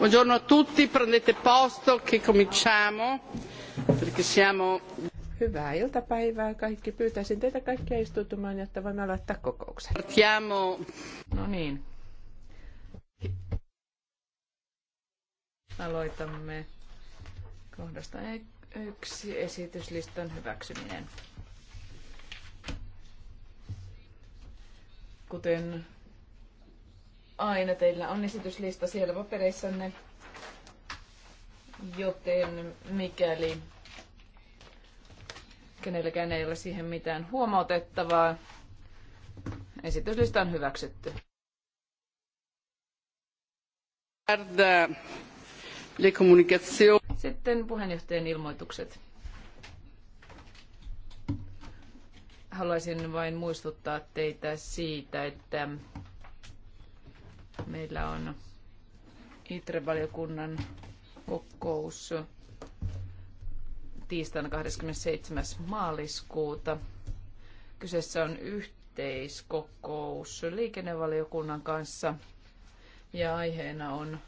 Buongiorno a tutti, prendete posto che cominciamo, perché siamo... Hyvää iltapäivää kaikki. Pyytäisin teitä kaikkia istutumaan, jotta voimme aloittaa kokouksen. Partiamo. No niin. Aloitamme kohdasta yksi esityslistan hyväksyminen. Kuten aina teillä on esityslista siellä papereissanne, joten mikäli kenelläkään ei ole siihen mitään huomautettavaa, esityslista on hyväksytty. Sitten puheenjohtajan ilmoitukset. Haluaisin vain muistuttaa teitä siitä, että Meillä on ITRE-valiokunnan kokous tiistaina 27. maaliskuuta. Kyseessä on yhteiskokous liikennevaliokunnan kanssa ja aiheena on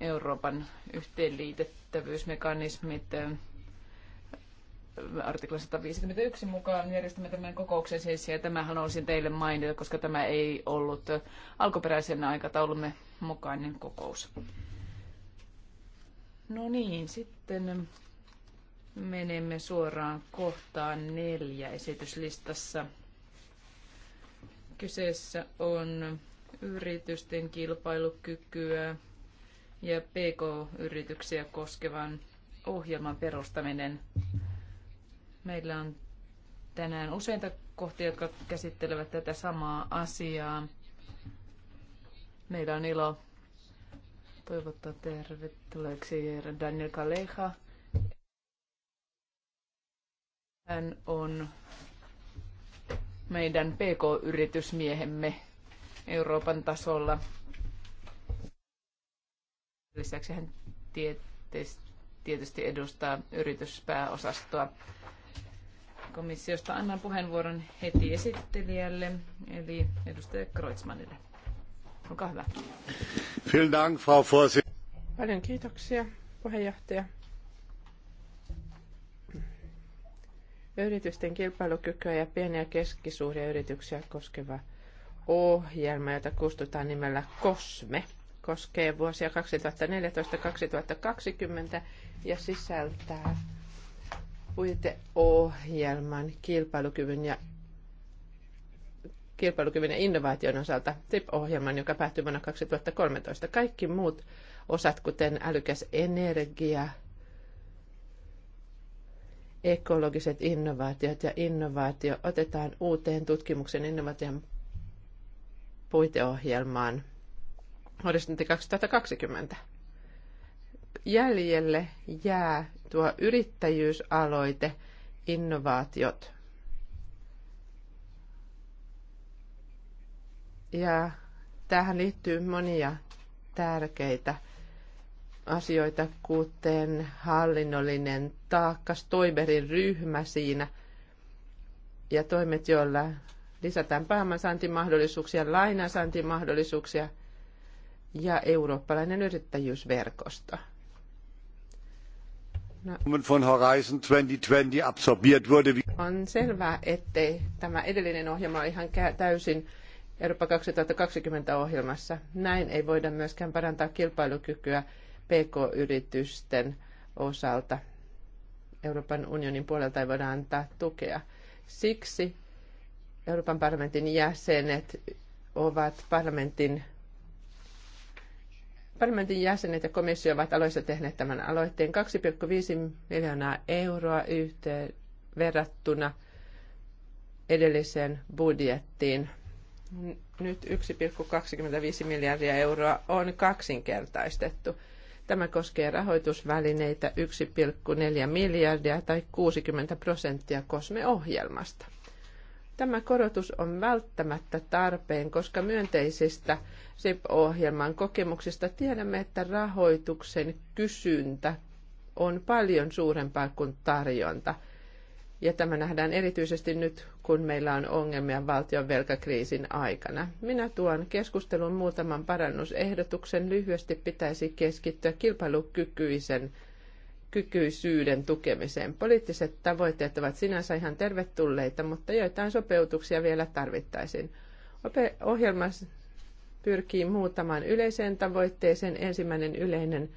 Euroopan yhteenliitettävyysmekanismit artikla 151 mukaan järjestämme tämän kokouksen siis, ja tämän haluaisin teille mainita, koska tämä ei ollut alkuperäisen aikataulumme mukainen kokous. No niin, sitten menemme suoraan kohtaan neljä esityslistassa. Kyseessä on yritysten kilpailukykyä ja PK-yrityksiä koskevan ohjelman perustaminen Meillä on tänään useita kohtia, jotka käsittelevät tätä samaa asiaa. Meillä on ilo toivottaa tervetulleeksi Daniel Kaleha. Hän on meidän PK-yritysmiehemme Euroopan tasolla. Lisäksi hän tietysti edustaa yrityspääosastoa komissiosta. Annan puheenvuoron heti esittelijälle, eli edustaja Kreutzmannille. Olkaa hyvä. Vielen Dank, Frau Paljon kiitoksia, puheenjohtaja. Yritysten kilpailukykyä ja pieniä ja keskisuuria yrityksiä koskeva ohjelma, jota kustutaan nimellä COSME, koskee vuosia 2014-2020 ja sisältää puiteohjelman kilpailukyvyn ja kilpailukyvyn ja innovaation osalta TIP-ohjelman, joka päättyi vuonna 2013. Kaikki muut osat, kuten älykäs energia, ekologiset innovaatiot ja innovaatio, otetaan uuteen tutkimuksen innovaation puiteohjelmaan horisontti 2020. Jäljelle jää tuo yrittäjyysaloite, innovaatiot ja tähän liittyy monia tärkeitä asioita, kuten hallinnollinen taakkas, toiberin ryhmä siinä ja toimet, joilla lisätään pääomansaantimahdollisuuksia, lainansaantimahdollisuuksia ja eurooppalainen yrittäjyysverkosto. No. von Horizon 2020 absorbiert wurde. On selvää, ettei tämä edellinen ohjelma ole ihan täysin Eurooppa 2020 ohjelmassa. Näin ei voida myöskään parantaa kilpailukykyä PK-yritysten osalta. Euroopan unionin puolelta ei voida antaa tukea. Siksi Euroopan parlamentin jäsenet ovat parlamentin Parlamentin jäsenet ja komissio ovat aloissa tehneet tämän aloitteen 2,5 miljoonaa euroa yhteen verrattuna edelliseen budjettiin. Nyt 1,25 miljardia euroa on kaksinkertaistettu. Tämä koskee rahoitusvälineitä 1,4 miljardia tai 60 prosenttia kosmeohjelmasta. Tämä korotus on välttämättä tarpeen, koska myönteisistä SIP-ohjelman kokemuksista tiedämme, että rahoituksen kysyntä on paljon suurempaa kuin tarjonta. Ja tämä nähdään erityisesti nyt, kun meillä on ongelmia valtion velkakriisin aikana. Minä tuon keskustelun muutaman parannusehdotuksen. Lyhyesti pitäisi keskittyä kilpailukykyisen kilpailukykyisyyden tukemiseen. Poliittiset tavoitteet ovat sinänsä ihan tervetulleita, mutta joitain sopeutuksia vielä tarvittaisiin. Ohjelma pyrkii muutamaan yleiseen tavoitteeseen. Ensimmäinen yleinen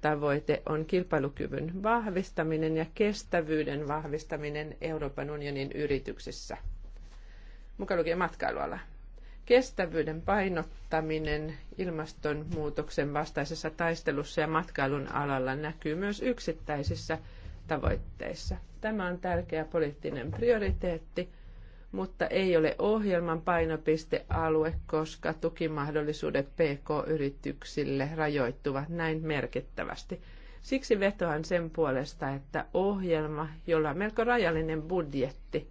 tavoite on kilpailukyvyn vahvistaminen ja kestävyyden vahvistaminen Euroopan unionin yrityksissä, mukaan lukien matkailuala. Kestävyyden painottaminen ilmastonmuutoksen vastaisessa taistelussa ja matkailun alalla näkyy myös yksittäisissä tavoitteissa. Tämä on tärkeä poliittinen prioriteetti, mutta ei ole ohjelman painopistealue, koska tukimahdollisuudet PK-yrityksille rajoittuvat näin merkittävästi. Siksi vetoan sen puolesta, että ohjelma, jolla on melko rajallinen budjetti,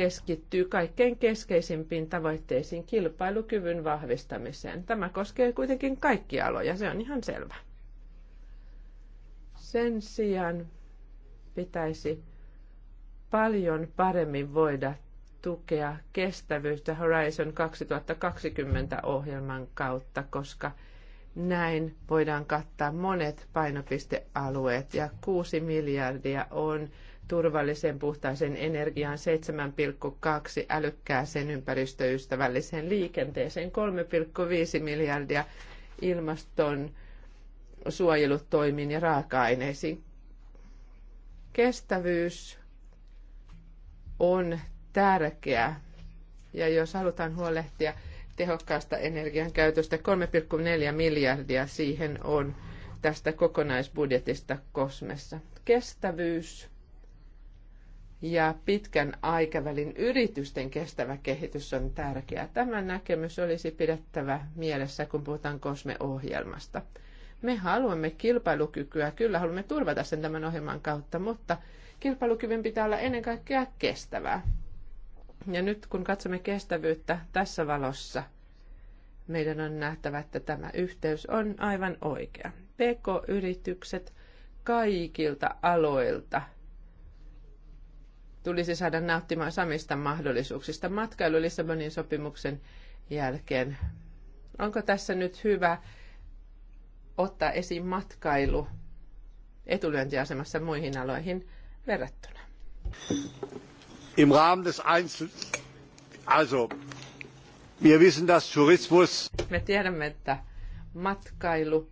keskittyy kaikkein keskeisimpiin tavoitteisiin kilpailukyvyn vahvistamiseen. Tämä koskee kuitenkin kaikkia aloja, se on ihan selvä. Sen sijaan pitäisi paljon paremmin voida tukea kestävyyttä Horizon 2020-ohjelman kautta, koska näin voidaan kattaa monet painopistealueet ja 6 miljardia on turvallisen puhtaisen energian 7,2 älykkääseen ympäristöystävälliseen liikenteeseen, 3,5 miljardia ilmaston suojelutoimiin ja raaka-aineisiin. Kestävyys on tärkeä ja jos halutaan huolehtia tehokkaasta energian käytöstä, 3,4 miljardia siihen on tästä kokonaisbudjetista kosmessa. Kestävyys ja pitkän aikavälin yritysten kestävä kehitys on tärkeää. Tämä näkemys olisi pidettävä mielessä, kun puhutaan COSME-ohjelmasta. Me haluamme kilpailukykyä, kyllä haluamme turvata sen tämän ohjelman kautta, mutta kilpailukyvyn pitää olla ennen kaikkea kestävää. Ja nyt kun katsomme kestävyyttä tässä valossa, meidän on nähtävä, että tämä yhteys on aivan oikea. PK-yritykset kaikilta aloilta – tulisi saada nauttimaan samista mahdollisuuksista matkailu Lissabonin sopimuksen jälkeen. Onko tässä nyt hyvä ottaa esiin matkailu etulyöntiasemassa muihin aloihin verrattuna? Im Rahmen des Einzel... Also, wir wissen, dass Tourismus... Me tiedämme, että matkailu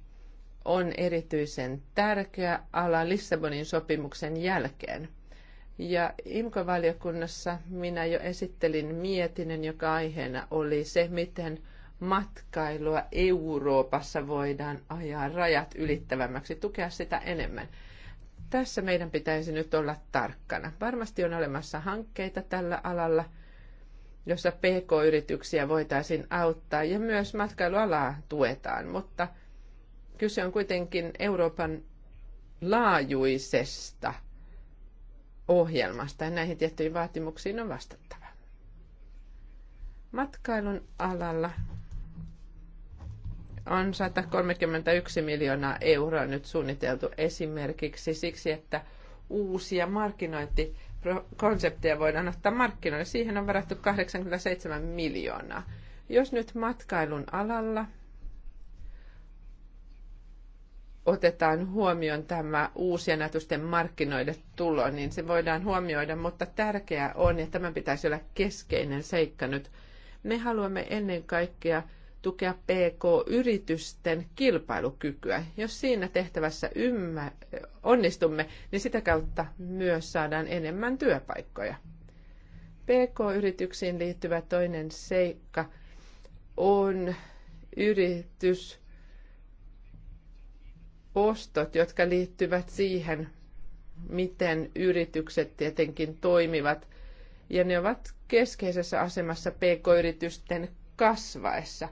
on erityisen tärkeä ala Lissabonin sopimuksen jälkeen – ja IMKO-valiokunnassa minä jo esittelin mietinnön, joka aiheena oli se, miten matkailua Euroopassa voidaan ajaa rajat ylittävämmäksi, tukea sitä enemmän. Tässä meidän pitäisi nyt olla tarkkana. Varmasti on olemassa hankkeita tällä alalla, jossa PK-yrityksiä voitaisiin auttaa ja myös matkailualaa tuetaan, mutta kyse on kuitenkin Euroopan laajuisesta ohjelmasta ja näihin tiettyihin vaatimuksiin on vastattava. Matkailun alalla on 131 miljoonaa euroa nyt suunniteltu esimerkiksi siksi, että uusia markkinointikonsepteja voidaan ottaa markkinoille. Siihen on varattu 87 miljoonaa. Jos nyt matkailun alalla otetaan huomioon tämä uusien ajatusten markkinoiden tulo, niin se voidaan huomioida, mutta tärkeää on, ja tämän pitäisi olla keskeinen seikka nyt, me haluamme ennen kaikkea tukea PK-yritysten kilpailukykyä. Jos siinä tehtävässä ymmä, onnistumme, niin sitä kautta myös saadaan enemmän työpaikkoja. PK-yrityksiin liittyvä toinen seikka on yritys ostot, jotka liittyvät siihen, miten yritykset tietenkin toimivat. Ja ne ovat keskeisessä asemassa pk-yritysten kasvaessa.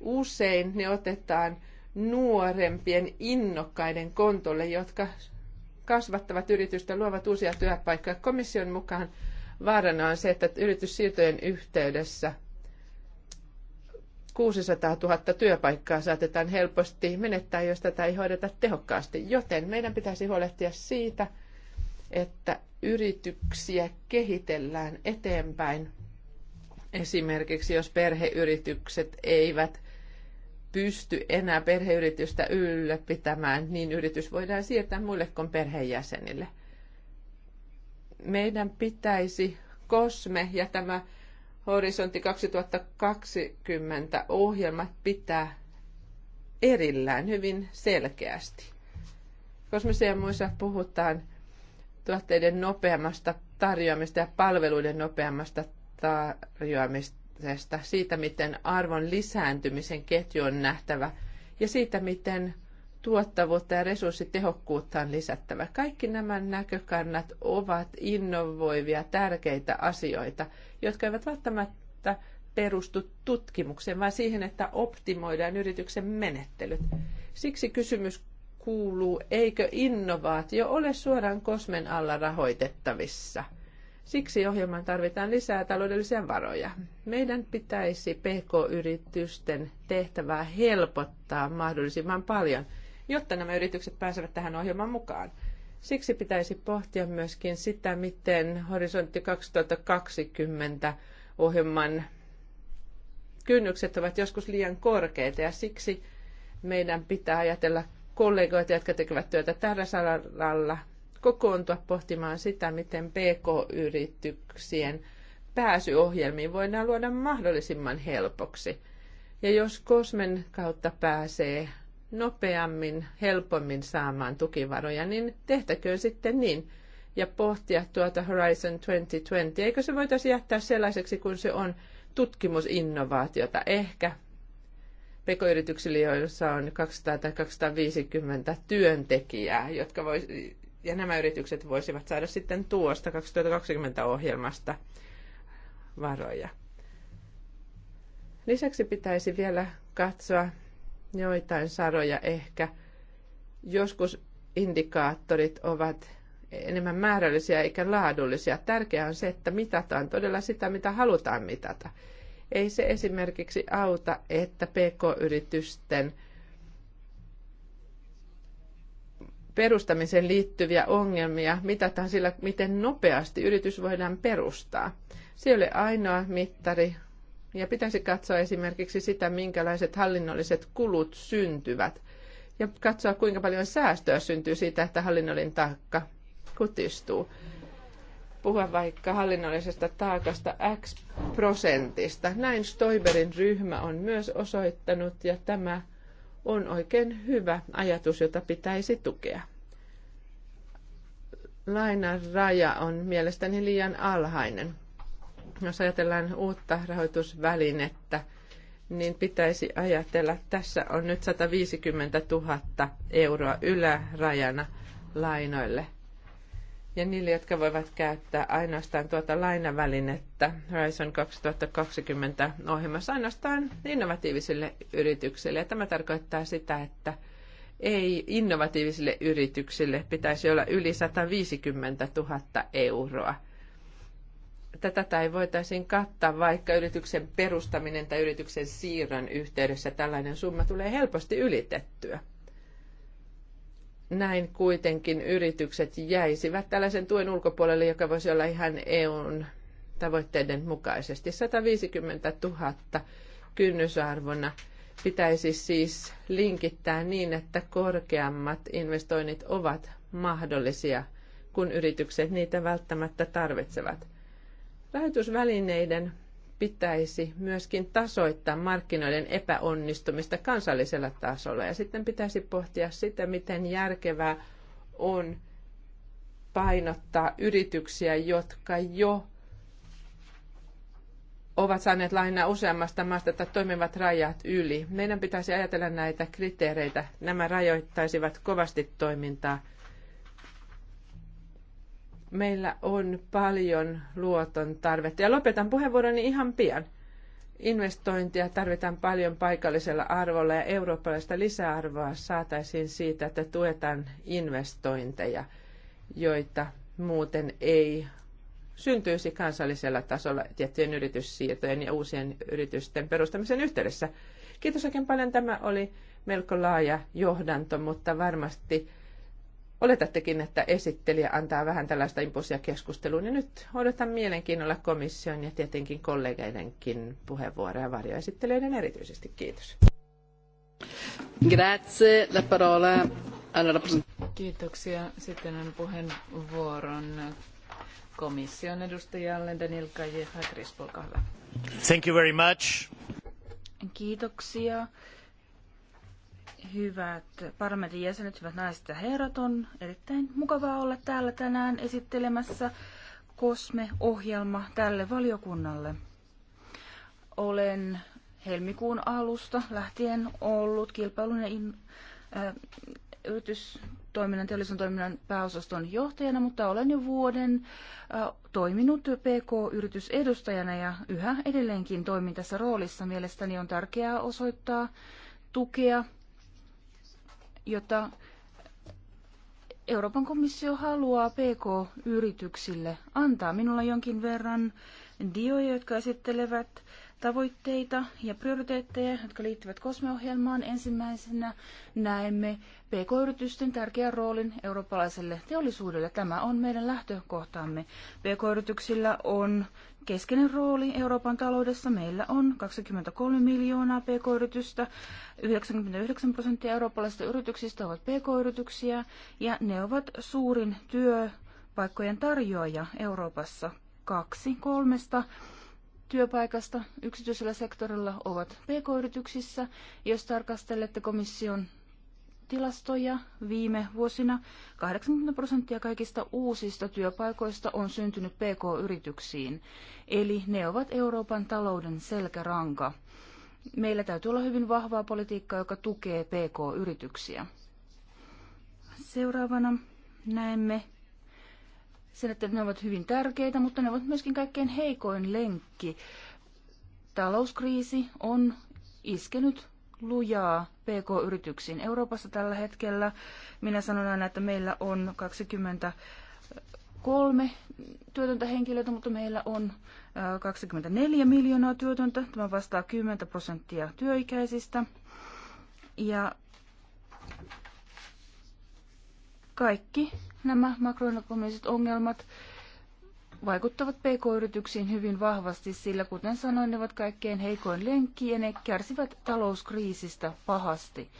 Usein ne otetaan nuorempien innokkaiden kontolle, jotka kasvattavat yritystä, luovat uusia työpaikkoja. Komission mukaan vaarana on se, että yrityssiirtojen yhteydessä – 600 000 työpaikkaa saatetaan helposti menettää, jos tätä ei hoideta tehokkaasti. Joten meidän pitäisi huolehtia siitä, että yrityksiä kehitellään eteenpäin. Esimerkiksi jos perheyritykset eivät pysty enää perheyritystä ylläpitämään, niin yritys voidaan siirtää muille kuin perheenjäsenille. Meidän pitäisi Kosme ja tämä Horisontti 2020 ohjelmat pitää erillään hyvin selkeästi. Kosmisia muissa puhutaan tuotteiden nopeammasta tarjoamista ja palveluiden nopeammasta tarjoamisesta, siitä miten arvon lisääntymisen ketju on nähtävä ja siitä miten tuottavuutta ja resurssitehokkuutta on lisättävä. Kaikki nämä näkökannat ovat innovoivia, tärkeitä asioita, jotka eivät välttämättä perustu tutkimukseen, vaan siihen, että optimoidaan yrityksen menettelyt. Siksi kysymys kuuluu, eikö innovaatio ole suoraan kosmen alla rahoitettavissa? Siksi ohjelman tarvitaan lisää taloudellisia varoja. Meidän pitäisi PK-yritysten tehtävää helpottaa mahdollisimman paljon – jotta nämä yritykset pääsevät tähän ohjelmaan mukaan. Siksi pitäisi pohtia myöskin sitä, miten horisontti 2020 ohjelman kynnykset ovat joskus liian korkeita ja siksi meidän pitää ajatella kollegoita, jotka tekevät työtä tällä saralla, kokoontua pohtimaan sitä, miten PK-yrityksien pääsyohjelmiin voidaan luoda mahdollisimman helpoksi. Ja jos Kosmen kautta pääsee nopeammin, helpommin saamaan tukivaroja, niin tehtäköön sitten niin ja pohtia tuota Horizon 2020. Eikö se voitaisi jättää sellaiseksi kuin se on tutkimusinnovaatiota ehkä pekoyrityksille, joissa on 200 tai 250 työntekijää, jotka vois, ja nämä yritykset voisivat saada sitten tuosta 2020 ohjelmasta varoja. Lisäksi pitäisi vielä katsoa joitain saroja ehkä. Joskus indikaattorit ovat enemmän määrällisiä eikä laadullisia. Tärkeää on se, että mitataan todella sitä, mitä halutaan mitata. Ei se esimerkiksi auta, että pk-yritysten perustamiseen liittyviä ongelmia mitataan sillä, miten nopeasti yritys voidaan perustaa. Se ei ole ainoa mittari, ja pitäisi katsoa esimerkiksi sitä, minkälaiset hallinnolliset kulut syntyvät. Ja katsoa, kuinka paljon säästöä syntyy siitä, että hallinnollinen taakka kutistuu. Puhua vaikka hallinnollisesta taakasta X prosentista. Näin Stoiberin ryhmä on myös osoittanut ja tämä on oikein hyvä ajatus, jota pitäisi tukea. Lainan raja on mielestäni liian alhainen jos ajatellaan uutta rahoitusvälinettä, niin pitäisi ajatella, että tässä on nyt 150 000 euroa ylärajana lainoille. Ja niille, jotka voivat käyttää ainoastaan tuota lainavälinettä Horizon 2020 ohjelmassa ainoastaan innovatiivisille yrityksille. Ja tämä tarkoittaa sitä, että ei innovatiivisille yrityksille pitäisi olla yli 150 000 euroa – tätä tai voitaisiin kattaa vaikka yrityksen perustaminen tai yrityksen siirron yhteydessä. Tällainen summa tulee helposti ylitettyä. Näin kuitenkin yritykset jäisivät tällaisen tuen ulkopuolelle, joka voisi olla ihan EUn tavoitteiden mukaisesti. 150 000 kynnysarvona pitäisi siis linkittää niin, että korkeammat investoinnit ovat mahdollisia, kun yritykset niitä välttämättä tarvitsevat – Rahoitusvälineiden pitäisi myöskin tasoittaa markkinoiden epäonnistumista kansallisella tasolla ja sitten pitäisi pohtia sitä, miten järkevää on painottaa yrityksiä, jotka jo ovat saaneet lainaa useammasta maasta tai toimivat rajat yli. Meidän pitäisi ajatella näitä kriteereitä. Nämä rajoittaisivat kovasti toimintaa meillä on paljon luoton tarvetta. Ja lopetan puheenvuoroni ihan pian. Investointia tarvitaan paljon paikallisella arvolla ja eurooppalaista lisäarvoa saataisiin siitä, että tuetaan investointeja, joita muuten ei syntyisi kansallisella tasolla tiettyjen yrityssiirtojen ja uusien yritysten perustamisen yhteydessä. Kiitos oikein paljon. Tämä oli melko laaja johdanto, mutta varmasti oletattekin, että esittelijä antaa vähän tällaista impulsia keskusteluun. Ja nyt odotan mielenkiinnolla komission ja tietenkin kollegeidenkin puheenvuoroja varjoesittelijöiden erityisesti. Kiitos. Grazie. La parola alla Kiitoksia. Sitten on puheenvuoron komission edustajalle Daniel Kajeha Crispo, Thank you very much. Kiitoksia. Hyvät parlamentin jäsenet, hyvät naiset ja herrat, on erittäin mukavaa olla täällä tänään esittelemässä COSME-ohjelma tälle valiokunnalle. Olen helmikuun alusta lähtien ollut kilpailun ja in, äh, yritystoiminnan, teollisen toiminnan pääosaston johtajana, mutta olen jo vuoden äh, toiminut PK-yritysedustajana ja yhä edelleenkin toimin tässä roolissa. Mielestäni on tärkeää osoittaa tukea jota Euroopan komissio haluaa PK-yrityksille antaa. Minulla jonkin verran dioja, jotka esittelevät tavoitteita ja prioriteetteja, jotka liittyvät kosmeohjelmaan. Ensimmäisenä näemme PK-yritysten tärkeän roolin eurooppalaiselle teollisuudelle. Tämä on meidän lähtökohtamme. PK-yrityksillä on keskeinen rooli Euroopan taloudessa. Meillä on 23 miljoonaa pk-yritystä, 99 prosenttia eurooppalaisista yrityksistä ovat pk-yrityksiä ja ne ovat suurin työpaikkojen tarjoaja Euroopassa. Kaksi kolmesta työpaikasta yksityisellä sektorilla ovat pk-yrityksissä. Jos tarkastelette komission tilastoja viime vuosina 80 prosenttia kaikista uusista työpaikoista on syntynyt PK-yrityksiin, eli ne ovat Euroopan talouden selkäranka. Meillä täytyy olla hyvin vahvaa politiikkaa, joka tukee PK-yrityksiä. Seuraavana näemme sen, että ne ovat hyvin tärkeitä, mutta ne ovat myöskin kaikkein heikoin lenkki. Talouskriisi on iskenyt lujaa PK-yrityksiin Euroopassa tällä hetkellä. Minä sanon aina, että meillä on 23 työtöntä henkilöitä, mutta meillä on 24 miljoonaa työtöntä. Tämä vastaa 10 prosenttia työikäisistä. Ja kaikki nämä makroekonomiset ongelmat vaikuttavat pk-yrityksiin hyvin vahvasti, sillä kuten sanoin, ne ovat kaikkein heikoin lenkki ja ne kärsivät talouskriisistä pahasti.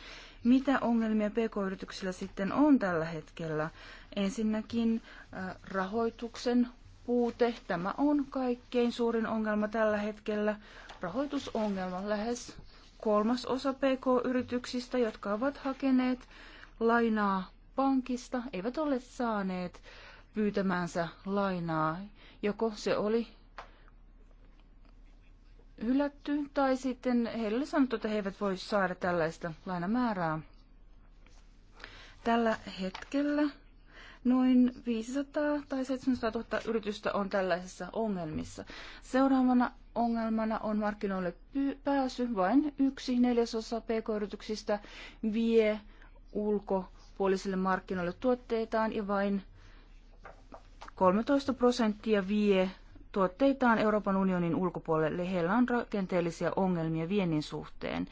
Mitä ongelmia pk-yrityksillä sitten on tällä hetkellä? Ensinnäkin äh, rahoituksen puute. Tämä on kaikkein suurin ongelma tällä hetkellä. Rahoitusongelma lähes kolmas osa pk-yrityksistä, jotka ovat hakeneet lainaa pankista, eivät ole saaneet pyytämäänsä lainaa. Joko se oli hylätty tai sitten heille sanottu, että he eivät voi saada tällaista lainamäärää. Tällä hetkellä noin 500 tai 700 000 yritystä on tällaisissa ongelmissa. Seuraavana ongelmana on markkinoille pääsy. Vain yksi neljäsosa pk-yrityksistä vie ulkopuolisille markkinoille tuotteitaan ja vain 13 prosenttia vie tuotteitaan Euroopan unionin ulkopuolelle. Heillä on rakenteellisia ongelmia viennin suhteen.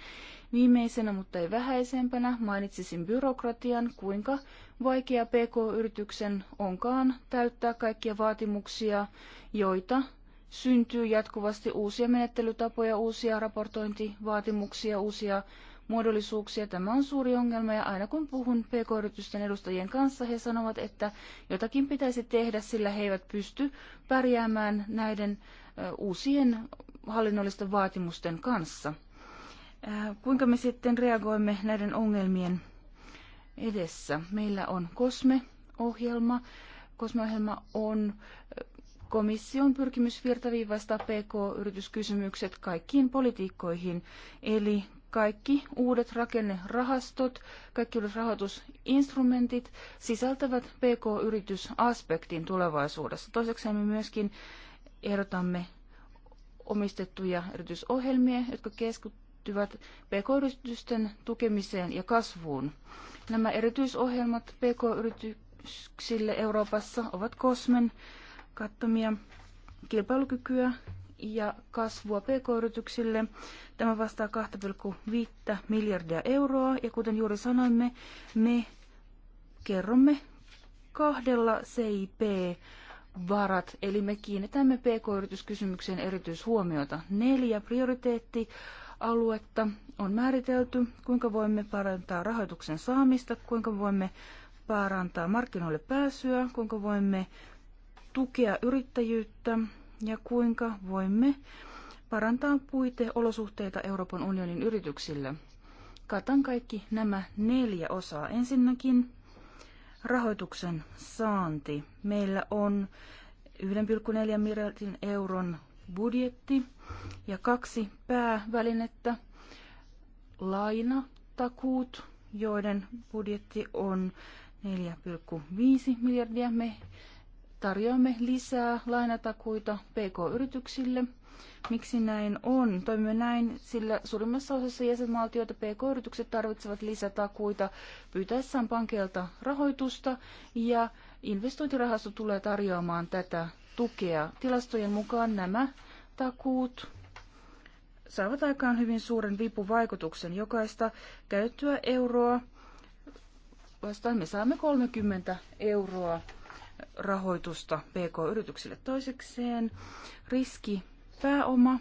Viimeisenä, mutta ei vähäisempänä, mainitsisin byrokratian, kuinka vaikea PK-yrityksen onkaan täyttää kaikkia vaatimuksia, joita syntyy jatkuvasti uusia menettelytapoja, uusia raportointivaatimuksia, uusia muodollisuuksia. Tämä on suuri ongelma ja aina kun puhun pk-yritysten edustajien kanssa, he sanovat, että jotakin pitäisi tehdä, sillä he eivät pysty pärjäämään näiden uusien hallinnollisten vaatimusten kanssa. Kuinka me sitten reagoimme näiden ongelmien edessä? Meillä on COSME-ohjelma. COSME-ohjelma on komission pyrkimys virtaviivaistaa PK-yrityskysymykset kaikkiin politiikkoihin, eli kaikki uudet rakennerahastot, kaikki uudet rahoitusinstrumentit sisältävät PK-yritysaspektin tulevaisuudessa. Toiseksi me myöskin ehdotamme omistettuja yritysohjelmia, jotka keskittyvät PK-yritysten tukemiseen ja kasvuun. Nämä erityisohjelmat PK-yrityksille Euroopassa ovat Kosmen kattamia kilpailukykyä ja kasvua pk-yrityksille. Tämä vastaa 2,5 miljardia euroa ja kuten juuri sanoimme, me kerromme kahdella CIP varat, eli me kiinnitämme pk-yrityskysymykseen erityishuomiota. Neljä prioriteettialuetta on määritelty, kuinka voimme parantaa rahoituksen saamista, kuinka voimme parantaa markkinoille pääsyä, kuinka voimme tukea yrittäjyyttä ja kuinka voimme parantaa puiteolosuhteita Euroopan unionin yrityksille. Katan kaikki nämä neljä osaa. Ensinnäkin rahoituksen saanti. Meillä on 1,4 miljardin euron budjetti ja kaksi päävälinettä, lainatakuut, joiden budjetti on 4,5 miljardia. Me tarjoamme lisää lainatakuita PK-yrityksille. Miksi näin on? Toimimme näin, sillä suurimmassa osassa jäsenvaltioita PK-yritykset tarvitsevat lisätakuita pyytäessään pankeilta rahoitusta ja investointirahasto tulee tarjoamaan tätä tukea. Tilastojen mukaan nämä takuut saavat aikaan hyvin suuren vipuvaikutuksen jokaista käyttöä euroa. Vastaan me saamme 30 euroa rahoitusta PK-yrityksille toisekseen. Riski pääoma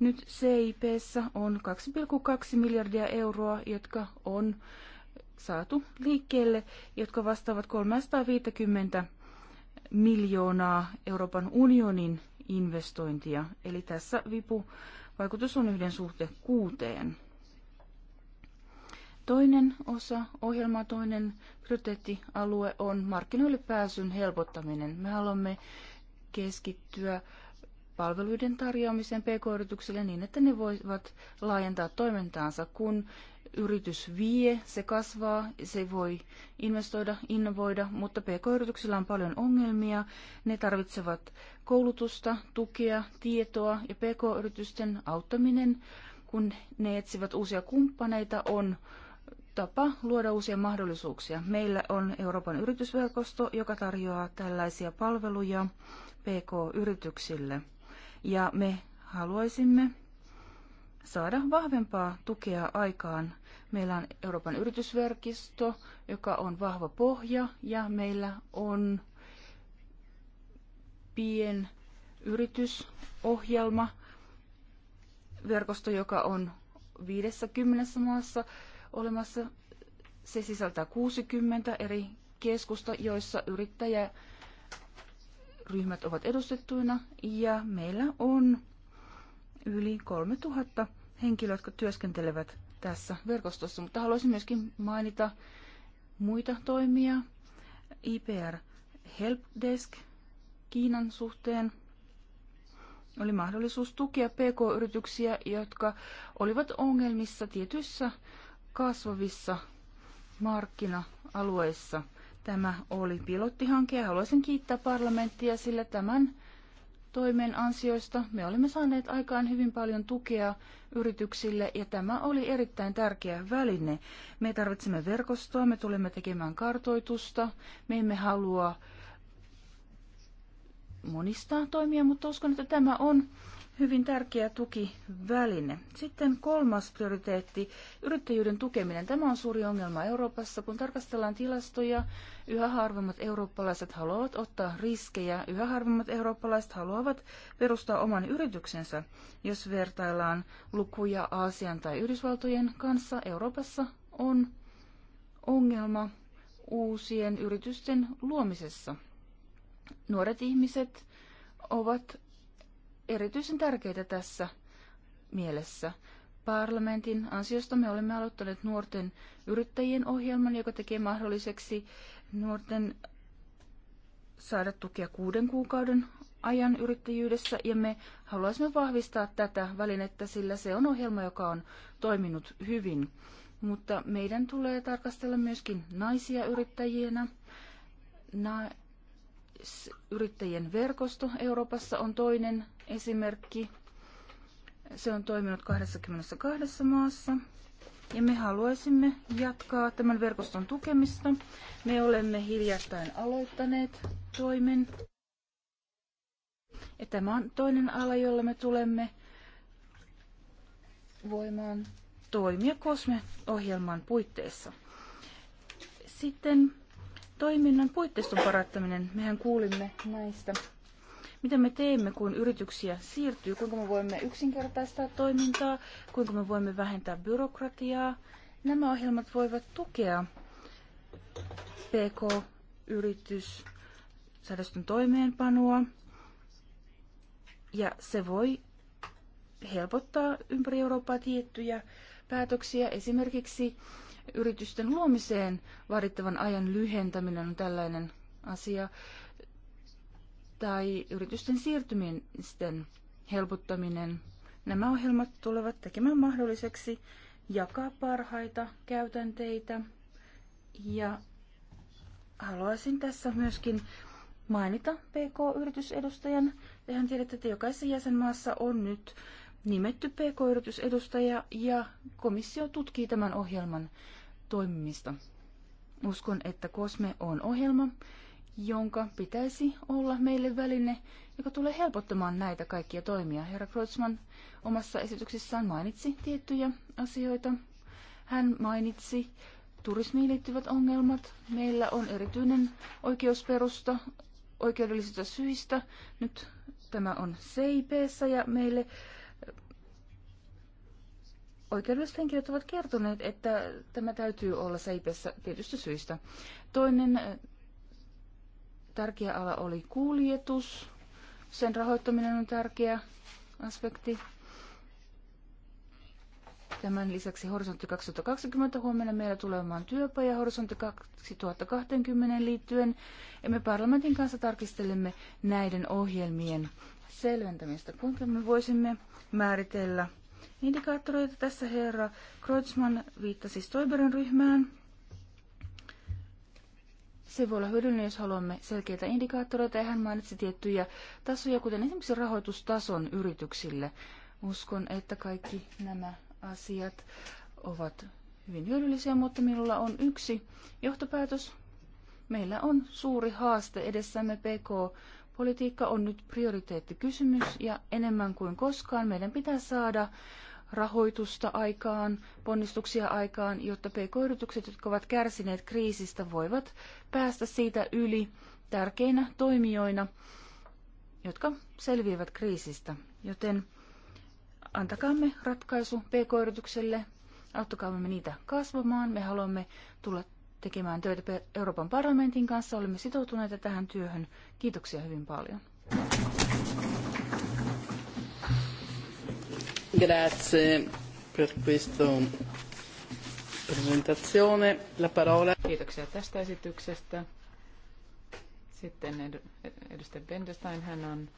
nyt cip on 2,2 miljardia euroa, jotka on saatu liikkeelle, jotka vastaavat 350 miljoonaa Euroopan unionin investointia. Eli tässä vipu vaikutus on yhden suhteen kuuteen. Toinen osa ohjelmaa, toinen prioriteettialue on markkinoille pääsyn helpottaminen. Me haluamme keskittyä palveluiden tarjoamiseen pk-yrityksille niin, että ne voivat laajentaa toimintaansa. Kun yritys vie, se kasvaa, se voi investoida, innovoida, mutta pk-yrityksillä on paljon ongelmia. Ne tarvitsevat koulutusta, tukea, tietoa ja pk-yritysten auttaminen, kun ne etsivät uusia kumppaneita, on tapa luoda uusia mahdollisuuksia. Meillä on Euroopan yritysverkosto, joka tarjoaa tällaisia palveluja PK-yrityksille. Ja me haluaisimme saada vahvempaa tukea aikaan. Meillä on Euroopan yritysverkisto, joka on vahva pohja, ja meillä on pienyritysohjelma, verkosto, joka on 50 maassa olemassa. Se sisältää 60 eri keskusta, joissa yrittäjäryhmät ovat edustettuina ja meillä on yli 3000 henkilöä, jotka työskentelevät tässä verkostossa, mutta haluaisin myöskin mainita muita toimia. IPR Helpdesk Kiinan suhteen oli mahdollisuus tukea PK-yrityksiä, jotka olivat ongelmissa tietyissä kasvavissa markkina-alueissa. Tämä oli pilottihanke ja haluaisin kiittää parlamenttia, sillä tämän toimen ansioista me olemme saaneet aikaan hyvin paljon tukea yrityksille ja tämä oli erittäin tärkeä väline. Me tarvitsemme verkostoa, me tulemme tekemään kartoitusta, me emme halua monistaa toimia, mutta uskon, että tämä on hyvin tärkeä tukiväline. Sitten kolmas prioriteetti, yrittäjyyden tukeminen. Tämä on suuri ongelma Euroopassa. Kun tarkastellaan tilastoja, yhä harvemmat eurooppalaiset haluavat ottaa riskejä. Yhä harvemmat eurooppalaiset haluavat perustaa oman yrityksensä. Jos vertaillaan lukuja Aasian tai Yhdysvaltojen kanssa, Euroopassa on ongelma uusien yritysten luomisessa. Nuoret ihmiset ovat erityisen tärkeitä tässä mielessä. Parlamentin ansiosta me olemme aloittaneet nuorten yrittäjien ohjelman, joka tekee mahdolliseksi nuorten saada tukea kuuden kuukauden ajan yrittäjyydessä ja me haluaisimme vahvistaa tätä välinettä, sillä se on ohjelma, joka on toiminut hyvin. Mutta meidän tulee tarkastella myöskin naisia yrittäjienä. Na- yrittäjien verkosto Euroopassa on toinen esimerkki. Se on toiminut 22 maassa ja me haluaisimme jatkaa tämän verkoston tukemista. Me olemme hiljattain aloittaneet toimen. Ja tämä on toinen ala, jolla me tulemme voimaan toimia COSME-ohjelman puitteissa. Sitten toiminnan puitteiston parantaminen. Mehän kuulimme näistä mitä me teemme, kun yrityksiä siirtyy? Kuinka me voimme yksinkertaistaa toimintaa? Kuinka me voimme vähentää byrokratiaa? Nämä ohjelmat voivat tukea PK-yritys säädösten toimeenpanoa ja se voi helpottaa ympäri Eurooppaa tiettyjä päätöksiä. Esimerkiksi yritysten luomiseen vaadittavan ajan lyhentäminen on tällainen asia tai yritysten siirtymisten helpottaminen. Nämä ohjelmat tulevat tekemään mahdolliseksi jakaa parhaita käytänteitä ja haluaisin tässä myöskin mainita PK-yritysedustajan. Tehän tiedätte, että jokaisessa jäsenmaassa on nyt nimetty PK-yritysedustaja ja komissio tutkii tämän ohjelman toimimista. Uskon, että COSME on ohjelma, jonka pitäisi olla meille väline, joka tulee helpottamaan näitä kaikkia toimia. Herra Kreutzmann omassa esityksessään mainitsi tiettyjä asioita. Hän mainitsi turismiin liittyvät ongelmat. Meillä on erityinen oikeusperusta oikeudellisista syistä. Nyt tämä on cip ja meille äh, oikeudelliset henkilöt ovat kertoneet, että tämä täytyy olla cip tietystä syistä. Toinen äh, Tärkeä ala oli kuljetus. Sen rahoittaminen on tärkeä aspekti. Tämän lisäksi Horisontti 2020 huomenna meillä tulee olemaan työpaja Horisontti 2020 liittyen. Ja me parlamentin kanssa tarkistelemme näiden ohjelmien selventämistä, kuinka me voisimme määritellä indikaattoreita. Tässä herra Kreutzmann viittasi Stoiberin ryhmään. Se voi olla hyödyllinen, jos haluamme selkeitä indikaattoreita, ja hän mainitsi tiettyjä tasoja, kuten esimerkiksi rahoitustason yrityksille. Uskon, että kaikki nämä asiat ovat hyvin hyödyllisiä, mutta minulla on yksi johtopäätös. Meillä on suuri haaste edessämme PK. Politiikka on nyt prioriteettikysymys ja enemmän kuin koskaan meidän pitää saada rahoitusta aikaan, ponnistuksia aikaan, jotta pk-yritykset, jotka ovat kärsineet kriisistä, voivat päästä siitä yli tärkeinä toimijoina, jotka selviävät kriisistä. Joten antakaamme ratkaisu pk-yritykselle, auttakaamme niitä kasvamaan. Me haluamme tulla tekemään töitä Euroopan parlamentin kanssa. Olemme sitoutuneita tähän työhön. Kiitoksia hyvin paljon. Grazie per questa presentazione. La parola. Kiitoksia tästä esityksestä. Sitten edustaja Bendestein, hän on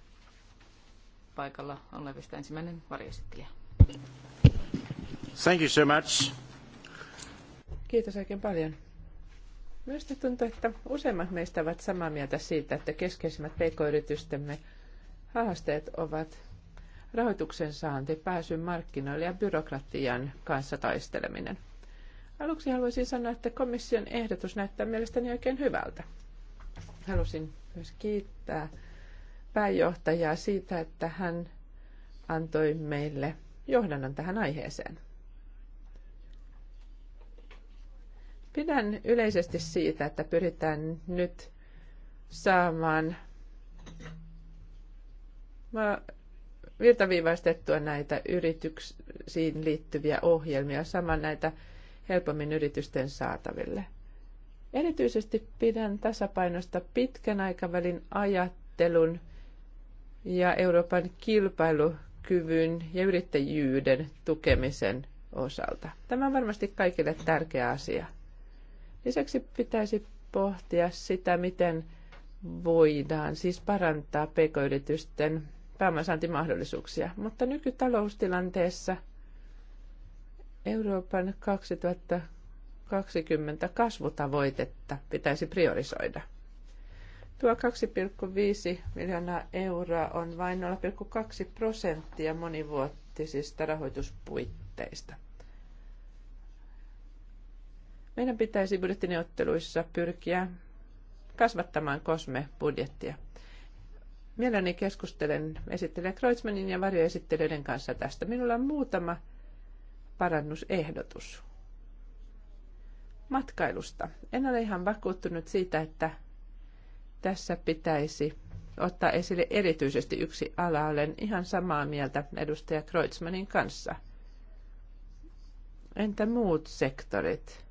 paikalla olevista ensimmäinen varjoesittelijä. Thank you so much. Kiitos oikein paljon. Myös tuntuu, että useimmat meistä ovat samaa mieltä siitä, että keskeisimmät pk-yritystemme haasteet ovat rahoituksen saanti, pääsy markkinoille ja byrokratian kanssa taisteleminen. Aluksi haluaisin sanoa, että komission ehdotus näyttää mielestäni oikein hyvältä. Halusin myös kiittää pääjohtajaa siitä, että hän antoi meille johdannon tähän aiheeseen. Pidän yleisesti siitä, että pyritään nyt saamaan virtaviivaistettua näitä yrityksiin liittyviä ohjelmia, saman näitä helpommin yritysten saataville. Erityisesti pidän tasapainosta pitkän aikavälin ajattelun ja Euroopan kilpailukyvyn ja yrittäjyyden tukemisen osalta. Tämä on varmasti kaikille tärkeä asia. Lisäksi pitäisi pohtia sitä, miten voidaan siis parantaa pk-yritysten pääomansaantimahdollisuuksia. Mutta nykytaloustilanteessa Euroopan 2020 kasvutavoitetta pitäisi priorisoida. Tuo 2,5 miljoonaa euroa on vain 0,2 prosenttia monivuotisista rahoituspuitteista. Meidän pitäisi budjettineuvotteluissa pyrkiä kasvattamaan kosme-budjettia. Mielelläni keskustelen esittelijä Kreutzmannin ja varjoesittelijöiden kanssa tästä. Minulla on muutama parannusehdotus. Matkailusta. En ole ihan vakuuttunut siitä, että tässä pitäisi ottaa esille erityisesti yksi ala. Olen ihan samaa mieltä edustaja Kreutzmannin kanssa. Entä muut sektorit?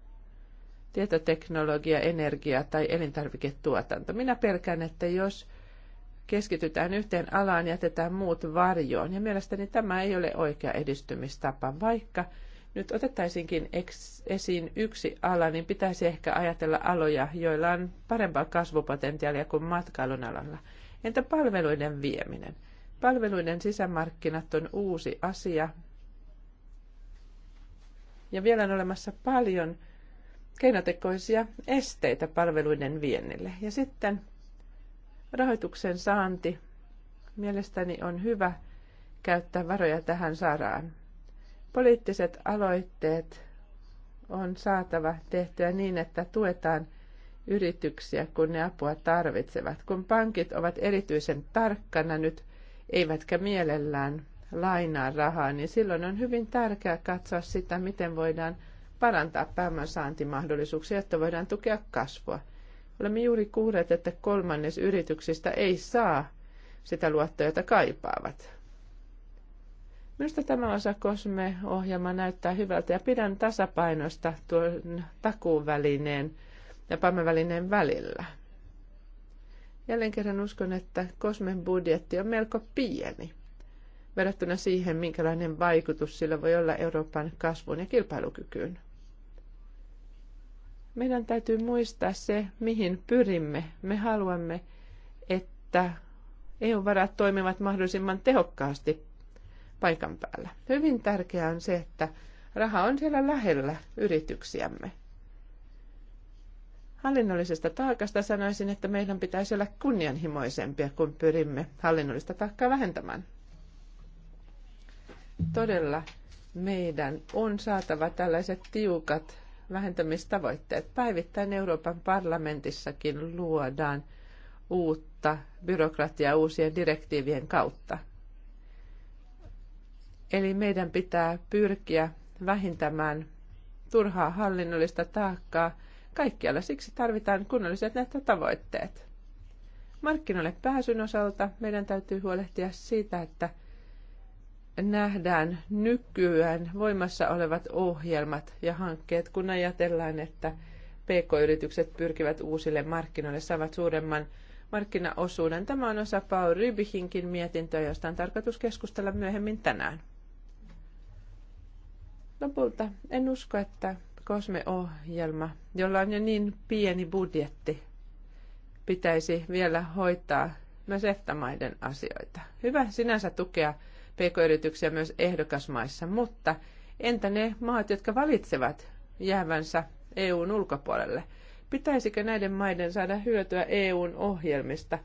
Tietoteknologia, energia tai elintarviketuotanto. Minä pelkään, että jos keskitytään yhteen alaan ja jätetään muut varjoon. Ja mielestäni tämä ei ole oikea edistymistapa, vaikka nyt otettaisinkin esiin yksi ala, niin pitäisi ehkä ajatella aloja, joilla on parempaa kasvupotentiaalia kuin matkailun alalla. Entä palveluiden vieminen? Palveluiden sisämarkkinat on uusi asia. Ja vielä on olemassa paljon keinotekoisia esteitä palveluiden viennille. Ja sitten Rahoituksen saanti mielestäni on hyvä käyttää varoja tähän saraan. Poliittiset aloitteet on saatava tehtyä niin, että tuetaan yrityksiä, kun ne apua tarvitsevat. Kun pankit ovat erityisen tarkkana nyt, eivätkä mielellään lainaa rahaa, niin silloin on hyvin tärkeää katsoa sitä, miten voidaan parantaa pääoman saantimahdollisuuksia, jotta voidaan tukea kasvua – Olemme juuri kuulleet, että kolmannes yrityksistä ei saa sitä luottoa, jota kaipaavat. Minusta tämä osa Kosme-ohjelma näyttää hyvältä ja pidän tasapainosta tuon takuvälineen ja pame välillä. Jälleen kerran uskon, että Kosmen budjetti on melko pieni verrattuna siihen, minkälainen vaikutus sillä voi olla Euroopan kasvuun ja kilpailukykyyn. Meidän täytyy muistaa se, mihin pyrimme. Me haluamme, että EU-varat toimivat mahdollisimman tehokkaasti paikan päällä. Hyvin tärkeää on se, että raha on siellä lähellä yrityksiämme. Hallinnollisesta taakasta sanoisin, että meidän pitäisi olla kunnianhimoisempia, kun pyrimme hallinnollista taakkaa vähentämään. Todella meidän on saatava tällaiset tiukat vähentämistavoitteet. Päivittäin Euroopan parlamentissakin luodaan uutta byrokratiaa uusien direktiivien kautta. Eli meidän pitää pyrkiä vähentämään turhaa hallinnollista taakkaa kaikkialla. Siksi tarvitaan kunnolliset tavoitteet. Markkinoille pääsyn osalta meidän täytyy huolehtia siitä, että – nähdään nykyään voimassa olevat ohjelmat ja hankkeet, kun ajatellaan, että PK-yritykset pyrkivät uusille markkinoille, saavat suuremman markkinaosuuden. Tämä on osa Paul Rybihinkin mietintöä, josta on tarkoitus keskustella myöhemmin tänään. Lopulta en usko, että Kosme-ohjelma, jolla on jo niin pieni budjetti, pitäisi vielä hoitaa myös EFTA-maiden asioita. Hyvä sinänsä tukea pk-yrityksiä myös ehdokasmaissa, mutta entä ne maat, jotka valitsevat jäävänsä EUn ulkopuolelle? Pitäisikö näiden maiden saada hyötyä EUn ohjelmista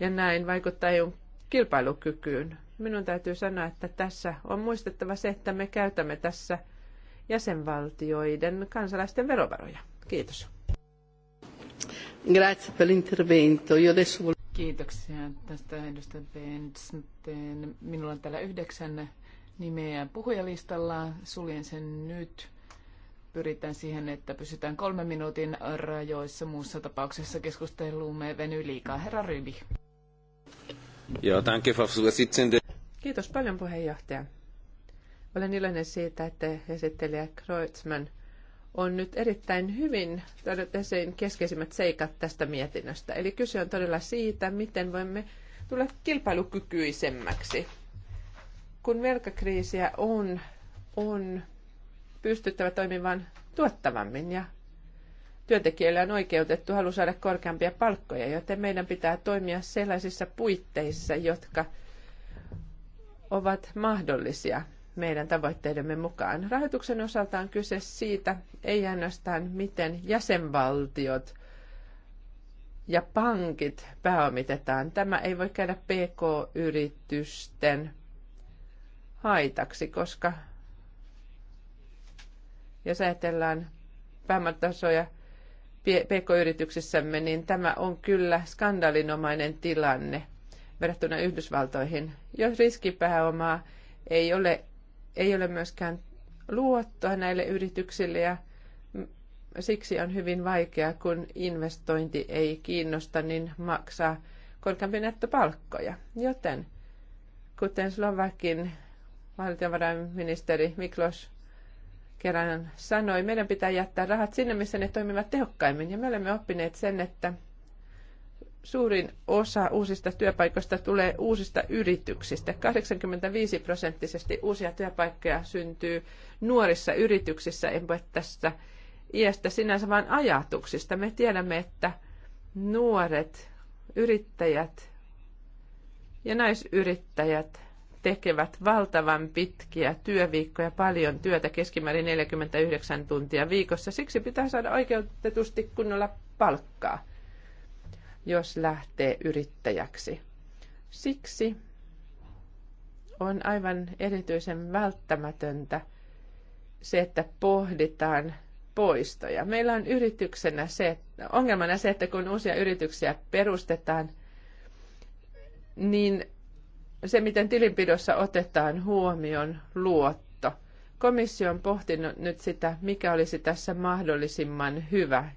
ja näin vaikuttaa EUn kilpailukykyyn? Minun täytyy sanoa, että tässä on muistettava se, että me käytämme tässä jäsenvaltioiden kansalaisten verovaroja. Kiitos. Grazie per l'intervento. Io adesso Kiitoksia tästä edustaja Bens. Minulla on täällä yhdeksän nimeä puhujalistalla. Suljen sen nyt. Pyritään siihen, että pysytään kolmen minuutin rajoissa. Muussa tapauksessa keskusteluumme venyy liikaa. Herra Ryby. Kiitos paljon puheenjohtaja. Olen iloinen siitä, että esittelijä Kreutzmann – on nyt erittäin hyvin todettu esiin keskeisimmät seikat tästä mietinnöstä. Eli kyse on todella siitä, miten voimme tulla kilpailukykyisemmäksi. Kun velkakriisiä on, on pystyttävä toimimaan tuottavammin ja työntekijöillä on oikeutettu halu saada korkeampia palkkoja, joten meidän pitää toimia sellaisissa puitteissa, jotka ovat mahdollisia meidän tavoitteidemme mukaan. Rahoituksen osalta on kyse siitä, ei ainoastaan miten jäsenvaltiot ja pankit pääomitetaan. Tämä ei voi käydä pk-yritysten haitaksi, koska jos ajatellaan pääomatasoja pk-yrityksissämme, niin tämä on kyllä skandalinomainen tilanne verrattuna Yhdysvaltoihin. Jos riskipääomaa ei ole ei ole myöskään luottoa näille yrityksille ja siksi on hyvin vaikeaa, kun investointi ei kiinnosta, niin maksaa korkeampi nettopalkkoja. Joten kuten Slovakin valtiovarainministeri Miklos kerran sanoi, meidän pitää jättää rahat sinne, missä ne toimivat tehokkaimmin. Ja me olemme oppineet sen, että suurin osa uusista työpaikoista tulee uusista yrityksistä. 85 prosenttisesti uusia työpaikkoja syntyy nuorissa yrityksissä, en voi tästä iästä sinänsä vaan ajatuksista. Me tiedämme, että nuoret yrittäjät ja naisyrittäjät tekevät valtavan pitkiä työviikkoja, paljon työtä, keskimäärin 49 tuntia viikossa. Siksi pitää saada oikeutetusti kunnolla palkkaa jos lähtee yrittäjäksi. Siksi on aivan erityisen välttämätöntä se, että pohditaan poistoja. Meillä on yrityksenä se, ongelmana se, että kun uusia yrityksiä perustetaan, niin se, miten tilinpidossa otetaan huomioon luotto. Komissio on pohtinut nyt sitä, mikä olisi tässä mahdollisimman hyvä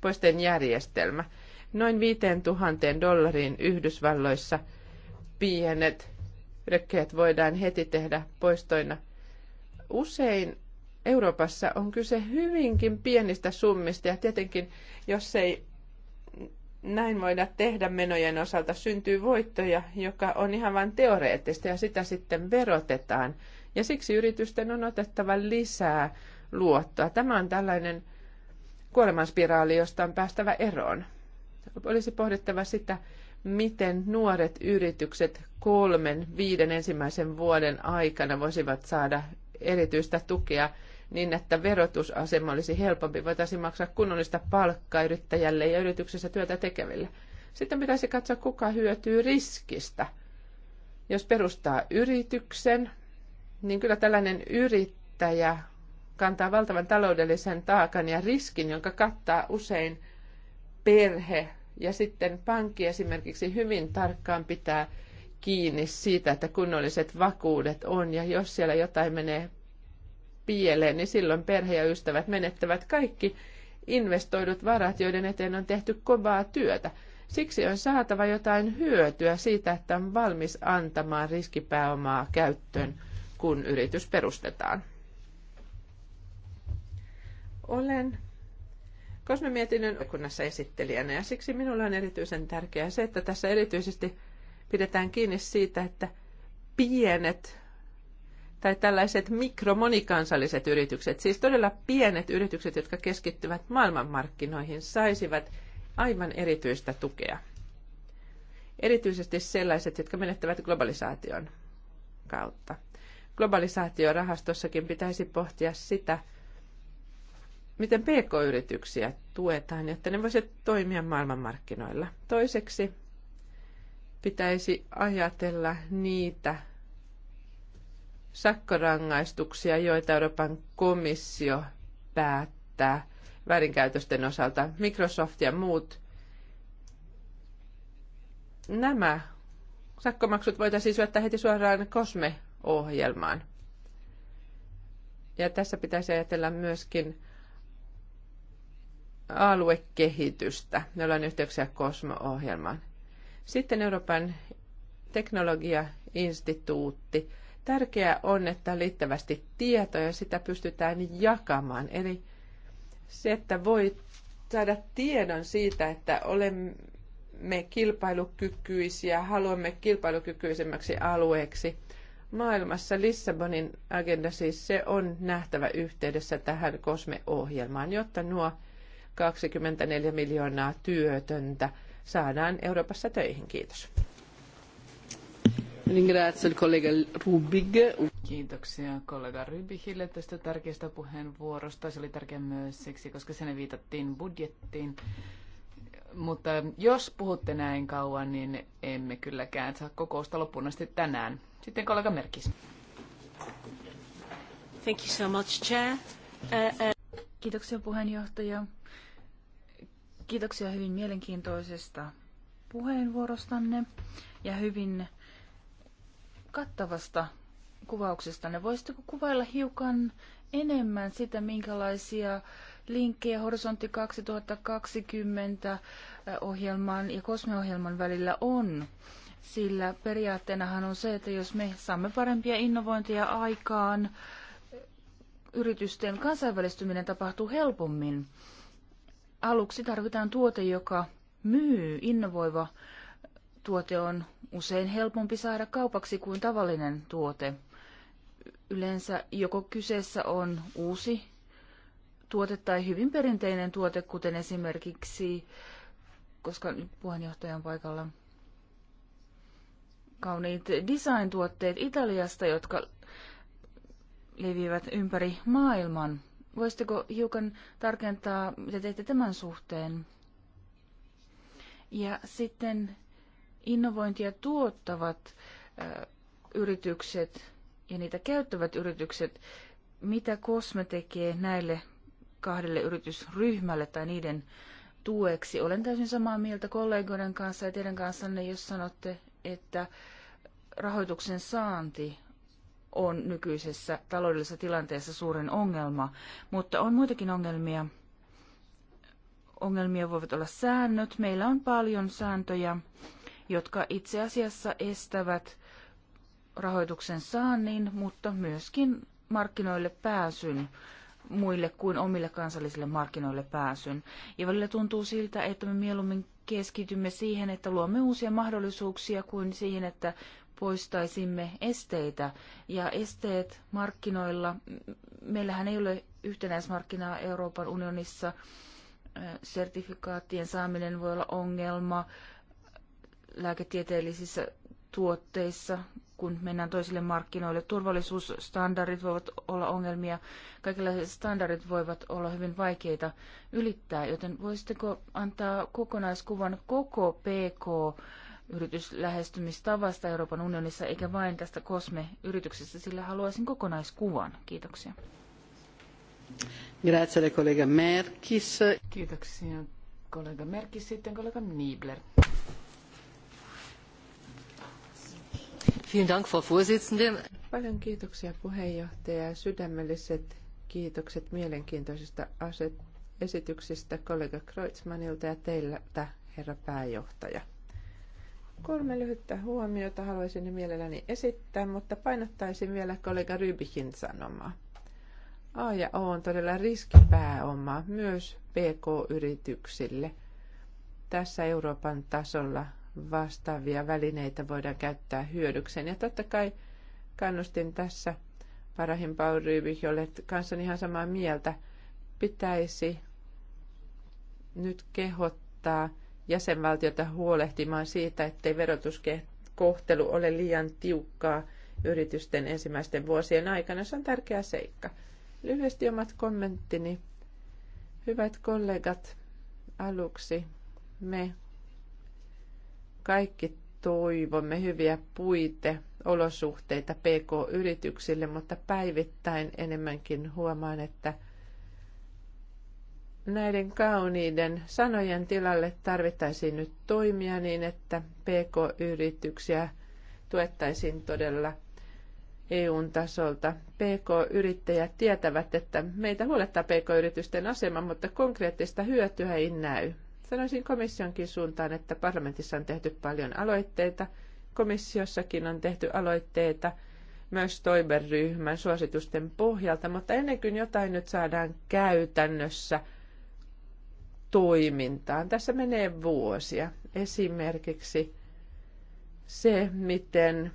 poisten järjestelmä noin 5000 dollariin Yhdysvalloissa pienet rökkeet voidaan heti tehdä poistoina. Usein Euroopassa on kyse hyvinkin pienistä summista ja tietenkin, jos ei näin voida tehdä menojen osalta, syntyy voittoja, joka on ihan vain teoreettista ja sitä sitten verotetaan. Ja siksi yritysten on otettava lisää luottoa. Tämä on tällainen kuolemanspiraali, josta on päästävä eroon olisi pohdittava sitä, miten nuoret yritykset kolmen, viiden ensimmäisen vuoden aikana voisivat saada erityistä tukea niin, että verotusasema olisi helpompi. Voitaisiin maksaa kunnollista palkkaa yrittäjälle ja yrityksessä työtä tekeville. Sitten pitäisi katsoa, kuka hyötyy riskistä. Jos perustaa yrityksen, niin kyllä tällainen yrittäjä kantaa valtavan taloudellisen taakan ja riskin, jonka kattaa usein perhe ja sitten pankki esimerkiksi hyvin tarkkaan pitää kiinni siitä, että kunnolliset vakuudet on. Ja jos siellä jotain menee pieleen, niin silloin perhe ja ystävät menettävät kaikki investoidut varat, joiden eteen on tehty kovaa työtä. Siksi on saatava jotain hyötyä siitä, että on valmis antamaan riskipääomaa käyttöön, kun yritys perustetaan. Olen mietin, kunnassa esittelijänä ja siksi minulla on erityisen tärkeää se, että tässä erityisesti pidetään kiinni siitä, että pienet tai tällaiset mikromonikansalliset yritykset, siis todella pienet yritykset, jotka keskittyvät maailmanmarkkinoihin, saisivat aivan erityistä tukea. Erityisesti sellaiset, jotka menettävät globalisaation kautta. Globalisaatiorahastossakin pitäisi pohtia sitä, miten pk-yrityksiä tuetaan, jotta ne voisivat toimia maailmanmarkkinoilla. Toiseksi pitäisi ajatella niitä sakkorangaistuksia, joita Euroopan komissio päättää väärinkäytösten osalta. Microsoft ja muut. Nämä sakkomaksut voitaisiin syöttää heti suoraan COSME-ohjelmaan. Ja tässä pitäisi ajatella myöskin aluekehitystä, jolla on yhteyksiä Kosmo-ohjelmaan. Sitten Euroopan teknologiainstituutti. Tärkeää on, että on liittävästi tietoa ja sitä pystytään jakamaan. Eli se, että voi saada tiedon siitä, että olemme kilpailukykyisiä, haluamme kilpailukykyisemmäksi alueeksi maailmassa. Lissabonin agenda siis se on nähtävä yhteydessä tähän kosmeohjelmaan, jotta nuo 24 miljoonaa työtöntä saadaan Euroopassa töihin. Kiitos. Kiitoksia kollega Rybihille tästä tärkeästä puheenvuorosta. Se oli tärkeä myös siksi, koska sen viitattiin budjettiin. Mutta jos puhutte näin kauan, niin emme kylläkään saa kokousta loppuun asti tänään. Sitten kollega Merkis. Thank you so much, Chair. Uh, uh... Kiitoksia puheenjohtaja. Kiitoksia hyvin mielenkiintoisesta puheenvuorostanne ja hyvin kattavasta kuvauksestanne. Voisitteko kuvailla hiukan enemmän sitä, minkälaisia linkkejä Horisontti 2020 eh, ohjelman ja kosmeohjelman välillä on? Sillä periaatteenahan on se, että jos me saamme parempia innovointeja aikaan, yritysten kansainvälistyminen tapahtuu helpommin aluksi tarvitaan tuote, joka myy, innovoiva tuote on usein helpompi saada kaupaksi kuin tavallinen tuote. Yleensä joko kyseessä on uusi tuote tai hyvin perinteinen tuote, kuten esimerkiksi, koska nyt puheenjohtaja on paikalla, kauniit design-tuotteet Italiasta, jotka leviävät ympäri maailman. Voisitteko hiukan tarkentaa, mitä teette tämän suhteen? Ja sitten innovointia tuottavat ö, yritykset ja niitä käyttävät yritykset, mitä Kosme tekee näille kahdelle yritysryhmälle tai niiden tueksi. Olen täysin samaa mieltä kollegoiden kanssa ja teidän kanssanne, jos sanotte, että rahoituksen saanti on nykyisessä taloudellisessa tilanteessa suurin ongelma, mutta on muitakin ongelmia. Ongelmia voivat olla säännöt. Meillä on paljon sääntöjä, jotka itse asiassa estävät rahoituksen saannin, mutta myöskin markkinoille pääsyn muille kuin omille kansallisille markkinoille pääsyn. Ja välillä tuntuu siltä, että me mieluummin keskitymme siihen, että luomme uusia mahdollisuuksia kuin siihen, että poistaisimme esteitä. Ja esteet markkinoilla, meillähän ei ole yhtenäismarkkinaa Euroopan unionissa, sertifikaattien saaminen voi olla ongelma lääketieteellisissä tuotteissa, kun mennään toisille markkinoille. Turvallisuusstandardit voivat olla ongelmia. Kaikenlaiset standardit voivat olla hyvin vaikeita ylittää, joten voisitteko antaa kokonaiskuvan koko PK yrityslähestymistavasta Euroopan unionissa, eikä vain tästä COSME-yrityksestä, sillä haluaisin kokonaiskuvan. Kiitoksia. Grazie, kollega Merkis. Kiitoksia, kollega Merkis. Sitten kollega Niebler. Vielen Dank, Frau Vorsitzende. Paljon kiitoksia puheenjohtaja. Sydämelliset kiitokset mielenkiintoisista aset- esityksistä kollega Kreutzmannilta ja teiltä, herra pääjohtaja. Kolme lyhyttä huomiota haluaisin ne mielelläni esittää, mutta painottaisin vielä kollega Rybikin sanomaa. A ja O on todella riskipääoma myös PK-yrityksille. Tässä Euroopan tasolla vastaavia välineitä voidaan käyttää hyödykseen. Ja totta kai kannustin tässä Parahin Paul Rybich, jolle kanssa ihan samaa mieltä, pitäisi nyt kehottaa – jäsenvaltiota huolehtimaan siitä, ettei verotuskohtelu ole liian tiukkaa yritysten ensimmäisten vuosien aikana. Se on tärkeä seikka. Lyhyesti omat kommenttini. Hyvät kollegat, aluksi me kaikki toivomme hyviä puite olosuhteita PK-yrityksille, mutta päivittäin enemmänkin huomaan, että – näiden kauniiden sanojen tilalle tarvittaisiin nyt toimia niin, että PK-yrityksiä tuettaisiin todella EUn tasolta. PK-yrittäjät tietävät, että meitä huolettaa PK-yritysten asema, mutta konkreettista hyötyä ei näy. Sanoisin komissionkin suuntaan, että parlamentissa on tehty paljon aloitteita. Komissiossakin on tehty aloitteita myös Toiber-ryhmän suositusten pohjalta, mutta ennen kuin jotain nyt saadaan käytännössä – toimintaan. Tässä menee vuosia. Esimerkiksi se, miten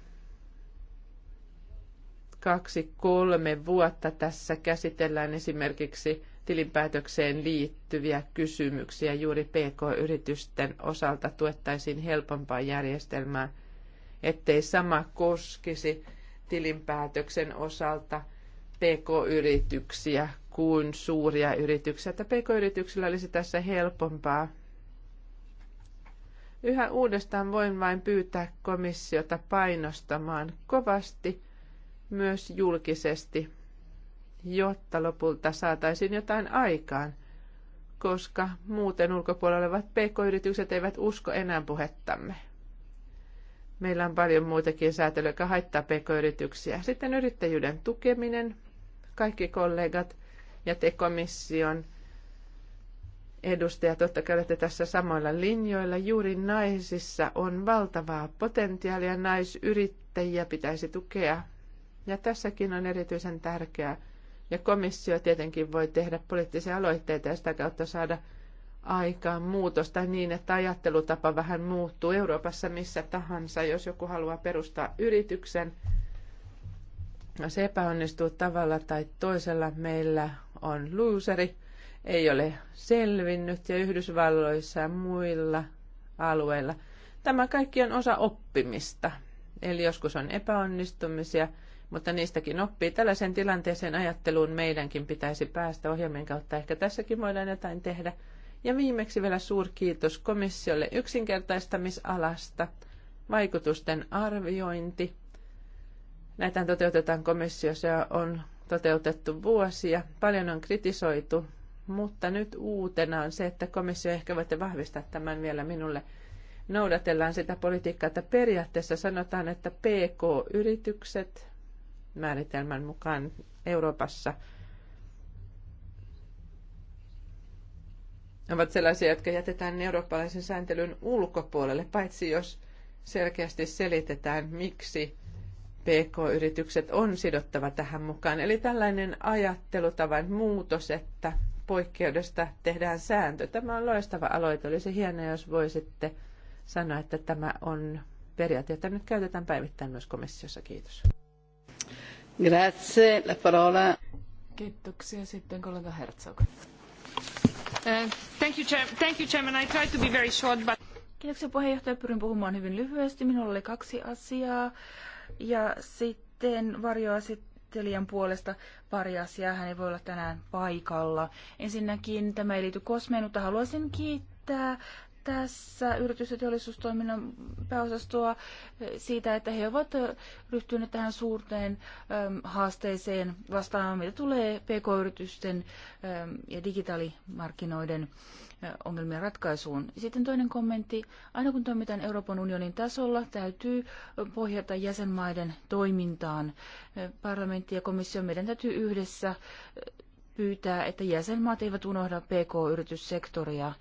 kaksi, kolme vuotta tässä käsitellään esimerkiksi tilinpäätökseen liittyviä kysymyksiä juuri PK-yritysten osalta tuettaisiin helpompaa järjestelmää, ettei sama koskisi tilinpäätöksen osalta PK-yrityksiä kuin suuria yrityksiä, että pk-yrityksillä olisi tässä helpompaa. Yhä uudestaan voin vain pyytää komissiota painostamaan kovasti, myös julkisesti, jotta lopulta saataisiin jotain aikaan, koska muuten ulkopuolella olevat pk-yritykset eivät usko enää puhettamme. Meillä on paljon muitakin säätelyä, joka haittaa pk-yrityksiä. Sitten yrittäjyyden tukeminen. Kaikki kollegat ja te komission edustajat, totta kai olette tässä samoilla linjoilla. Juuri naisissa on valtavaa potentiaalia, naisyrittäjiä pitäisi tukea. Ja tässäkin on erityisen tärkeää. Ja komissio tietenkin voi tehdä poliittisia aloitteita ja sitä kautta saada aikaan muutosta niin, että ajattelutapa vähän muuttuu Euroopassa missä tahansa. Jos joku haluaa perustaa yrityksen, no se epäonnistuu tavalla tai toisella. Meillä on luuseri, ei ole selvinnyt ja Yhdysvalloissa ja muilla alueilla. Tämä kaikki on osa oppimista. Eli joskus on epäonnistumisia, mutta niistäkin oppii. Tällaisen tilanteeseen ajatteluun meidänkin pitäisi päästä ohjelmien kautta. Ehkä tässäkin voidaan jotain tehdä. Ja viimeksi vielä suurkiitos komissiolle yksinkertaistamisalasta, vaikutusten arviointi. Näitä toteutetaan komissiossa ja on toteutettu vuosia. Paljon on kritisoitu, mutta nyt uutena on se, että komissio ehkä voitte vahvistaa tämän vielä minulle. Noudatellaan sitä politiikkaa, että periaatteessa sanotaan, että PK-yritykset määritelmän mukaan Euroopassa ovat sellaisia, jotka jätetään eurooppalaisen sääntelyn ulkopuolelle, paitsi jos selkeästi selitetään, miksi PK-yritykset on sidottava tähän mukaan. Eli tällainen ajattelutavan muutos, että poikkeudesta tehdään sääntö. Tämä on loistava aloite. Olisi hienoa, jos voisitte sanoa, että tämä on periaate, jota nyt käytetään päivittäin myös komissiossa. Kiitos. Grazie, la parola. Kiitoksia. Sitten kollega Herzog. Uh, thank, you, thank you, Chairman. I to be very short, but... Kiitoksia puheenjohtaja. Pyrin puhumaan hyvin lyhyesti. Minulla oli kaksi asiaa. Ja sitten varjoasettelijan puolesta pari asiaa. Hän ei voi olla tänään paikalla. Ensinnäkin tämä ei liity kosmeen, mutta haluaisin kiittää tässä yritys- ja teollisuustoiminnan pääosastoa eh, siitä, että he ovat eh, ryhtyneet tähän suurteen ehm, haasteeseen vastaamaan, mitä tulee pk-yritysten ehm, ja digitaalimarkkinoiden eh, ongelmien ratkaisuun. Sitten toinen kommentti. Aina kun toimitaan Euroopan unionin tasolla, täytyy pohjata jäsenmaiden toimintaan. Parlamentti ja komissio, meidän täytyy yhdessä pyytää, että jäsenmaat eivät unohda PK-yrityssektoria.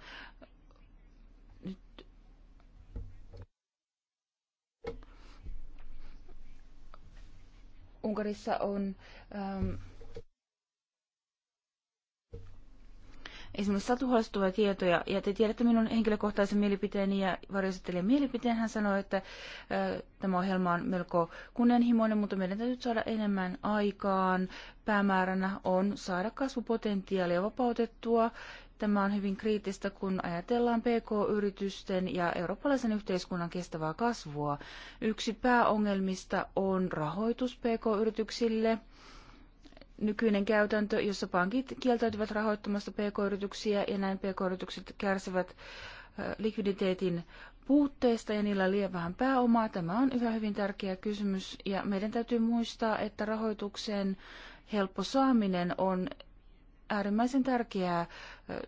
Unkarissa on ähm, esimerkiksi Satu huolestuvia tietoja, ja te tiedätte minun henkilökohtaisen mielipiteeni ja varjoisettelijan mielipiteen. Hän sanoi, että äh, tämä ohjelma on melko kunnianhimoinen, mutta meidän täytyy saada enemmän aikaan. Päämääränä on saada kasvupotentiaalia vapautettua Tämä on hyvin kriittistä, kun ajatellaan PK-yritysten ja eurooppalaisen yhteiskunnan kestävää kasvua. Yksi pääongelmista on rahoitus PK-yrityksille. Nykyinen käytäntö, jossa pankit kieltäytyvät rahoittamasta PK-yrityksiä ja näin PK-yritykset kärsivät likviditeetin puutteesta ja niillä on liian vähän pääomaa. Tämä on yhä hyvin tärkeä kysymys ja meidän täytyy muistaa, että rahoituksen helppo saaminen on äärimmäisen tärkeää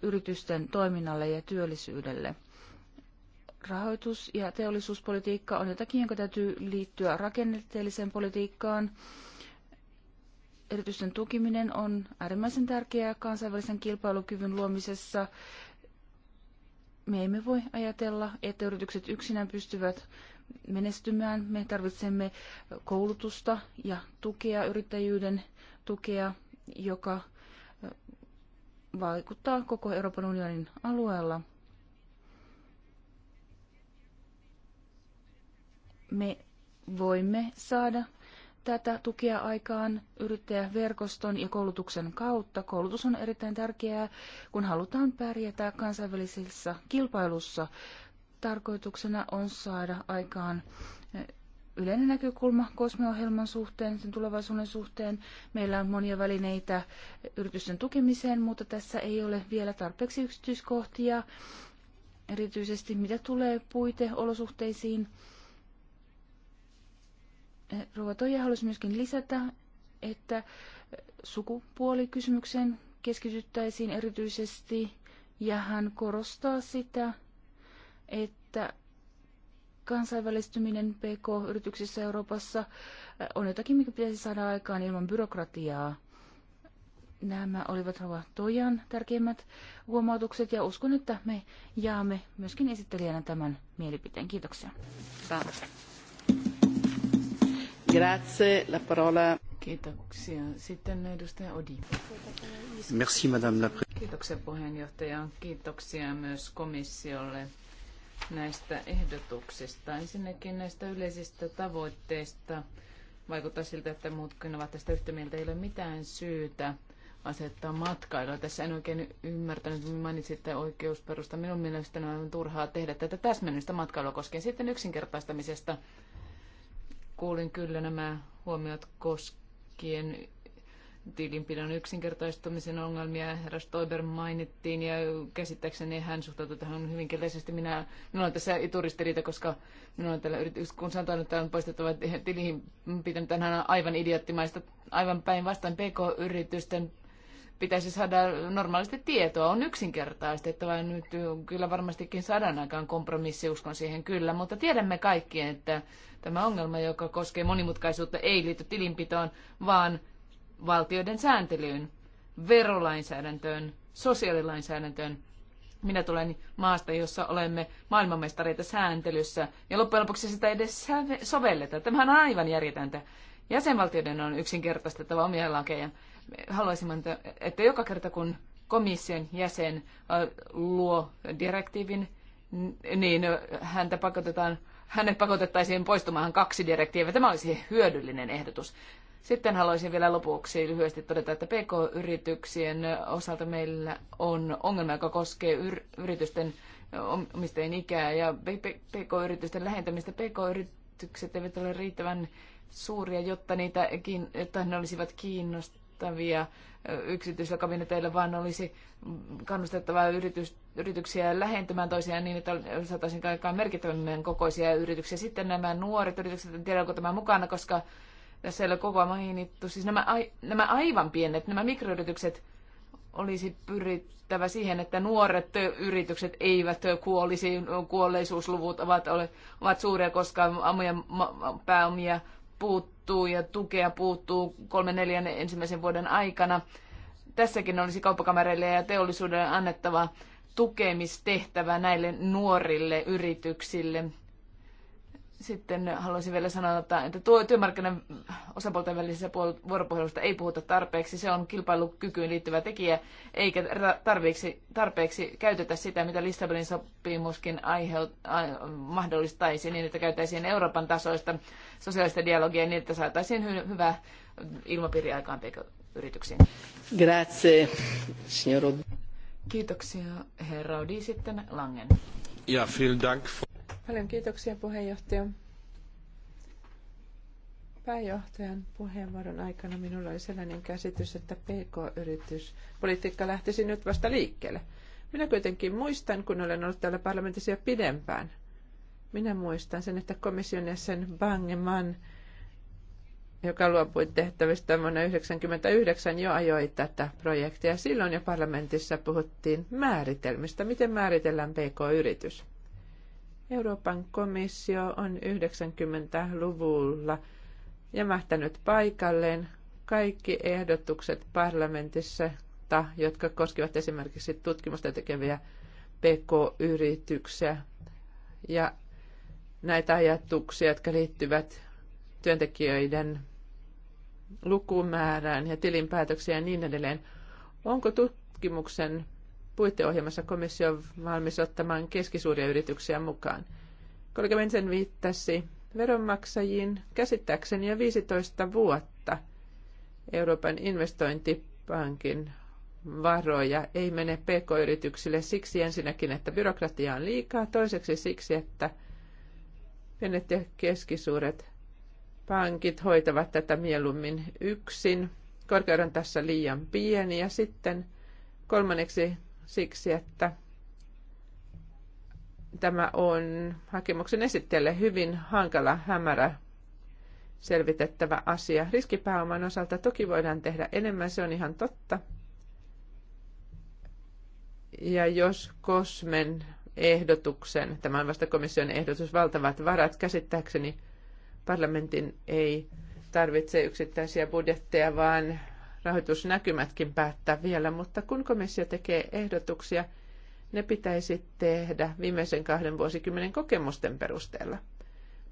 yritysten toiminnalle ja työllisyydelle. Rahoitus- ja teollisuuspolitiikka on jotakin, jonka täytyy liittyä rakenteelliseen politiikkaan. Yritysten tukiminen on äärimmäisen tärkeää kansainvälisen kilpailukyvyn luomisessa. Me emme voi ajatella, että yritykset yksinään pystyvät menestymään. Me tarvitsemme koulutusta ja tukea, yrittäjyyden tukea, joka vaikuttaa koko Euroopan unionin alueella. Me voimme saada tätä tukea aikaan yrittäjäverkoston ja koulutuksen kautta. Koulutus on erittäin tärkeää, kun halutaan pärjätä kansainvälisessä kilpailussa. Tarkoituksena on saada aikaan yleinen näkökulma kosmeohjelman suhteen, sen tulevaisuuden suhteen. Meillä on monia välineitä yritysten tukemiseen, mutta tässä ei ole vielä tarpeeksi yksityiskohtia, erityisesti mitä tulee puiteolosuhteisiin. Rova Toija haluaisi myöskin lisätä, että sukupuolikysymykseen keskityttäisiin erityisesti, ja hän korostaa sitä, että kansainvälistyminen PK-yrityksissä Euroopassa äh, on jotakin, mikä pitäisi saada aikaan ilman byrokratiaa. Nämä olivat Rova Tojan tärkeimmät huomautukset ja uskon, että me jaamme myöskin esittelijänä tämän mielipiteen. Kiitoksia. Grazie, la parola. Kiitoksia. Sitten edustaja Odi. Merci, madame la Kiitoksia puheenjohtaja. Kiitoksia myös komissiolle näistä ehdotuksista. Ensinnäkin näistä yleisistä tavoitteista. Vaikuttaa siltä, että muutkin ovat tästä yhtä mieltä. Ei ole mitään syytä asettaa matkailua. Tässä en oikein ymmärtänyt, kun mainitsitte oikeusperusta. Minun mielestäni on turhaa tehdä tätä täsmennystä matkailua koskien. Sitten yksinkertaistamisesta kuulin kyllä nämä huomiot koskien tilinpidon yksinkertaistumisen ongelmia. Herra Stoiber mainittiin ja käsittääkseni hän suhtautui tähän hyvin keleisesti. Minä, minulla on tässä eturistiriita, koska minulla on tällä yritys, kun sanotaan, että on poistettava tilinpidon, tämähän on aivan idioottimaista, aivan päinvastoin PK-yritysten pitäisi saada normaalisti tietoa, on yksinkertaistettava. Nyt kyllä varmastikin saadaan aikaan kompromissi, uskon siihen kyllä, mutta tiedämme kaikki, että tämä ongelma, joka koskee monimutkaisuutta, ei liity tilinpitoon, vaan valtioiden sääntelyyn, verolainsäädäntöön, sosiaalilainsäädäntöön. Minä tulen maasta, jossa olemme maailmanmestareita sääntelyssä, ja loppujen lopuksi sitä edes sovelleta. tämä on aivan järjetöntä. Jäsenvaltioiden on yksinkertaistettava omia lakeja. Haluaisin, että joka kerta kun komission jäsen äh, luo direktiivin, niin äh, häntä pakotetaan, hänet pakotettaisiin poistumaan kaksi direktiiviä. Tämä olisi hyödyllinen ehdotus. Sitten haluaisin vielä lopuksi lyhyesti todeta, että PK-yrityksien osalta meillä on ongelma, joka koskee yritysten omistajien ikää ja PK-yritysten lähentämistä. PK-yritykset eivät ole riittävän suuria, jotta, niitä, jotta ne olisivat kiinnostavia yksityisillä kabineteilla, vaan olisi kannustettavaa yritys, yrityksiä lähentymään toisiaan niin, että saataisiin aikaan merkittävämmän kokoisia yrityksiä. Sitten nämä nuoret yritykset, en tiedä onko tämä mukana, koska tässä ei ole kova mainittu. Siis nämä, nämä aivan pienet, nämä mikroyritykset, olisi pyrittävä siihen, että nuoret yritykset eivät kuolisi. Kuolleisuusluvut ovat, ovat suuria, koska amuja pääomia puuttuu ja tukea puuttuu kolmen neljän ensimmäisen vuoden aikana. Tässäkin olisi kauppakamareille ja teollisuudelle annettava tukemistehtävä näille nuorille yrityksille. Sitten haluaisin vielä sanoa, että tuo työmarkkinan osapuolten välisessä vuoropuhelusta ei puhuta tarpeeksi. Se on kilpailukykyyn liittyvä tekijä, eikä tarpeeksi, tarpeeksi käytetä sitä, mitä Lissabonin sopimuskin aiheut, a, mahdollistaisi, niin että käytäisiin Euroopan tasoista sosiaalista dialogia niin, että saataisiin hy, hyvä ilmapiiri aikaan yrityksiin Grazie, signor Kiitoksia, herra Odi. Sitten Langen. Ja, vielen Dank. Paljon kiitoksia puheenjohtaja. Pääjohtajan puheenvuoron aikana minulla oli sellainen käsitys, että PK-yrityspolitiikka lähtisi nyt vasta liikkeelle. Minä kuitenkin muistan, kun olen ollut täällä parlamentissa jo pidempään. Minä muistan sen, että komission jäsen Bangeman, joka luopui tehtävistä vuonna 1999, jo ajoi tätä projektia. Silloin jo parlamentissa puhuttiin määritelmistä, miten määritellään PK-yritys. Euroopan komissio on 90-luvulla jämähtänyt paikalleen kaikki ehdotukset parlamentissa, jotka koskivat esimerkiksi tutkimusta tekeviä PK-yrityksiä ja näitä ajatuksia, jotka liittyvät työntekijöiden lukumäärään ja tilinpäätöksiä ja niin edelleen. Onko tutkimuksen puiteohjelmassa komissio on valmis ottamaan keskisuuria yrityksiä mukaan. Kollega Mensen viittasi veronmaksajiin käsittääkseni jo 15 vuotta Euroopan investointipankin varoja ei mene pk-yrityksille siksi ensinnäkin, että byrokratia on liikaa, toiseksi siksi, että pienet ja keskisuuret pankit hoitavat tätä mieluummin yksin, korkeuden tässä liian pieni ja sitten kolmanneksi siksi, että tämä on hakemuksen esittäjälle hyvin hankala, hämärä selvitettävä asia. Riskipääoman osalta toki voidaan tehdä enemmän, se on ihan totta. Ja jos Kosmen ehdotuksen, tämä on vasta komission ehdotus, valtavat varat käsittääkseni parlamentin ei tarvitse yksittäisiä budjetteja, vaan rahoitusnäkymätkin päättää vielä, mutta kun komissio tekee ehdotuksia, ne pitäisi tehdä viimeisen kahden vuosikymmenen kokemusten perusteella.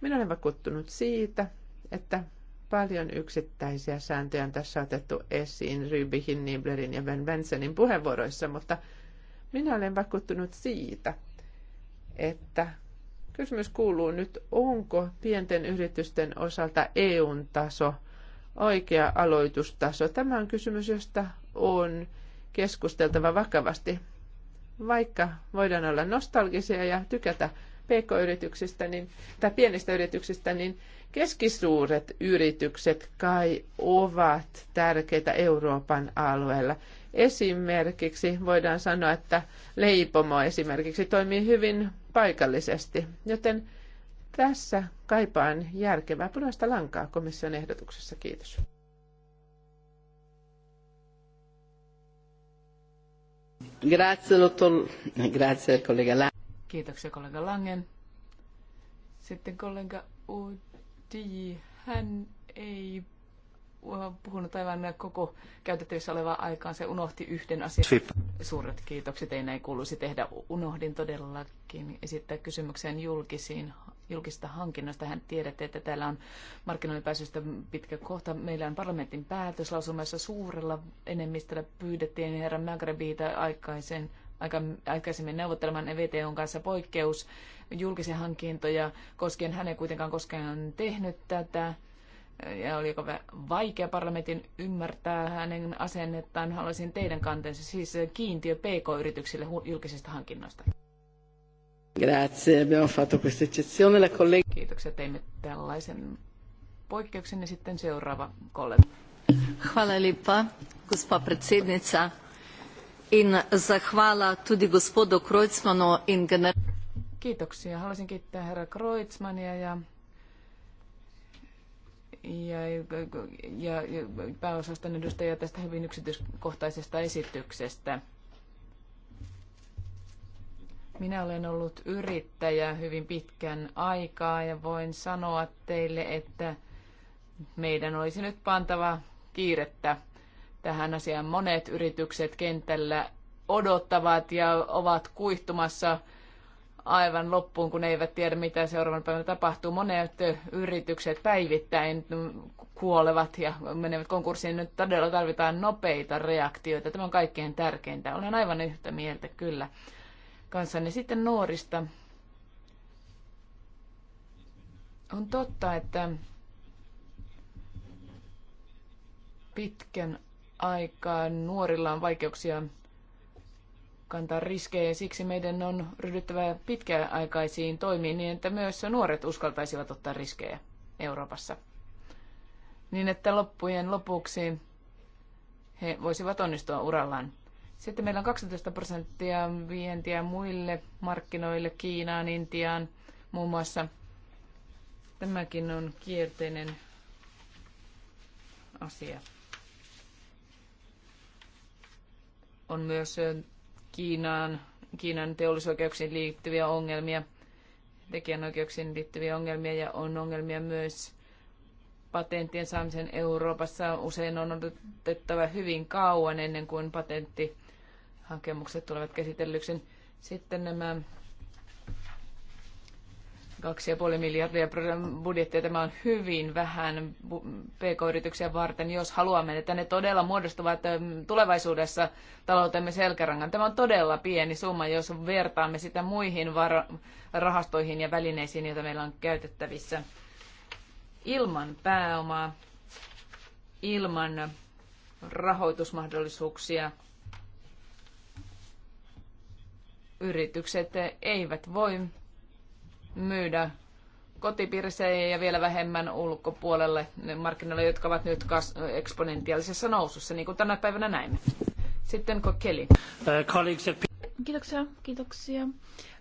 Minä olen vakuuttunut siitä, että paljon yksittäisiä sääntöjä on tässä otettu esiin Rybihin, Niblerin ja Ben Bensonin puheenvuoroissa, mutta minä olen vakuuttunut siitä, että kysymys kuuluu nyt, onko pienten yritysten osalta EUn taso – oikea aloitustaso. Tämä on kysymys, josta on keskusteltava vakavasti. Vaikka voidaan olla nostalgisia ja tykätä pk-yrityksistä niin, tai pienistä yrityksistä, niin keskisuuret yritykset kai ovat tärkeitä Euroopan alueella. Esimerkiksi voidaan sanoa, että leipomo esimerkiksi toimii hyvin paikallisesti, joten tässä kaipaan järkevää punaista lankaa komission ehdotuksessa. Kiitos. Grazie, Grazie, kollega Langen. Kiitoksia, kollega Langen. Sitten kollega Udi, hän ei puhunut aivan koko käytettävissä olevaa aikaan. Se unohti yhden asian. Sip. Suuret kiitokset, ei näin kuuluisi tehdä. Unohdin todellakin esittää kysymyksen julkisiin julkisista hankinnoista. Hän tiedätte, että täällä on markkinoille pääsystä pitkä kohta. Meillä on parlamentin päätöslausumassa suurella enemmistöllä pyydettiin herra Magrebiita aikaisen aikaisemmin neuvottelemaan e VTOn kanssa poikkeus julkisia hankintoja koskien. Hän ei kuitenkaan koskaan tehnyt tätä ja oli aika vaikea parlamentin ymmärtää hänen asennettaan. Haluaisin teidän kantensa siis kiintiö PK-yrityksille julkisista hankinnoista. Grazie, abbiamo fatto questa eccezione. La collega... Kiitoksia, teimme tällaisen poikkeuksen ja sitten seuraava kollega. Hvala lepa, gospa predsednica. In zahvala tudi gospodu Kreutzmanu in gener... Kiitoksia. Haluaisin kiittää herra Kreutzmania ja ja, ja, ja pääosaston edustajia tästä hyvin yksityiskohtaisesta esityksestä. Minä olen ollut yrittäjä hyvin pitkän aikaa ja voin sanoa teille, että meidän olisi nyt pantava kiirettä tähän asiaan. Monet yritykset kentällä odottavat ja ovat kuihtumassa aivan loppuun, kun eivät tiedä, mitä seuraavan päivänä tapahtuu. Monet yritykset päivittäin kuolevat ja menevät konkurssiin. Nyt todella tarvitaan nopeita reaktioita. Tämä on kaikkein tärkeintä. Olen aivan yhtä mieltä, kyllä. Ja Sitten nuorista. On totta, että pitkän aikaa nuorilla on vaikeuksia kantaa riskejä ja siksi meidän on ryhdyttävä pitkäaikaisiin toimiin niin, että myös nuoret uskaltaisivat ottaa riskejä Euroopassa. Niin, että loppujen lopuksi he voisivat onnistua urallaan. Sitten meillä on 12 prosenttia vientiä muille markkinoille, Kiinaan, Intiaan muun muassa. Tämäkin on kierteinen asia. On myös Kiinaan, Kiinan teollisoikeuksiin liittyviä ongelmia, tekijänoikeuksiin liittyviä ongelmia ja on ongelmia myös patenttien saamisen Euroopassa. Usein on odotettava hyvin kauan ennen kuin patentti hakemukset tulevat käsitellyksi. Sitten nämä 2,5 miljardia budjettia. Tämä on hyvin vähän pk-yrityksiä varten, jos haluamme, että ne todella muodostuvat tulevaisuudessa taloutemme selkärangan. Tämä on todella pieni summa, jos vertaamme sitä muihin rahastoihin ja välineisiin, joita meillä on käytettävissä. Ilman pääomaa, ilman rahoitusmahdollisuuksia yritykset eivät voi myydä kotipiirissä ja vielä vähemmän ulkopuolelle markkinoille, jotka ovat nyt kas- eksponentiaalisessa nousussa, niin kuin tänä päivänä näemme. Sitten Kokeli. Äh, äh, kiitoksia, kiitoksia.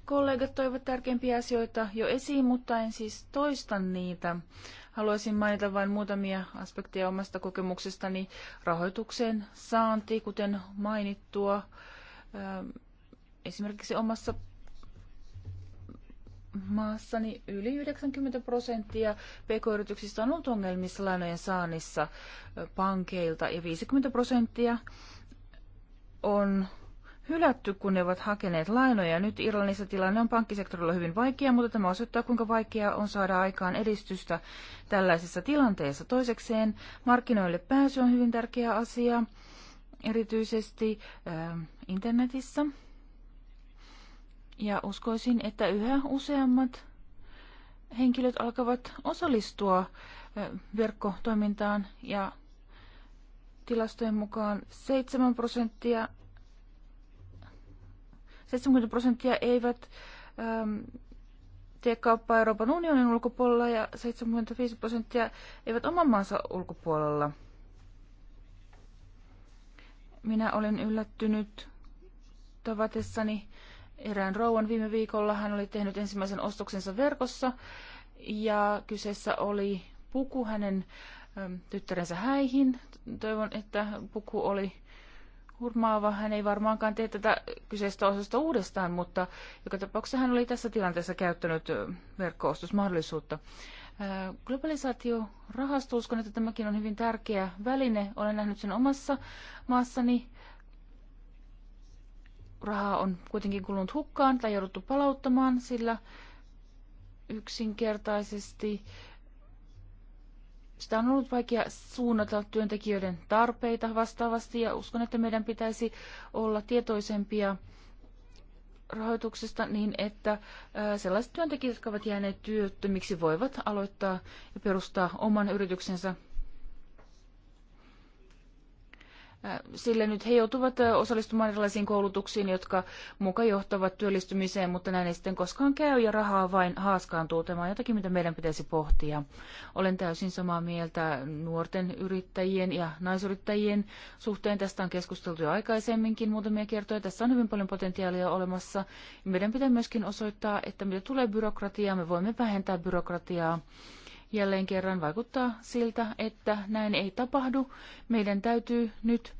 Kollegat toivat tärkeimpiä asioita jo esiin, mutta en siis toista niitä. Haluaisin mainita vain muutamia aspekteja omasta kokemuksestani. Rahoituksen saanti, kuten mainittua, esimerkiksi omassa maassani yli 90 prosenttia pk-yrityksistä on ollut ongelmissa lainojen saannissa pankeilta ja 50 prosenttia on hylätty, kun ne ovat hakeneet lainoja. Nyt Irlannissa tilanne on pankkisektorilla hyvin vaikea, mutta tämä osoittaa, kuinka vaikeaa on saada aikaan edistystä tällaisessa tilanteessa. Toisekseen markkinoille pääsy on hyvin tärkeä asia, erityisesti äh, internetissä. Ja uskoisin, että yhä useammat henkilöt alkavat osallistua verkkotoimintaan ja tilastojen mukaan 7 prosenttia, 70 prosenttia eivät äm, tee kauppaa Euroopan unionin ulkopuolella ja 75 prosenttia eivät oman maansa ulkopuolella. Minä olen yllättynyt tavatessani erään rouvan viime viikolla. Hän oli tehnyt ensimmäisen ostoksensa verkossa ja kyseessä oli puku hänen tyttärensä häihin. Toivon, että puku oli hurmaava. Hän ei varmaankaan tee tätä kyseistä osasta uudestaan, mutta joka tapauksessa hän oli tässä tilanteessa käyttänyt Globalisaatio Globalisaatiorahasto, uskon, että tämäkin on hyvin tärkeä väline. Olen nähnyt sen omassa maassani rahaa on kuitenkin kulunut hukkaan tai jouduttu palauttamaan, sillä yksinkertaisesti sitä on ollut vaikea suunnata työntekijöiden tarpeita vastaavasti ja uskon, että meidän pitäisi olla tietoisempia rahoituksesta niin, että sellaiset työntekijät, jotka ovat jääneet työttömiksi, voivat aloittaa ja perustaa oman yrityksensä sillä nyt he joutuvat osallistumaan erilaisiin koulutuksiin, jotka muka johtavat työllistymiseen, mutta näin ei sitten koskaan käy ja rahaa vain haaskaantuu. Tämä on jotakin, mitä meidän pitäisi pohtia. Olen täysin samaa mieltä nuorten yrittäjien ja naisyrittäjien suhteen. Tästä on keskusteltu jo aikaisemminkin muutamia kertoja. Tässä on hyvin paljon potentiaalia olemassa. Meidän pitää myöskin osoittaa, että mitä tulee byrokratiaa, me voimme vähentää byrokratiaa Jälleen kerran vaikuttaa siltä, että näin ei tapahdu. Meidän täytyy nyt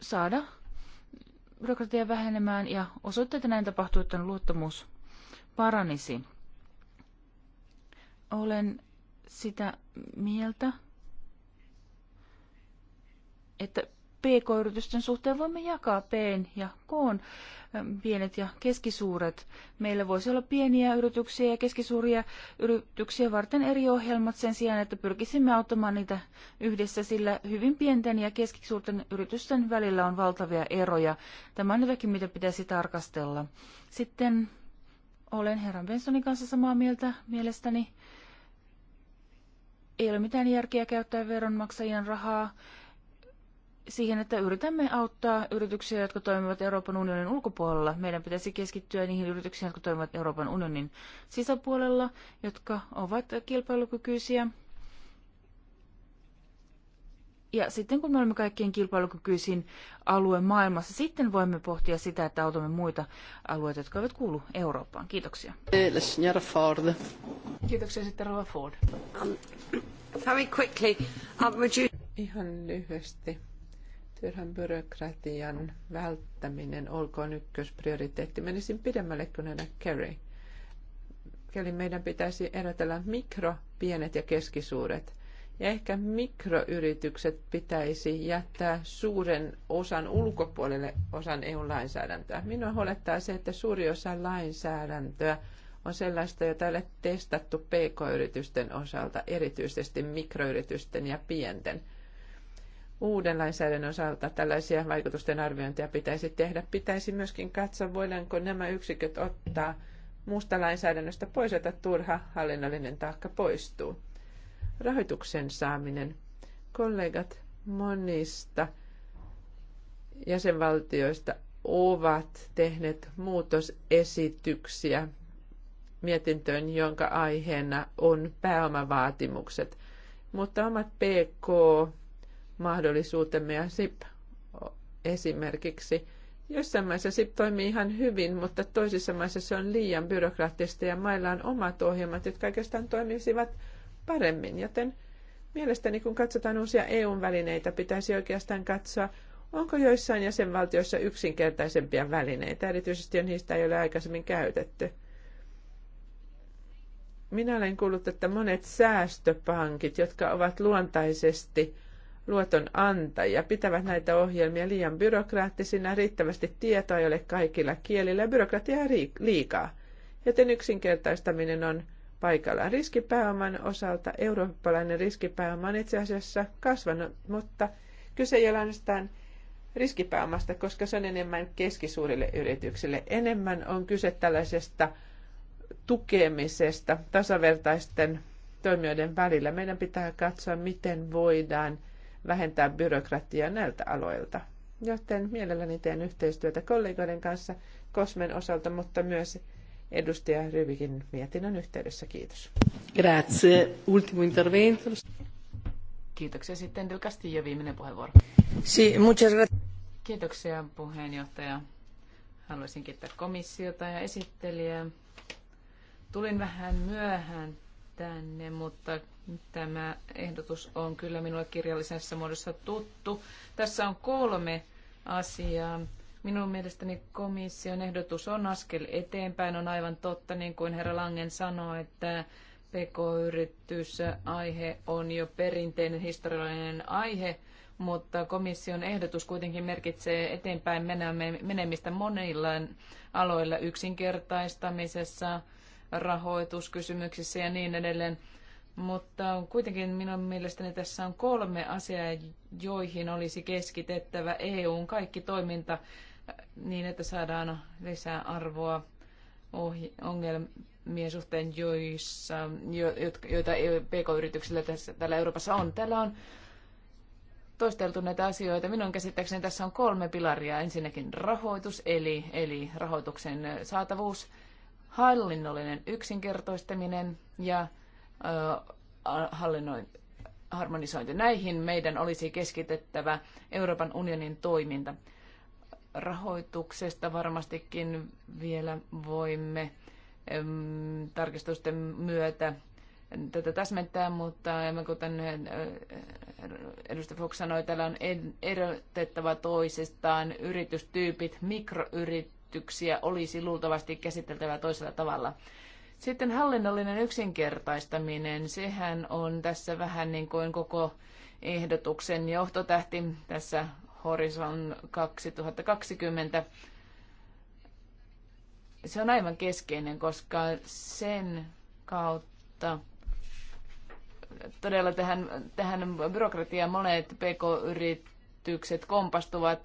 saada byrokratia vähenemään ja osoittaa, että näin tapahtuu, että luottamus paranisi. Olen sitä mieltä, että PK-yritysten suhteen voimme jakaa P ja K, pienet ja keskisuuret. Meillä voisi olla pieniä yrityksiä ja keskisuuria yrityksiä varten eri ohjelmat sen sijaan, että pyrkisimme auttamaan niitä yhdessä, sillä hyvin pienten ja keskisuurten yritysten välillä on valtavia eroja. Tämä on jotakin, mitä pitäisi tarkastella. Sitten olen herran Bensonin kanssa samaa mieltä mielestäni. Ei ole mitään järkeä käyttää veronmaksajien rahaa siihen, että yritämme auttaa yrityksiä, jotka toimivat Euroopan unionin ulkopuolella. Meidän pitäisi keskittyä niihin yrityksiin, jotka toimivat Euroopan unionin sisäpuolella, jotka ovat kilpailukykyisiä. Ja sitten kun me olemme kaikkien kilpailukykyisin alue maailmassa, sitten voimme pohtia sitä, että autamme muita alueita, jotka eivät kuulu Eurooppaan. Kiitoksia. Ford. Kiitoksia sitten Rova Ford. Um, very quickly, um, would you... Ihan lyhyesti Turhan byrokratian välttäminen olkoon ykkösprioriteetti. Menisin pidemmälle kuin nähdä Kerry. Eli meidän pitäisi erotella mikro, pienet ja keskisuuret. Ja ehkä mikroyritykset pitäisi jättää suuren osan ulkopuolelle osan EU-lainsäädäntöä. Minua huolettaa se, että suuri osa lainsäädäntöä on sellaista, jota ei ole testattu pk-yritysten osalta, erityisesti mikroyritysten ja pienten uuden lainsäädännön osalta tällaisia vaikutusten arviointeja pitäisi tehdä. Pitäisi myöskin katsoa, voidaanko nämä yksiköt ottaa muusta lainsäädännöstä pois, että turha hallinnollinen taakka poistuu. Rahoituksen saaminen. Kollegat monista jäsenvaltioista ovat tehneet muutosesityksiä mietintöön, jonka aiheena on pääomavaatimukset. Mutta omat PK mahdollisuutemme ja SIP esimerkiksi. Jossain maissa SIP toimii ihan hyvin, mutta toisissa maissa se on liian byrokraattista ja mailla on omat ohjelmat, jotka oikeastaan toimisivat paremmin. Joten mielestäni kun katsotaan uusia EU-välineitä, pitäisi oikeastaan katsoa, onko joissain jäsenvaltioissa yksinkertaisempia välineitä, erityisesti on niistä ei ole aikaisemmin käytetty. Minä olen kuullut, että monet säästöpankit, jotka ovat luontaisesti – luotonantajia pitävät näitä ohjelmia liian byrokraattisina, riittävästi tietoa ei ole kaikilla kielillä ja byrokratiaa liikaa. Joten yksinkertaistaminen on paikallaan. Riskipääoman osalta eurooppalainen riskipääoma on itse asiassa kasvanut, mutta kyse ei ole ainoastaan riskipääomasta, koska se on enemmän keskisuurille yrityksille. Enemmän on kyse tällaisesta tukemisesta tasavertaisten toimijoiden välillä. Meidän pitää katsoa, miten voidaan – vähentää byrokratiaa näiltä aloilta. Joten mielelläni teen yhteistyötä kollegoiden kanssa Kosmen osalta, mutta myös edustaja Ryvikin mietinnön yhteydessä. Kiitos. Grazie. Ultimo intervento. Kiitoksia sitten Del Castillo, viimeinen puheenvuoro. Si, muchas gracias. Kiitoksia puheenjohtaja. Haluaisin kiittää komissiota ja esittelijää. Tulin vähän myöhään tänne, mutta tämä ehdotus on kyllä minulle kirjallisessa muodossa tuttu. Tässä on kolme asiaa. Minun mielestäni komission ehdotus on askel eteenpäin. On aivan totta, niin kuin herra Langen sanoi, että PK-yritysaihe on jo perinteinen historiallinen aihe, mutta komission ehdotus kuitenkin merkitsee eteenpäin menemistä monilla aloilla yksinkertaistamisessa, rahoituskysymyksissä ja niin edelleen. Mutta kuitenkin minun mielestäni tässä on kolme asiaa, joihin olisi keskitettävä EUn kaikki toiminta äh, niin, että saadaan lisää arvoa ongelmien suhteen, joissa, joita e PK-yrityksillä tässä, täällä Euroopassa on. Täällä on toisteltu näitä asioita. Minun käsittääkseni tässä on kolme pilaria. Ensinnäkin rahoitus, eli, eli rahoituksen saatavuus – hallinnollinen yksinkertoistaminen ja hallinnoin, harmonisointi. Näihin meidän olisi keskitettävä Euroopan unionin toiminta. Rahoituksesta varmastikin vielä voimme tarkistusten myötä tätä täsmentää, mutta emme kuten edustaja Fox sanoi, täällä on erotettava toisistaan yritystyypit, mikroyrit, esityksiä olisi luultavasti käsiteltävä toisella tavalla. Sitten hallinnollinen yksinkertaistaminen, sehän on tässä vähän niin kuin koko ehdotuksen johtotähti tässä Horizon 2020. Se on aivan keskeinen, koska sen kautta todella tähän, tähän byrokratiaan monet pk-yritykset kompastuvat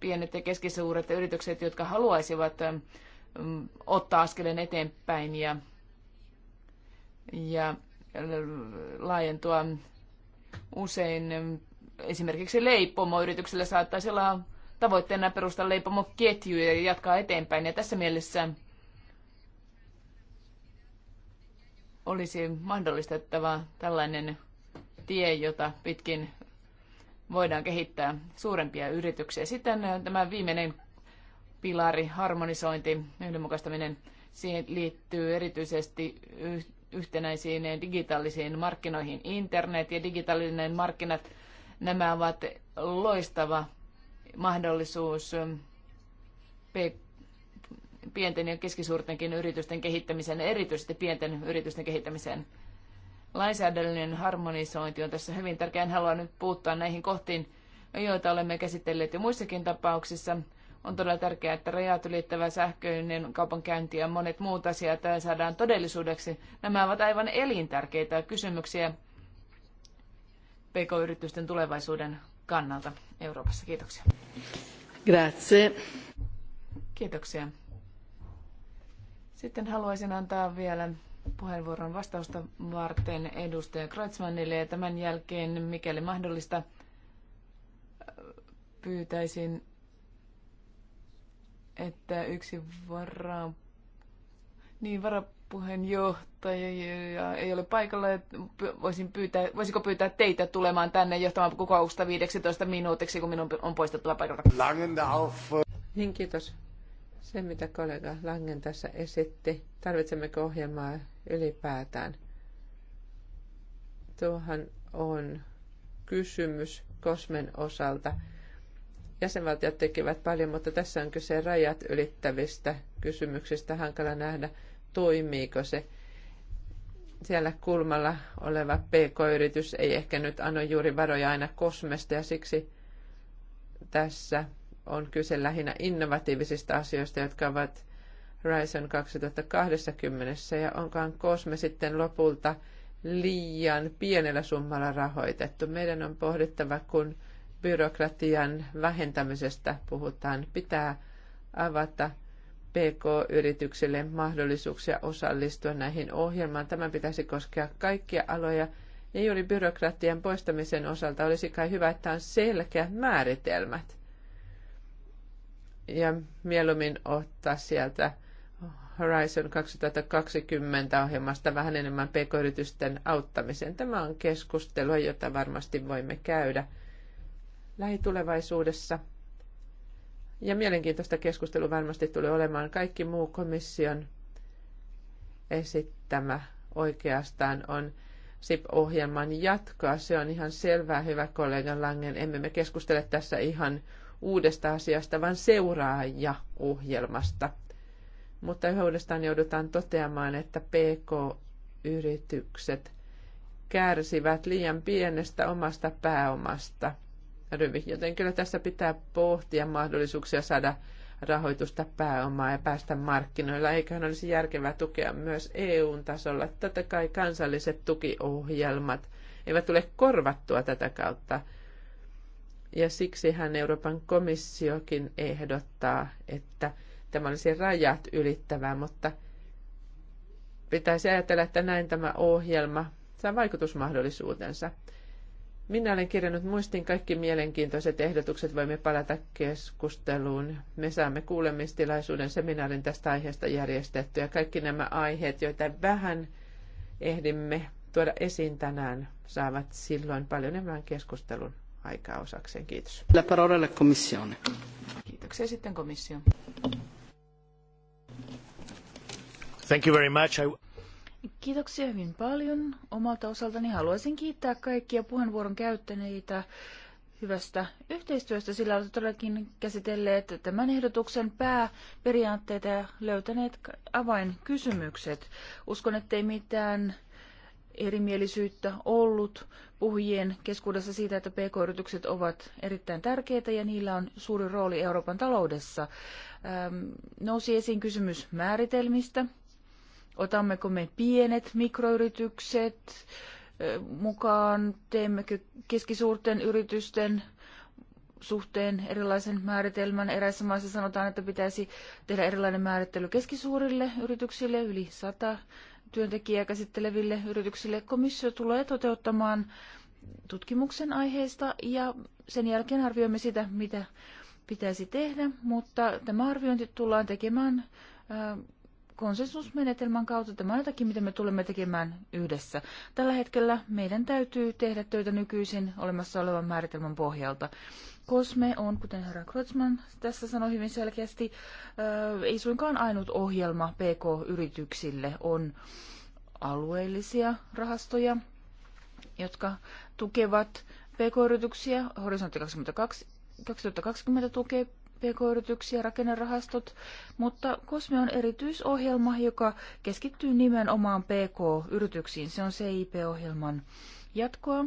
pienet ja keskisuuret yritykset, jotka haluaisivat ähm, ottaa askeleen eteenpäin ja, ja äh, laajentua usein esimerkiksi leipomoyrityksellä saattaisi olla tavoitteena perustaa leipomoketjuja ja jatkaa eteenpäin. Ja tässä mielessä olisi mahdollistettava tällainen tie, jota pitkin voidaan kehittää suurempia yrityksiä. Sitten äh, tämä viimeinen pilari, harmonisointi, yhdenmukaistaminen, siihen liittyy erityisesti yhtenäisiin digitaalisiin markkinoihin. Internet ja digitaalinen markkinat, nämä ovat loistava mahdollisuus ähm, pienten ja keskisuurtenkin yritysten kehittämiseen, erityisesti pienten yritysten kehittämiseen. Lainsäädännöllinen harmonisointi on tässä hyvin tärkeä. En halua nyt puuttua näihin kohtiin, joita olemme käsitelleet jo muissakin tapauksissa. On todella tärkeää, että rajat ylittävä sähköinen kaupankäynti ja monet muut asiat saadaan todellisuudeksi. Nämä ovat aivan elintärkeitä kysymyksiä pk-yritysten tulevaisuuden kannalta Euroopassa. Kiitoksia. Grazie. Kiitoksia. Sitten haluaisin antaa vielä puheenvuoron vastausta varten edustaja Kreutzmannille ja tämän jälkeen, mikäli mahdollista, pyytäisin, että yksi vara, niin varapuheenjohtaja ei ole paikalla. Voisin pyytää, voisiko pyytää teitä tulemaan tänne johtamaan kokousta 15 minuutiksi, kun minun on poistettava paikalta? Langendauf. Äh, niin, kiitos. Se, mitä kollega Langen tässä esitti, tarvitsemmeko ohjelmaa, ylipäätään. Tuohan on kysymys kosmen osalta. Jäsenvaltiot tekevät paljon, mutta tässä on kyse rajat ylittävistä kysymyksistä. Hankala nähdä, toimiiko se siellä kulmalla oleva PK-yritys ei ehkä nyt anna juuri varoja aina kosmesta ja siksi tässä on kyse lähinnä innovatiivisista asioista, jotka ovat Horizon 2020 ja onkaan Kosme sitten lopulta liian pienellä summalla rahoitettu. Meidän on pohdittava, kun byrokratian vähentämisestä puhutaan, pitää avata PK-yrityksille mahdollisuuksia osallistua näihin ohjelmaan. Tämän pitäisi koskea kaikkia aloja. Ja juuri byrokratian poistamisen osalta olisi kai hyvä, että on selkeät määritelmät. Ja mieluummin ottaa sieltä Horizon 2020 ohjelmasta vähän enemmän pk-yritysten auttamiseen. Tämä on keskustelua, jota varmasti voimme käydä lähitulevaisuudessa. Ja mielenkiintoista keskustelua varmasti tulee olemaan kaikki muu komission esittämä oikeastaan on SIP-ohjelman jatkoa. Se on ihan selvää, hyvä kollega Langen. Emme me keskustele tässä ihan uudesta asiasta, vaan seuraaja-ohjelmasta mutta yhä uudestaan joudutaan toteamaan, että PK-yritykset kärsivät liian pienestä omasta pääomasta. Joten kyllä tässä pitää pohtia mahdollisuuksia saada rahoitusta pääomaa ja päästä markkinoilla. Eiköhän olisi järkevää tukea myös eu tasolla. Totta kai kansalliset tukiohjelmat eivät tule korvattua tätä kautta. Ja siksihän Euroopan komissiokin ehdottaa, että tämä olisi rajat ylittävää, mutta pitäisi ajatella, että näin tämä ohjelma saa vaikutusmahdollisuutensa. Minä olen kirjannut muistiin kaikki mielenkiintoiset ehdotukset, voimme palata keskusteluun. Me saamme kuulemistilaisuuden seminaarin tästä aiheesta järjestettyä. Kaikki nämä aiheet, joita vähän ehdimme tuoda esiin tänään, saavat silloin paljon enemmän keskustelun aikaa osakseen. Kiitos. La parole alla Kiitoksia sitten komissio. Kiitoksia hyvin paljon. Omalta osaltani haluaisin kiittää kaikkia puheenvuoron käyttäneitä hyvästä yhteistyöstä, sillä olette todellakin käsitelleet tämän ehdotuksen pääperiaatteita ja löytäneet avainkysymykset. Uskon, ettei mitään erimielisyyttä ollut puhujien keskuudessa siitä, että pk-yritykset ovat erittäin tärkeitä ja niillä on suuri rooli Euroopan taloudessa. nousi esiin kysymys määritelmistä. Otammeko me pienet mikroyritykset mukaan, teemmekö keskisuurten yritysten suhteen erilaisen määritelmän. Eräissä maissa sanotaan, että pitäisi tehdä erilainen määrittely keskisuurille yrityksille, yli 100 työntekijää käsitteleville yrityksille. Komissio tulee toteuttamaan tutkimuksen aiheesta ja sen jälkeen arvioimme sitä, mitä pitäisi tehdä, mutta tämä arviointi tullaan tekemään konsensusmenetelmän kautta. Tämä on jotakin, mitä me tulemme tekemään yhdessä. Tällä hetkellä meidän täytyy tehdä töitä nykyisin olemassa olevan määritelmän pohjalta. Kosme on, kuten herra Krotsman tässä sanoi hyvin selkeästi, ei suinkaan ainut ohjelma PK-yrityksille on alueellisia rahastoja, jotka tukevat PK-yrityksiä. Horisontti 22, 2020 tukee pk-yrityksiä, rakennerahastot, mutta Kosme on erityisohjelma, joka keskittyy nimenomaan pk-yrityksiin. Se on CIP-ohjelman jatkoa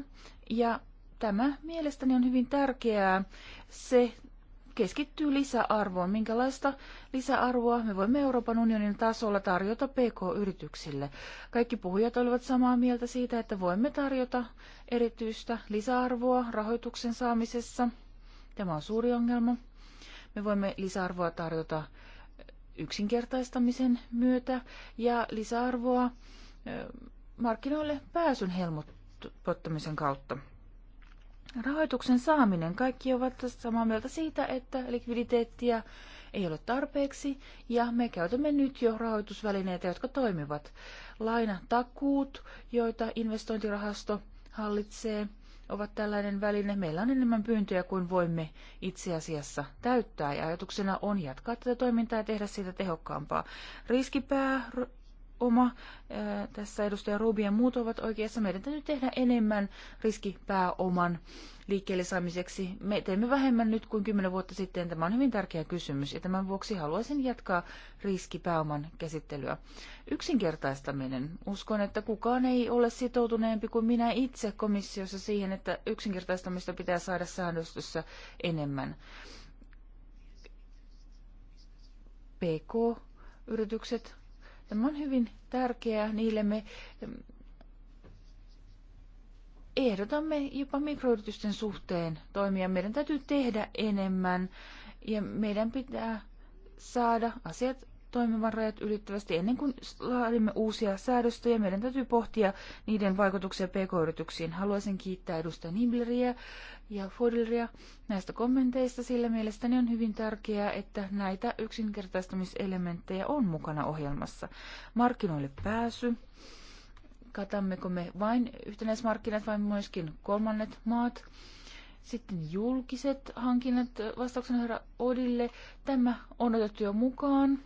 ja tämä mielestäni on hyvin tärkeää. Se keskittyy lisäarvoon. Minkälaista lisäarvoa me voimme Euroopan unionin tasolla tarjota PK-yrityksille? Kaikki puhujat olivat samaa mieltä siitä, että voimme tarjota erityistä lisäarvoa rahoituksen saamisessa. Tämä on suuri ongelma. Me voimme lisäarvoa tarjota yksinkertaistamisen myötä ja lisäarvoa markkinoille pääsyn helpottamisen kautta. Rahoituksen saaminen. Kaikki ovat samaa mieltä siitä, että likviditeettiä ei ole tarpeeksi ja me käytämme nyt jo rahoitusvälineitä, jotka toimivat. Lainatakuut, joita investointirahasto hallitsee – ovat tällainen väline. Meillä on enemmän pyyntöjä kuin voimme itse asiassa täyttää ja ajatuksena on jatkaa tätä toimintaa ja tehdä siitä tehokkaampaa. Riskipää oma. Tässä edustaja Rubien ja muut ovat oikeassa. Meidän täytyy tehdä enemmän riskipääoman liikkeelle saamiseksi. Me teemme vähemmän nyt kuin kymmenen vuotta sitten. Tämä on hyvin tärkeä kysymys ja tämän vuoksi haluaisin jatkaa riskipääoman käsittelyä. Yksinkertaistaminen. Uskon, että kukaan ei ole sitoutuneempi kuin minä itse komissiossa siihen, että yksinkertaistamista pitää saada säännöstössä enemmän. PK-yritykset. Tämä on hyvin tärkeää. Niille me ehdotamme jopa mikroyritysten suhteen toimia. Meidän täytyy tehdä enemmän ja meidän pitää saada asiat toimivan rajat ylittävästi ennen kuin laadimme uusia säädöstöjä. Meidän täytyy pohtia niiden vaikutuksia pk-yrityksiin. Haluaisin kiittää edustaja Nibleriä ja Fodilria näistä kommenteista, sillä mielestäni on hyvin tärkeää, että näitä yksinkertaistamiselementtejä on mukana ohjelmassa. Markkinoille pääsy, Katammeko me vain yhtenäismarkkinat vai myöskin kolmannet maat? Sitten julkiset hankinnat vastauksena herra Odille. Tämä on otettu jo mukaan.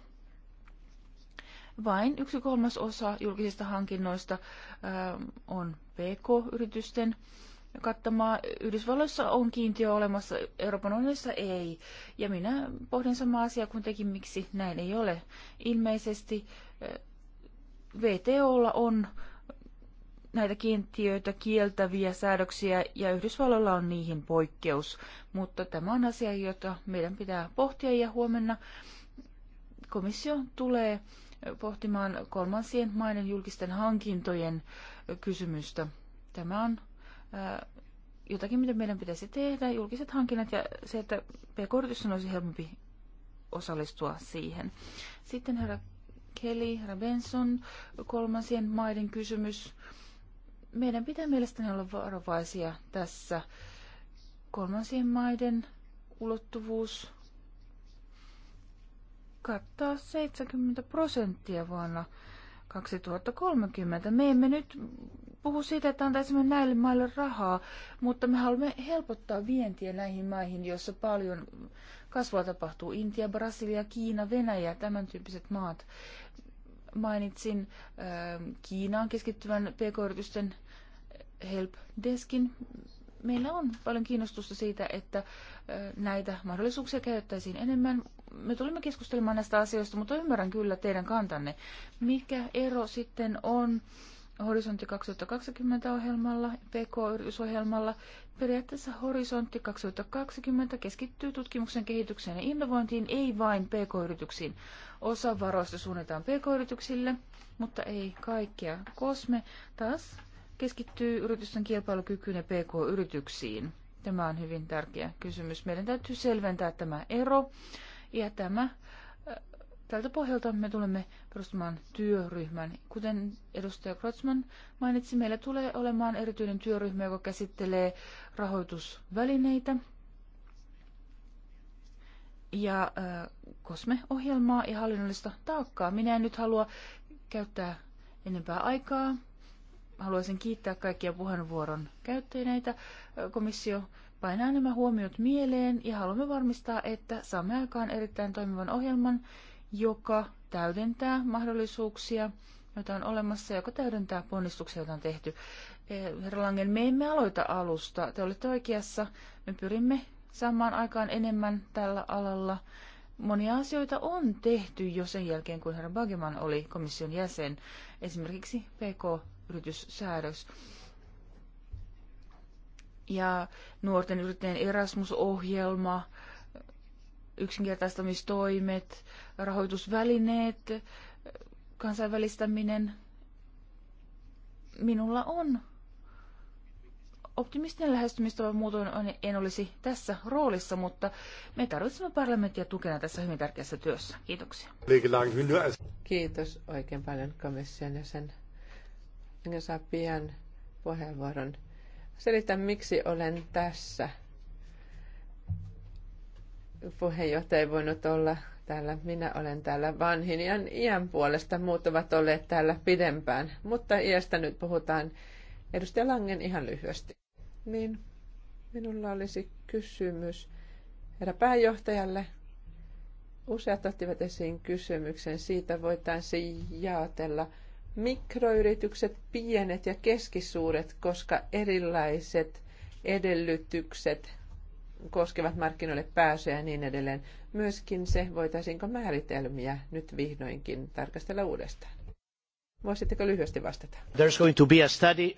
Vain yksi kolmas osa julkisista hankinnoista ähm, on PK-yritysten kattamaa. Yhdysvalloissa on kiintiö olemassa, Euroopan unionissa ei. Ja minä pohdin samaa asiaa kuin tekin, miksi näin ei ole. Ilmeisesti äh, VTOlla on näitä kiintiöitä kieltäviä säädöksiä ja Yhdysvalloilla on niihin poikkeus. Mutta tämä on asia, jota meidän pitää pohtia ja huomenna komissio tulee pohtimaan kolmansien maiden julkisten hankintojen kysymystä. Tämä on äh, jotakin, mitä meidän pitäisi tehdä, julkiset hankinnat ja se, että pk on olisi helpompi osallistua siihen. Sitten herra Kelly, herra Benson, kolmansien maiden kysymys meidän pitää mielestäni olla varovaisia tässä. Kolmansien maiden ulottuvuus kattaa 70 prosenttia vuonna 2030. Me emme nyt puhu siitä, että antaisimme näille maille rahaa, mutta me haluamme helpottaa vientiä näihin maihin, joissa paljon kasvua tapahtuu. Intia, Brasilia, Kiina, Venäjä, tämän tyyppiset maat. Mainitsin äh, Kiinaan keskittyvän pk-yritysten Help Deskin. Meillä on paljon kiinnostusta siitä, että näitä mahdollisuuksia käyttäisiin enemmän. Me tulimme keskustelemaan näistä asioista, mutta ymmärrän kyllä teidän kantanne. Mikä ero sitten on Horisontti 2020-ohjelmalla, PK-yritysohjelmalla. Periaatteessa Horisontti 2020 keskittyy tutkimuksen kehitykseen ja innovointiin, ei vain PK-yrityksiin. Osa varoista suunnitaan PK-yrityksille, mutta ei kaikkea. Kosme taas keskittyy yritysten kilpailukykyyn ja PK-yrityksiin. Tämä on hyvin tärkeä kysymys. Meidän täytyy selventää tämä ero ja tämä äh, Tältä pohjalta me tulemme perustamaan työryhmän. Kuten edustaja Krotsman mainitsi, meillä tulee olemaan erityinen työryhmä, joka käsittelee rahoitusvälineitä ja äh, kosmeohjelmaa ohjelmaa ja hallinnollista taakkaa. Minä en nyt halua käyttää enempää aikaa haluaisin kiittää kaikkia puheenvuoron käyttäjineitä. Komissio painaa nämä huomiot mieleen ja haluamme varmistaa, että saamme aikaan erittäin toimivan ohjelman, joka täydentää mahdollisuuksia, joita on olemassa, joka täydentää ponnistuksia, joita on tehty. Eh, herra Langen, me emme aloita alusta. Te olette oikeassa. Me pyrimme saamaan aikaan enemmän tällä alalla. Monia asioita on tehty jo sen jälkeen, kun herra Bageman oli komission jäsen, esimerkiksi PK yrityssäädös. Ja nuorten yrittäjien Erasmus-ohjelma, yksinkertaistamistoimet, rahoitusvälineet, kansainvälistäminen. Minulla on optimistinen lähestymistapa, muutoin en olisi tässä roolissa, mutta me tarvitsemme parlamenttia tukena tässä hyvin tärkeässä työssä. Kiitoksia. Kiitos oikein paljon komission ja sen enkä saa pian puheenvuoron. Selitän, miksi olen tässä. Puheenjohtaja ei voinut olla täällä. Minä olen täällä vanhin, ja iän puolesta. Muut ovat olleet täällä pidempään. Mutta iästä nyt puhutaan. Edustaja Langen ihan lyhyesti. Niin, minulla olisi kysymys herra pääjohtajalle. Useat ottivat esiin kysymyksen siitä, voitaisiin jaotella – mikroyritykset, pienet ja keskisuuret, koska erilaiset edellytykset koskevat markkinoille pääsyä ja niin edelleen. Myöskin se, voitaisiinko määritelmiä nyt vihdoinkin tarkastella uudestaan. Voisitteko lyhyesti vastata? There's going to be a study.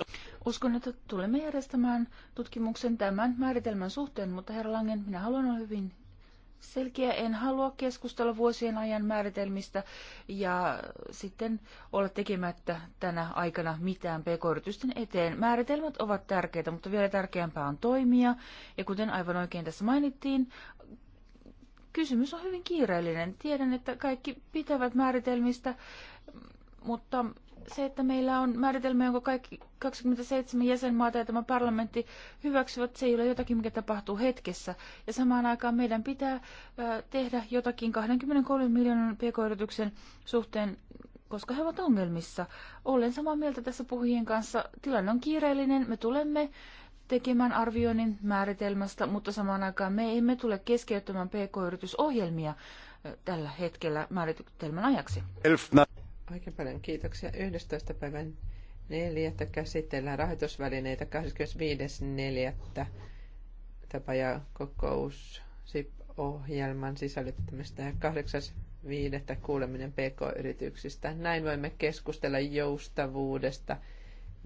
Uskon, että tulemme järjestämään tutkimuksen tämän määritelmän suhteen, mutta herra Langen, minä haluan olla hyvin selkeä. En halua keskustella vuosien ajan määritelmistä ja sitten olla tekemättä tänä aikana mitään pk-yritysten eteen. Määritelmät ovat tärkeitä, mutta vielä tärkeämpää on toimia. Ja kuten aivan oikein tässä mainittiin, kysymys on hyvin kiireellinen. Tiedän, että kaikki pitävät määritelmistä, mutta se, että meillä on määritelmä, jonka kaikki 27 jäsenmaata ja tämä parlamentti hyväksyvät, se ei ole jotakin, mikä tapahtuu hetkessä. Ja samaan aikaan meidän pitää tehdä jotakin 23 miljoonan pk-yrityksen suhteen, koska he ovat ongelmissa. Olen samaa mieltä tässä puhujien kanssa. Tilanne on kiireellinen. Me tulemme tekemään arvioinnin määritelmästä, mutta samaan aikaan me emme tule keskeyttämään pk-yritysohjelmia tällä hetkellä määritelmän ajaksi. Elfna. Oikein paljon kiitoksia. 11. päivän neljättä käsitellään rahoitusvälineitä 25.4. tapa- ja kokous ohjelman sisällyttämistä ja 8.5. kuuleminen PK-yrityksistä. Näin voimme keskustella joustavuudesta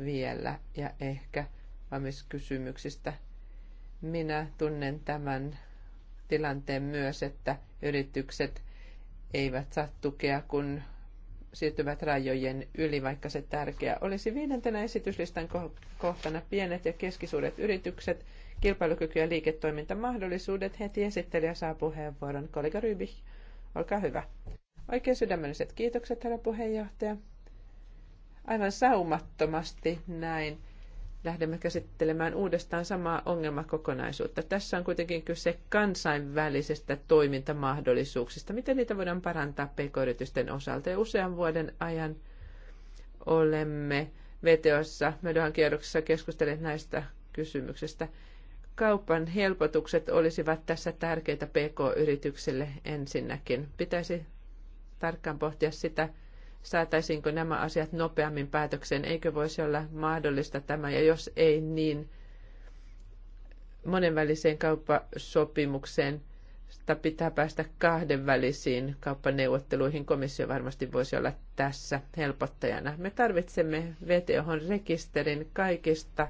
vielä ja ehkä valmiskysymyksistä. Minä tunnen tämän tilanteen myös, että yritykset eivät saa tukea, kun siirtyvät rajojen yli, vaikka se tärkeä olisi. Viidentenä esityslistan kohtana pienet ja keskisuuret yritykset, kilpailukyky ja liiketoimintamahdollisuudet. Heti esittelijä saa puheenvuoron. Kollega Ryby, olkaa hyvä. Oikein sydämelliset kiitokset, herra puheenjohtaja. Aivan saumattomasti näin lähdemme käsittelemään uudestaan samaa ongelmakokonaisuutta. Tässä on kuitenkin kyse kansainvälisestä toimintamahdollisuuksista. Miten niitä voidaan parantaa pk-yritysten osalta? Ja usean vuoden ajan olemme VTOssa, Mödohan kierroksessa keskustelleet näistä kysymyksistä. Kaupan helpotukset olisivat tässä tärkeitä pk-yrityksille ensinnäkin. Pitäisi tarkkaan pohtia sitä, saataisiinko nämä asiat nopeammin päätökseen, eikö voisi olla mahdollista tämä, ja jos ei, niin monenväliseen kauppasopimukseen sitä pitää päästä kahdenvälisiin kauppaneuvotteluihin. Komissio varmasti voisi olla tässä helpottajana. Me tarvitsemme vto rekisterin kaikista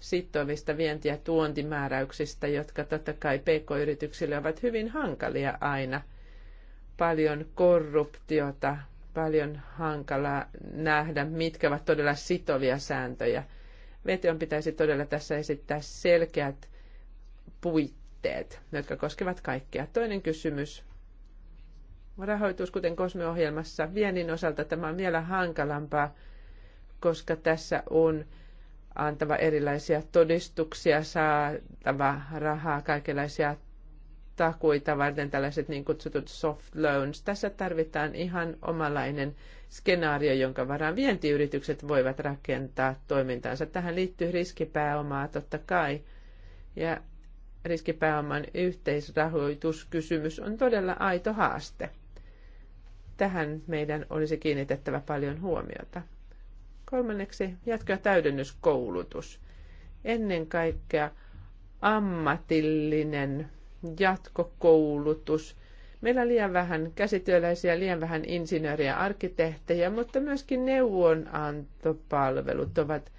sitovista vienti- ja tuontimääräyksistä, jotka totta kai pk-yrityksille ovat hyvin hankalia aina. Paljon korruptiota, paljon hankala nähdä, mitkä ovat todella sitovia sääntöjä. VTOn pitäisi todella tässä esittää selkeät puitteet, jotka koskevat kaikkea. Toinen kysymys. Rahoitus, kuten kosmiohjelmassa, viennin osalta tämä on vielä hankalampaa, koska tässä on antava erilaisia todistuksia, saatava rahaa, kaikenlaisia takuita varten tällaiset niin kutsutut soft loans. Tässä tarvitaan ihan omalainen skenaario, jonka varaan vientiyritykset voivat rakentaa toimintaansa. Tähän liittyy riskipääomaa totta kai. Ja riskipääoman yhteisrahoituskysymys on todella aito haaste. Tähän meidän olisi kiinnitettävä paljon huomiota. Kolmanneksi jatko- ja täydennyskoulutus. Ennen kaikkea ammatillinen jatkokoulutus. Meillä on liian vähän käsityöläisiä, liian vähän insinööriä, arkkitehtejä, mutta myöskin neuvonantopalvelut ovat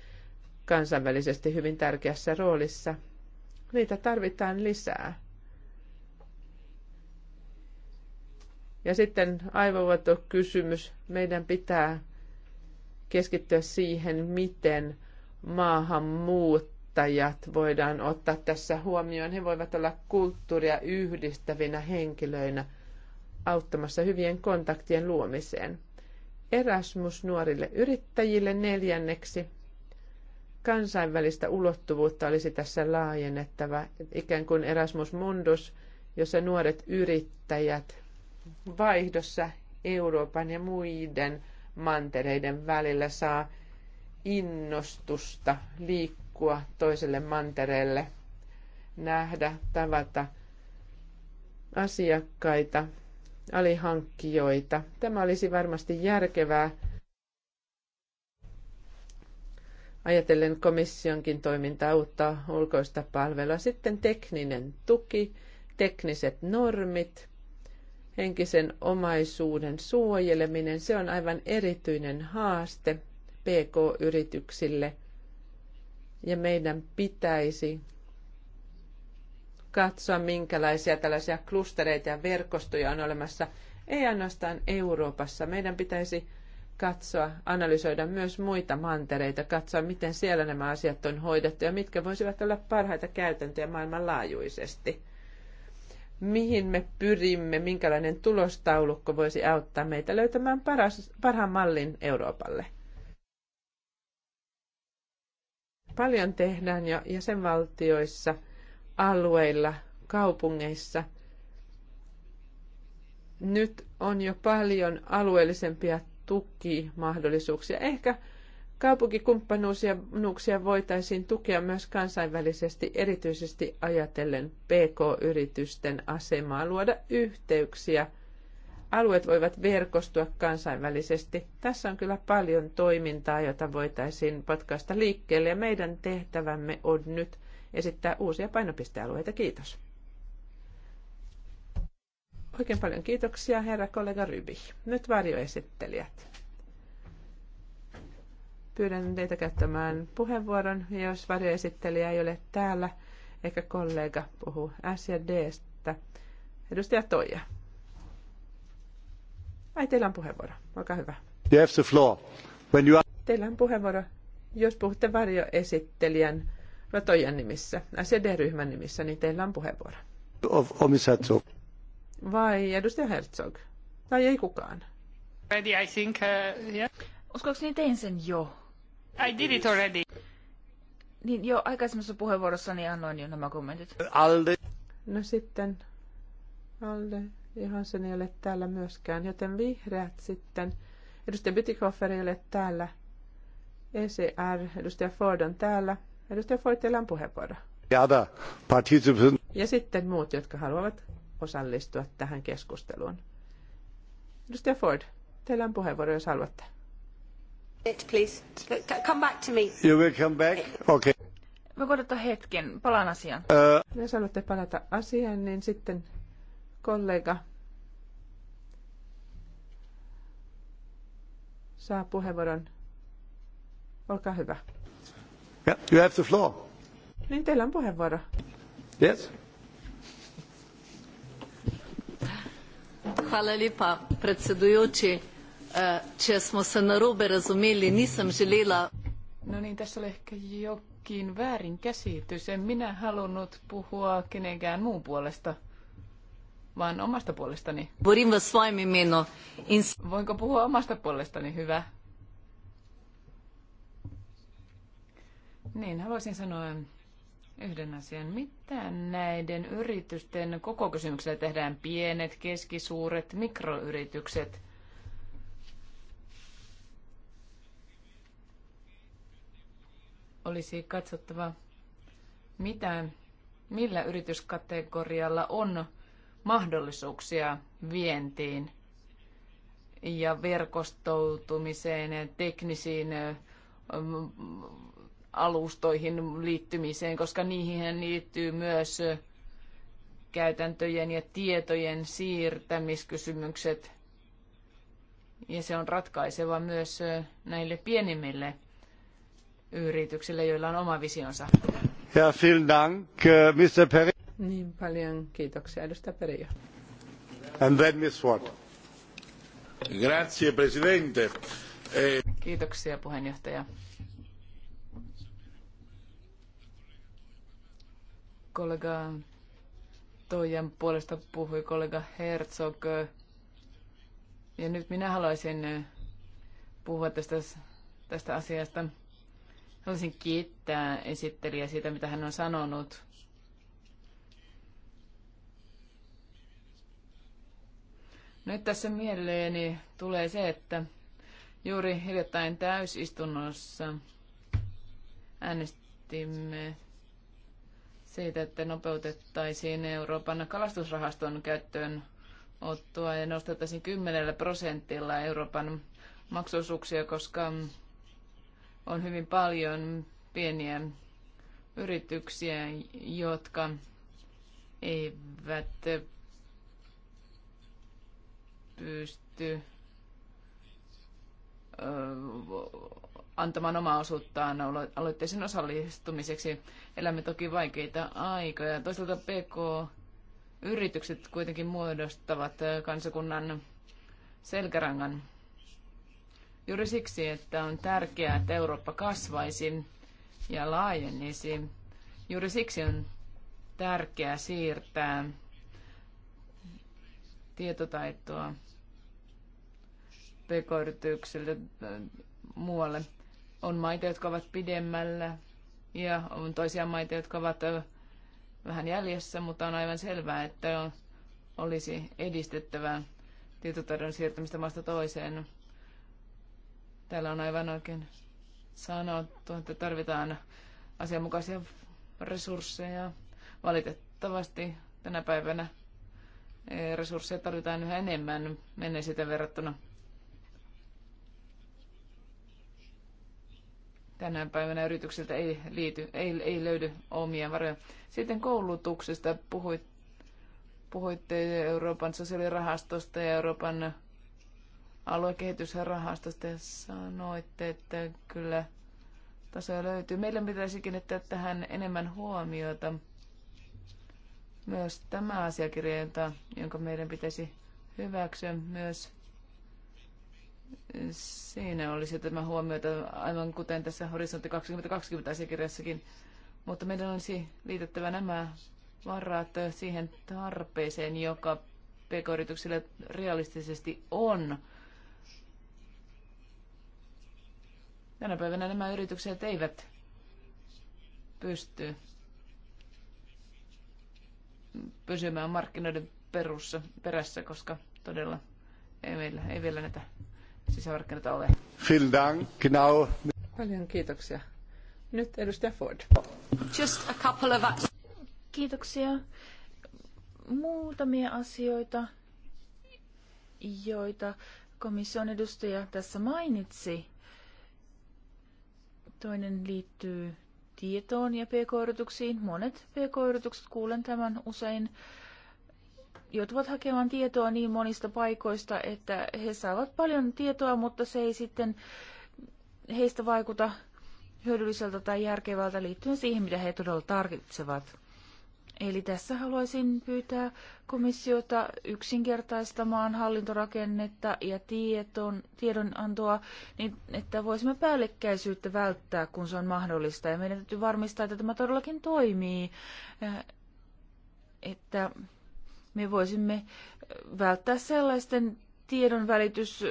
kansainvälisesti hyvin tärkeässä roolissa. Niitä tarvitaan lisää. Ja sitten kysymys, Meidän pitää keskittyä siihen, miten maahanmuutto opettajat voidaan ottaa tässä huomioon. He voivat olla kulttuuria yhdistävinä henkilöinä auttamassa hyvien kontaktien luomiseen. Erasmus nuorille yrittäjille neljänneksi. Kansainvälistä ulottuvuutta olisi tässä laajennettava, ikään kuin Erasmus Mundus, jossa nuoret yrittäjät vaihdossa Euroopan ja muiden mantereiden välillä saa innostusta liikkua liikkua toiselle mantereelle, nähdä, tavata asiakkaita, alihankkijoita. Tämä olisi varmasti järkevää ajatellen komissionkin toimintaa uutta ulkoista palvelua. Sitten tekninen tuki, tekniset normit, henkisen omaisuuden suojeleminen, se on aivan erityinen haaste PK-yrityksille ja meidän pitäisi katsoa, minkälaisia tällaisia klustereita ja verkostoja on olemassa, ei ainoastaan Euroopassa. Meidän pitäisi katsoa, analysoida myös muita mantereita, katsoa, miten siellä nämä asiat on hoidettu ja mitkä voisivat olla parhaita käytäntöjä maailmanlaajuisesti. Mihin me pyrimme, minkälainen tulostaulukko voisi auttaa meitä löytämään paras, parhaan mallin Euroopalle. Paljon tehdään jo jäsenvaltioissa, alueilla, kaupungeissa. Nyt on jo paljon alueellisempia tukimahdollisuuksia. Ehkä kaupunkikumppanuuksia voitaisiin tukea myös kansainvälisesti, erityisesti ajatellen PK-yritysten asemaa, luoda yhteyksiä – alueet voivat verkostua kansainvälisesti. Tässä on kyllä paljon toimintaa, jota voitaisiin potkaista liikkeelle ja meidän tehtävämme on nyt esittää uusia painopistealueita. Kiitos. Oikein paljon kiitoksia, herra kollega Rybi. Nyt varjoesittelijät. Pyydän teitä käyttämään puheenvuoron, jos varjoesittelijä ei ole täällä, eikä kollega puhu D. Edustaja Toija, Ai, teillä on puheenvuoro. Olkaa hyvä. You have the floor. When you are... Teillä on puheenvuoro. Jos puhutte varjoesittelijän Ratojan nimissä, SED-ryhmän nimissä, niin teillä on puheenvuoro. Of, Omis Herzog. Vai edustaja Herzog? Tai ei kukaan? Ready, I think, uh, yeah. Uskoakseni tein sen jo. I did it already. Niin jo aikaisemmassa puheenvuorossani annoin jo nämä kommentit. Alde. No sitten Alde Johansson ei ole täällä myöskään, joten vihreät sitten. Edustaja Bytikoffer ei ole täällä. ECR, edustaja Ford on täällä. Edustaja Ford, teillä on puheenvuoro. Ja sitten muut, jotka haluavat osallistua tähän keskusteluun. Edustaja Ford, teillä on puheenvuoro, jos haluatte. It, please. Come back to me. You will come back? Okay. Voiko odottaa hetken? Palaan asiaan. Uh. Jos haluatte palata asiaan, niin sitten kollega saa puheenvuoron. Olkaa hyvä. Yeah, you have the floor. Niin teillä on puheenvuoro. Yes. Hvala lepa, predsedujoči. Eh, če smo se narobe razumeli, nisem želela... No niin, tässä oli ehkä jokin väärinkäsitys. En minä halunnut puhua kenenkään muun puolesta vaan omasta puolestani. Voinko puhua omasta puolestani, hyvä? Niin, haluaisin sanoa yhden asian. Mitä näiden yritysten koko kysymyksellä tehdään? Pienet, keskisuuret, mikroyritykset? Olisi katsottava, mitä, millä yrityskategorialla on mahdollisuuksia vientiin ja verkostoutumiseen, teknisiin alustoihin liittymiseen, koska niihin liittyy myös käytäntöjen ja tietojen siirtämiskysymykset. Ja se on ratkaiseva myös näille pienimmille yrityksille, joilla on oma visionsa. Ja, vielen Dank, äh, Mr. Perry. Niin paljon kiitoksia, edustaja Perio. And then Miss Watt. Grazie, Presidente. E- kiitoksia, puheenjohtaja. Kollega Toijan puolesta puhui kollega Herzog. Ja nyt minä haluaisin puhua tästä, tästä asiasta. Haluaisin kiittää esittelijä siitä, mitä hän on sanonut. Nyt tässä mieleeni tulee se, että juuri hiljattain täysistunnossa äänestimme siitä, että nopeutettaisiin Euroopan kalastusrahaston käyttöön ottua ja nostettaisiin 10 prosentilla Euroopan maksuosuuksia, koska on hyvin paljon pieniä yrityksiä, jotka eivät pysty antamaan omaa osuuttaan aloitteisen osallistumiseksi. Elämme toki vaikeita aikoja. Toisaalta PK-yritykset kuitenkin muodostavat kansakunnan selkärangan juuri siksi, että on tärkeää, että Eurooppa kasvaisi ja laajenisi. Juuri siksi on tärkeää siirtää tietotaitoa pk muualle. On maita, jotka ovat pidemmällä ja on toisia maita, jotka ovat vähän jäljessä, mutta on aivan selvää, että on, olisi edistettävää tietotaidon siirtämistä maasta toiseen. Täällä on aivan oikein sanottu, että tarvitaan asianmukaisia resursseja. Valitettavasti tänä päivänä e, resursseja tarvitaan yhä enemmän menneisyyteen verrattuna. tänä päivänä yrityksiltä ei, liity, ei, ei löydy omia varoja. Sitten koulutuksesta puhuit, puhuitte Euroopan sosiaalirahastosta ja Euroopan aluekehitysrahastosta ja sanoitte, että kyllä tasoja löytyy. Meillä pitäisi kiinnittää tähän enemmän huomiota. Myös tämä asiakirja, jonka meidän pitäisi hyväksyä myös Siinä olisi tämä huomiota, aivan kuten tässä Horisontti 2020 asiakirjassakin. Mutta meidän olisi liitettävä nämä varat siihen tarpeeseen, joka pk realistisesti on. Tänä päivänä nämä yritykset eivät pysty pysymään markkinoiden perussa, perässä, koska todella ei meillä ei vielä näitä sisämarkkinat ole. Vielen Dank, genau. Paljon kiitoksia. Nyt edustaja Ford. Just a couple of... Kiitoksia. Muutamia asioita, joita komission edustaja tässä mainitsi. Toinen liittyy tietoon ja pk-yrityksiin. Monet pk-yritykset, kuulen tämän usein, joutuvat hakemaan tietoa niin monista paikoista, että he saavat paljon tietoa, mutta se ei sitten heistä vaikuta hyödylliseltä tai järkevältä liittyen siihen, mitä he todella tarvitsevat. Eli tässä haluaisin pyytää komissiota yksinkertaistamaan hallintorakennetta ja tieton, tiedonantoa, niin että voisimme päällekkäisyyttä välttää, kun se on mahdollista. Ja meidän täytyy varmistaa, että tämä todellakin toimii, että me voisimme äh, välttää sellaisten tiedon välitys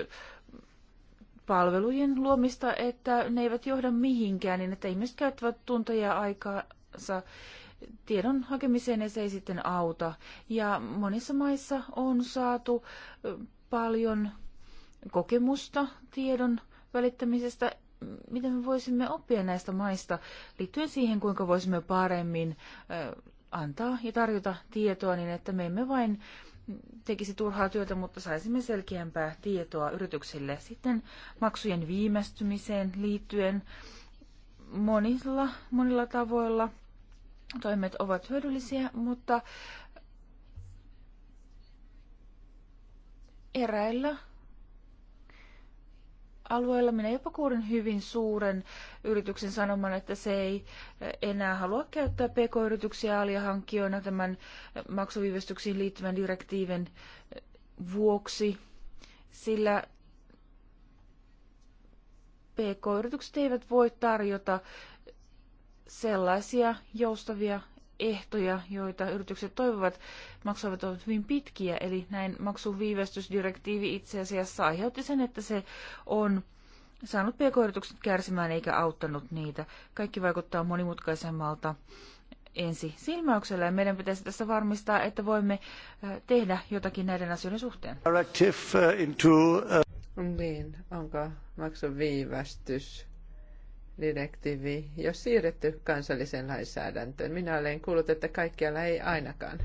palvelujen luomista, että ne eivät johda mihinkään, niin että ihmiset käyttävät tunteja aikaansa tiedon hakemiseen ja se ei sitten auta. Ja monissa maissa on saatu äh, paljon kokemusta tiedon välittämisestä, miten me voisimme oppia näistä maista liittyen siihen, kuinka voisimme paremmin äh, antaa ja tarjota tietoa niin, että me emme vain tekisi turhaa työtä, mutta saisimme selkeämpää tietoa yrityksille. Sitten maksujen viimästymiseen liittyen monilla, monilla tavoilla toimet ovat hyödyllisiä, mutta eräillä alueella. Minä jopa kuulin hyvin suuren yrityksen sanoman, että se ei enää halua käyttää pk-yrityksiä alihankkijoina tämän maksuviivästyksiin liittyvän direktiiven vuoksi, sillä pk-yritykset eivät voi tarjota sellaisia joustavia ehtoja, joita yritykset toivovat, maksuavat ovat hyvin pitkiä, eli näin maksuviivästysdirektiivi itse asiassa aiheutti sen, että se on saanut pk-yritykset kärsimään eikä auttanut niitä. Kaikki vaikuttaa monimutkaisemmalta ensi silmäyksellä ja meidän pitäisi tässä varmistaa, että voimme äh, tehdä jotakin näiden asioiden suhteen. Äh, äh, niin, onko maksuviivästys direktiivi jo siirretty kansalliseen lainsäädäntöön. Minä olen kuullut, että kaikkialla ei ainakaan.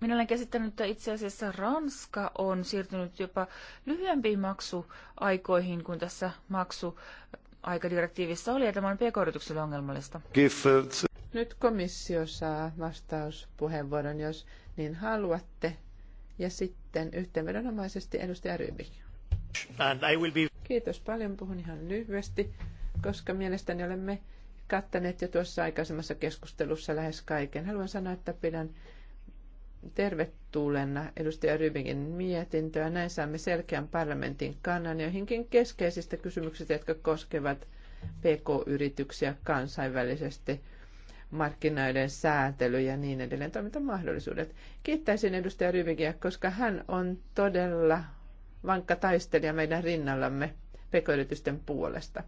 Minä olen käsittänyt, että itse asiassa Ranska on siirtynyt jopa lyhyempiin maksuaikoihin kuin tässä maksuaikadirektiivissä oli, ja tämä on pk-yritykselle ongelmallista. Nyt komissio saa vastauspuheenvuoron, jos niin haluatte. Ja sitten yhteenvedonomaisesti edustaja Ryby. Be... Kiitos paljon, puhun ihan lyhyesti koska mielestäni olemme kattaneet jo tuossa aikaisemmassa keskustelussa lähes kaiken. Haluan sanoa, että pidän tervetulleena edustaja Rybingin mietintöä. Näin saamme selkeän parlamentin kannan joihinkin keskeisistä kysymyksistä, jotka koskevat PK-yrityksiä kansainvälisesti, markkinoiden säätely ja niin edelleen toimintamahdollisuudet. Kiittäisin edustaja Rybikiä, koska hän on todella vankka taistelija meidän rinnallamme pk puolesta.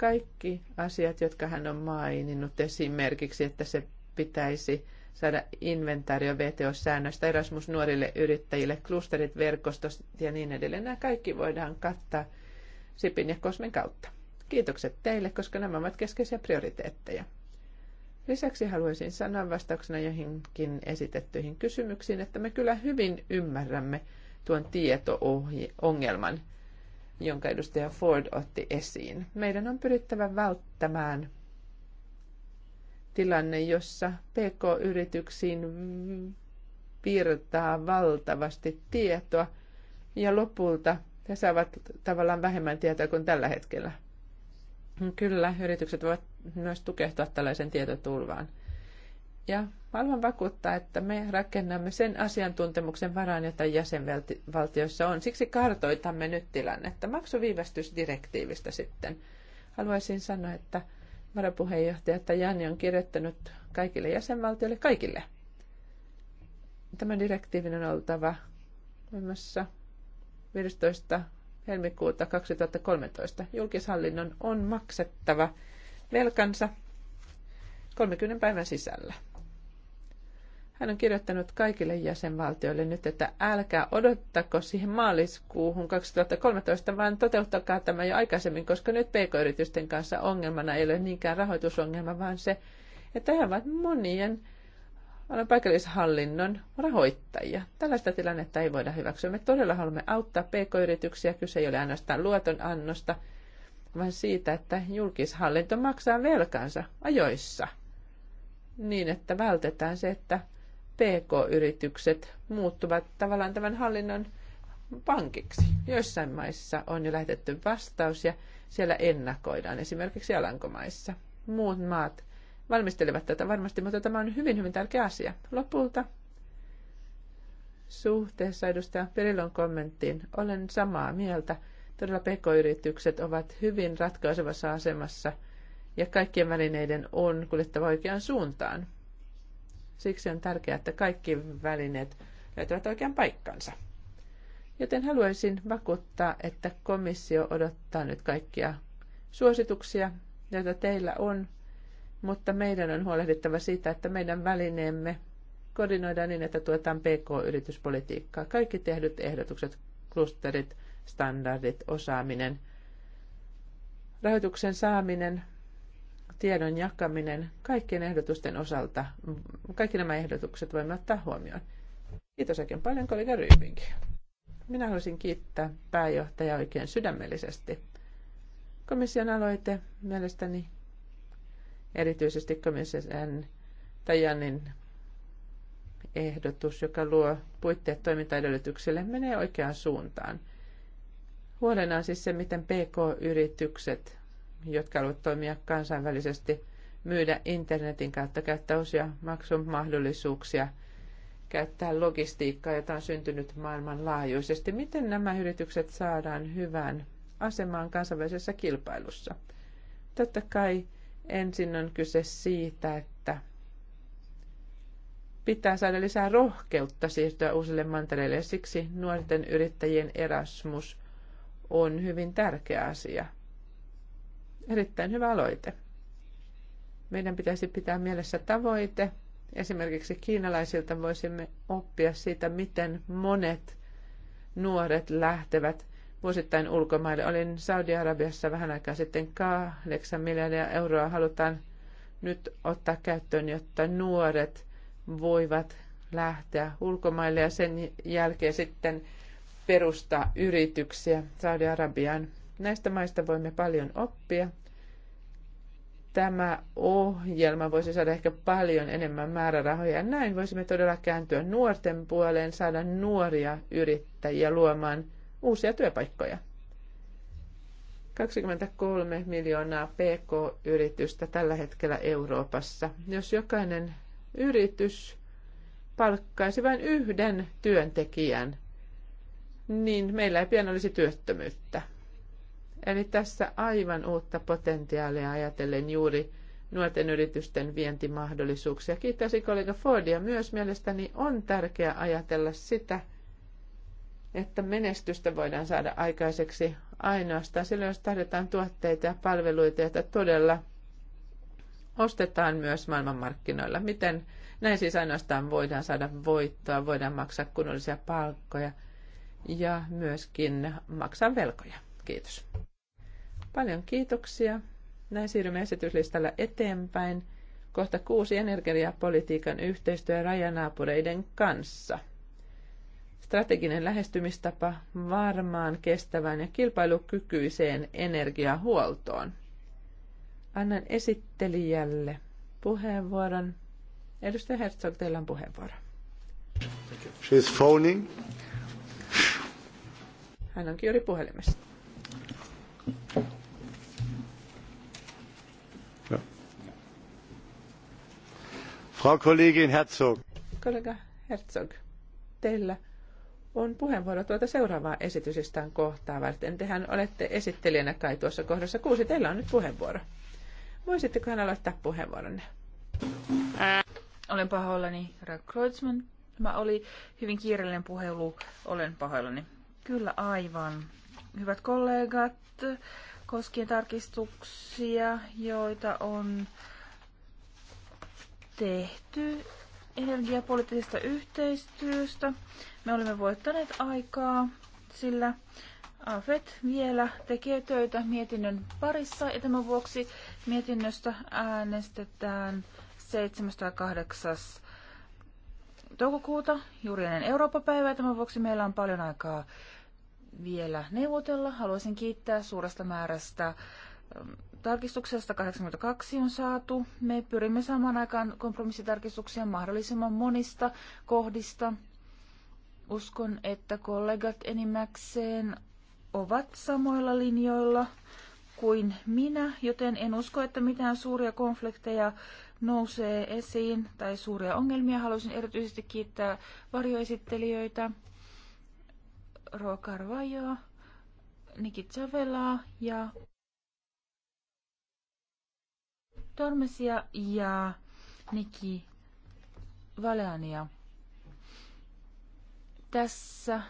Kaikki asiat, jotka hän on maininnut, esimerkiksi, että se pitäisi saada inventaario VTO-säännöstä Erasmus nuorille yrittäjille, klusterit verkostosta ja niin edelleen. Nämä kaikki voidaan kattaa SIPin ja KOSMEN kautta. Kiitokset teille, koska nämä ovat keskeisiä prioriteetteja. Lisäksi haluaisin sanoa vastauksena joihinkin esitettyihin kysymyksiin, että me kyllä hyvin ymmärrämme tuon tieto-ongelman jonka edustaja Ford otti esiin. Meidän on pyrittävä välttämään tilanne, jossa PK-yrityksiin virtaa valtavasti tietoa ja lopulta he saavat tavallaan vähemmän tietoa kuin tällä hetkellä. Kyllä, yritykset voivat myös tukehtua tällaisen tietotulvaan. Ja haluan vakuuttaa, että me rakennamme sen asiantuntemuksen varaan, jota jäsenvaltioissa on. Siksi kartoitamme nyt tilannetta. Maksuviivästysdirektiivistä sitten. Haluaisin sanoa, että varapuheenjohtaja Jani on kirjoittanut kaikille jäsenvaltioille, kaikille. Tämän direktiivin on oltava voimassa 15. helmikuuta 2013. Julkishallinnon on maksettava velkansa 30 päivän sisällä. Hän on kirjoittanut kaikille jäsenvaltioille nyt, että älkää odottako siihen maaliskuuhun 2013, vaan toteuttakaa tämä jo aikaisemmin, koska nyt pk-yritysten kanssa ongelmana ei ole niinkään rahoitusongelma, vaan se, että he ovat monien alan paikallishallinnon rahoittajia. Tällaista tilannetta ei voida hyväksyä. Me todella haluamme auttaa pk-yrityksiä. Kyse ei ole ainoastaan luotonannosta, vaan siitä, että julkishallinto maksaa velkansa ajoissa niin, että vältetään se, että PK-yritykset muuttuvat tavallaan tämän hallinnon pankiksi. Joissain maissa on jo lähetetty vastaus ja siellä ennakoidaan, esimerkiksi Alankomaissa. Muut maat valmistelevat tätä varmasti, mutta tämä on hyvin, hyvin tärkeä asia. Lopulta suhteessa edustaja Perilon kommenttiin olen samaa mieltä. Todella pk-yritykset ovat hyvin ratkaisevassa asemassa ja kaikkien välineiden on kuljettava oikeaan suuntaan. Siksi on tärkeää, että kaikki välineet löytävät oikean paikkansa. Joten haluaisin vakuuttaa, että komissio odottaa nyt kaikkia suosituksia, joita teillä on, mutta meidän on huolehdittava siitä, että meidän välineemme koordinoidaan niin, että tuetaan PK-yrityspolitiikkaa. Kaikki tehdyt ehdotukset, klusterit, standardit, osaaminen, rahoituksen saaminen, tiedon jakaminen kaikkien ehdotusten osalta, kaikki nämä ehdotukset voimme ottaa huomioon. Kiitos oikein paljon kollega Rybinkin. Minä haluaisin kiittää pääjohtajaa oikein sydämellisesti. Komission aloite mielestäni erityisesti komission Tajanin ehdotus, joka luo puitteet toimintaedellytyksille, menee oikeaan suuntaan. Huolena on siis se, miten PK-yritykset jotka haluavat toimia kansainvälisesti, myydä internetin kautta, käyttää uusia maksumahdollisuuksia, käyttää logistiikkaa, jota on syntynyt maailmanlaajuisesti. Miten nämä yritykset saadaan hyvään asemaan kansainvälisessä kilpailussa? Totta kai ensin on kyse siitä, että pitää saada lisää rohkeutta siirtyä uusille mantereille ja siksi nuorten yrittäjien Erasmus on hyvin tärkeä asia – Erittäin hyvä aloite. Meidän pitäisi pitää mielessä tavoite. Esimerkiksi kiinalaisilta voisimme oppia siitä, miten monet nuoret lähtevät vuosittain ulkomaille. Olin Saudi-Arabiassa vähän aikaa sitten 8 miljardia euroa halutaan nyt ottaa käyttöön, jotta nuoret voivat lähteä ulkomaille ja sen jälkeen sitten perustaa yrityksiä Saudi-Arabiaan. Näistä maista voimme paljon oppia tämä ohjelma voisi saada ehkä paljon enemmän määrärahoja. Näin voisimme todella kääntyä nuorten puoleen, saada nuoria yrittäjiä luomaan uusia työpaikkoja. 23 miljoonaa pk-yritystä tällä hetkellä Euroopassa. Jos jokainen yritys palkkaisi vain yhden työntekijän, niin meillä ei pian olisi työttömyyttä. Eli tässä aivan uutta potentiaalia ajatellen juuri nuorten yritysten vientimahdollisuuksia. Kiitos, kollega Fordia myös. Mielestäni on tärkeää ajatella sitä, että menestystä voidaan saada aikaiseksi ainoastaan silloin, jos tarjotaan tuotteita ja palveluita, joita todella ostetaan myös maailmanmarkkinoilla. Miten näin siis ainoastaan voidaan saada voittoa, voidaan maksaa kunnollisia palkkoja ja myöskin maksaa velkoja. Kiitos. Paljon kiitoksia. Näin siirrymme esityslistalla eteenpäin. Kohta kuusi energiapolitiikan yhteistyö rajanaapureiden kanssa. Strateginen lähestymistapa varmaan kestävään ja kilpailukykyiseen energiahuoltoon. Annan esittelijälle puheenvuoron. Edustaja Herzog, teillä on puheenvuoro. She's phoning. Hän on juuri puhelimessa. Frau Kollegin Herzog. Kollega Herzog, teillä on puheenvuoro tuota seuraavaa esitysistään kohtaa varten. Tehän olette esittelijänä kai tuossa kohdassa kuusi. Teillä on nyt puheenvuoro. hän aloittaa puheenvuoronne? Äh, olen pahoillani, herra Kreutzmann. Tämä oli hyvin kiireellinen puhelu. Olen pahoillani. Kyllä aivan. Hyvät kollegat, koskien tarkistuksia, joita on tehty energiapoliittisesta yhteistyöstä. Me olemme voittaneet aikaa, sillä AFET vielä tekee töitä mietinnön parissa ja tämän vuoksi mietinnöstä äänestetään 7. ja 8. toukokuuta juuri ennen Eurooppa-päivää. Tämän vuoksi meillä on paljon aikaa vielä neuvotella. Haluaisin kiittää suuresta määrästä tarkistuksesta 82 on saatu. Me pyrimme saamaan aikaan kompromissitarkistuksia mahdollisimman monista kohdista. Uskon, että kollegat enimmäkseen ovat samoilla linjoilla kuin minä, joten en usko, että mitään suuria konflikteja nousee esiin tai suuria ongelmia. Haluaisin erityisesti kiittää varjoesittelijöitä, Roa Carvajoa, Nikit Chavelaa ja Tormesia ja Niki Valeania. Tässä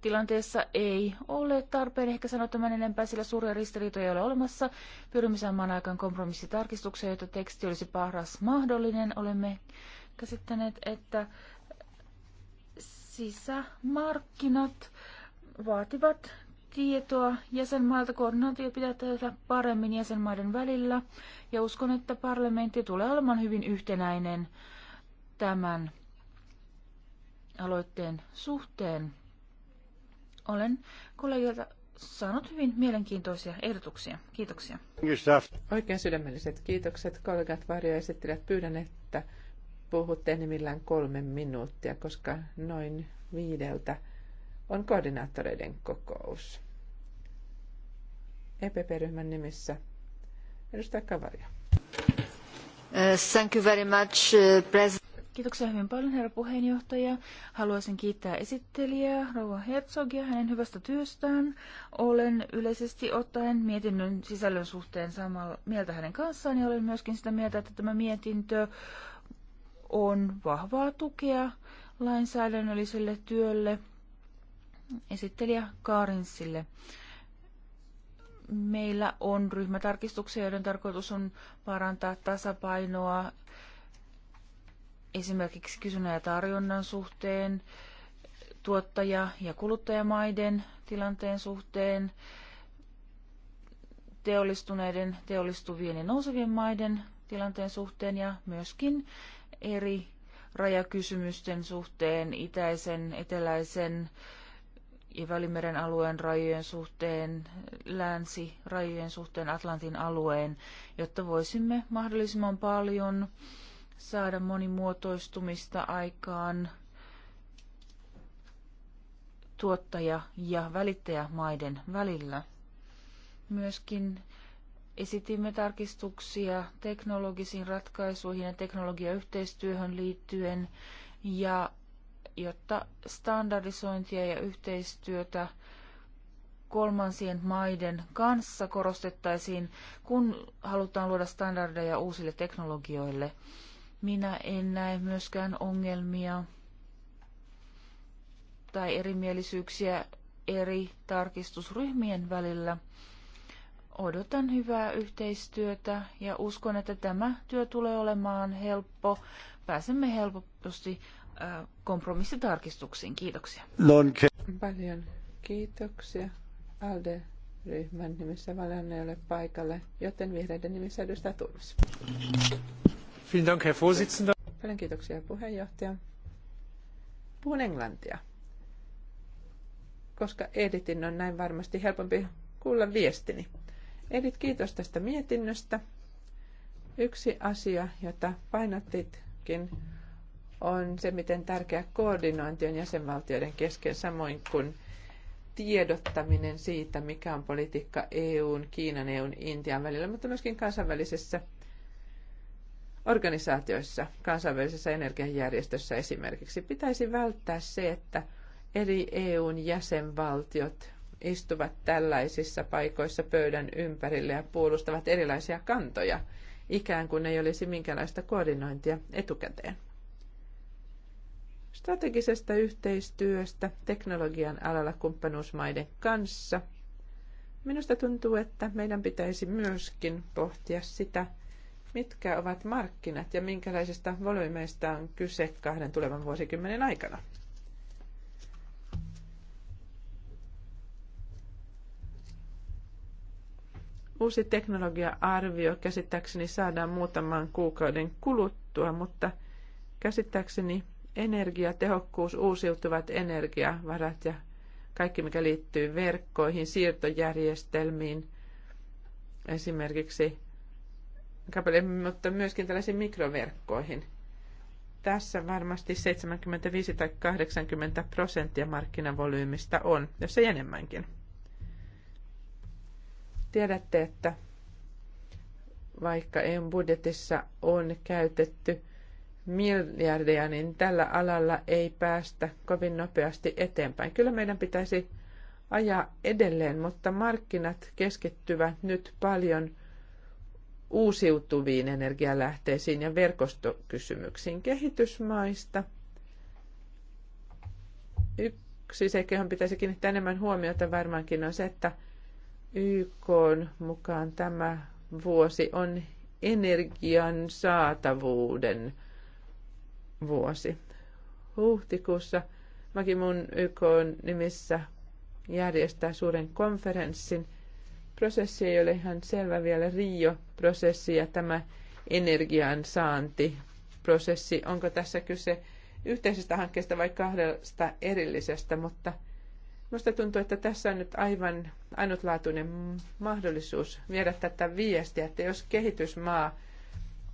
tilanteessa ei ole tarpeen ehkä sanoa tämän enempää, sillä suuria ristiriitoja ei ole olemassa. Pyrimme saamaan aikaan kompromissitarkistuksia, jotta teksti olisi paras mahdollinen. Olemme käsittäneet, että sisämarkkinat vaativat tietoa jäsenmailta. Koordinaatio pitää tehdä paremmin jäsenmaiden välillä ja uskon, että parlamentti tulee olemaan hyvin yhtenäinen tämän aloitteen suhteen. Olen kollegilta saanut hyvin mielenkiintoisia ehdotuksia. Kiitoksia. Oikein sydämelliset kiitokset kollegat esittelijät, Pyydän, että puhutte enimmillään kolme minuuttia, koska noin viideltä – on koordinaattoreiden kokous. EPP-ryhmän nimissä edustaja Kavaria. Uh, thank you very much, uh, president. Kiitoksia hyvin paljon, herra puheenjohtaja. Haluaisin kiittää esittelijää, rouva Herzogia, hänen hyvästä työstään. Olen yleisesti ottaen mietinnön sisällön suhteen samalla mieltä hänen kanssaan ja olen myöskin sitä mieltä, että tämä mietintö on vahvaa tukea lainsäädännölliselle työlle, esittelijä Kaarinsille. Meillä on ryhmätarkistuksia, joiden tarkoitus on parantaa tasapainoa esimerkiksi kysynnän ja tarjonnan suhteen, tuottaja- ja kuluttajamaiden tilanteen suhteen, teollistuneiden, teollistuvien ja nousevien maiden tilanteen suhteen ja myöskin eri rajakysymysten suhteen, itäisen, eteläisen, ja Välimeren alueen rajojen suhteen, länsirajojen suhteen, Atlantin alueen, jotta voisimme mahdollisimman paljon saada monimuotoistumista aikaan tuottaja- ja välittäjämaiden välillä. Myöskin esitimme tarkistuksia teknologisiin ratkaisuihin ja teknologiayhteistyöhön liittyen ja jotta standardisointia ja yhteistyötä kolmansien maiden kanssa korostettaisiin, kun halutaan luoda standardeja uusille teknologioille. Minä en näe myöskään ongelmia tai erimielisyyksiä eri tarkistusryhmien välillä. Odotan hyvää yhteistyötä ja uskon, että tämä työ tulee olemaan helppo. Pääsemme helposti kompromissitarkistuksiin. Kiitoksia. Non Paljon kiitoksia. Alde ryhmän nimissä Valanne ei ole paikalle, joten vihreiden nimissä edustaa Turmas. Paljon kiitoksia puheenjohtaja. Puhun englantia. Koska editin on näin varmasti helpompi kuulla viestini. Edit, kiitos tästä mietinnöstä. Yksi asia, jota painottitkin, on se, miten tärkeä koordinointi on jäsenvaltioiden kesken, samoin kuin tiedottaminen siitä, mikä on politiikka EUn, Kiinan, EUn, Intian välillä, mutta myöskin kansainvälisessä organisaatioissa, kansainvälisessä energiajärjestössä esimerkiksi, pitäisi välttää se, että eri EUn jäsenvaltiot istuvat tällaisissa paikoissa pöydän ympärille ja puolustavat erilaisia kantoja, ikään kuin ei olisi minkäänlaista koordinointia etukäteen strategisesta yhteistyöstä teknologian alalla kumppanuusmaiden kanssa. Minusta tuntuu, että meidän pitäisi myöskin pohtia sitä, mitkä ovat markkinat ja minkälaisista volyymeista on kyse kahden tulevan vuosikymmenen aikana. Uusi teknologia-arvio käsittääkseni saadaan muutaman kuukauden kuluttua, mutta käsittääkseni energiatehokkuus, uusiutuvat energiavarat ja kaikki, mikä liittyy verkkoihin, siirtojärjestelmiin, esimerkiksi mutta myöskin tällaisiin mikroverkkoihin. Tässä varmasti 75 tai 80 prosenttia markkinavolyymista on, jos ei enemmänkin. Tiedätte, että vaikka eu budjetissa on käytetty – miljardeja, niin tällä alalla ei päästä kovin nopeasti eteenpäin. Kyllä meidän pitäisi ajaa edelleen, mutta markkinat keskittyvät nyt paljon uusiutuviin energialähteisiin ja verkostokysymyksiin kehitysmaista. Yksi se, johon pitäisi kiinnittää enemmän huomiota varmaankin, on se, että YK mukaan tämä vuosi on energian saatavuuden – vuosi. Huhtikuussa Makimun YK nimissä järjestää suuren konferenssin. Prosessi ei ole ihan selvä vielä, Rio-prosessi ja tämä energian saanti prosessi. Onko tässä kyse yhteisestä hankkeesta vai kahdesta erillisestä, mutta minusta tuntuu, että tässä on nyt aivan ainutlaatuinen mahdollisuus viedä tätä viestiä, että jos kehitysmaa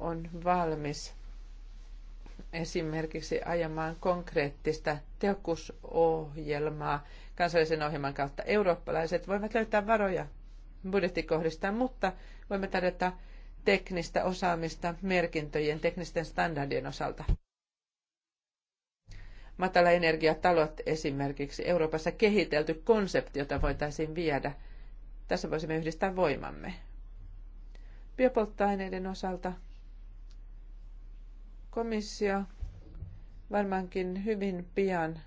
on valmis – esimerkiksi ajamaan konkreettista tehokkuusohjelmaa kansallisen ohjelman kautta. Eurooppalaiset voivat löytää varoja budjettikohdista, mutta voimme tarjota teknistä osaamista merkintöjen teknisten standardien osalta. energiatalot esimerkiksi Euroopassa kehitelty konsepti, jota voitaisiin viedä. Tässä voisimme yhdistää voimamme. Biopolttoaineiden osalta – Komissio varmaankin hyvin pian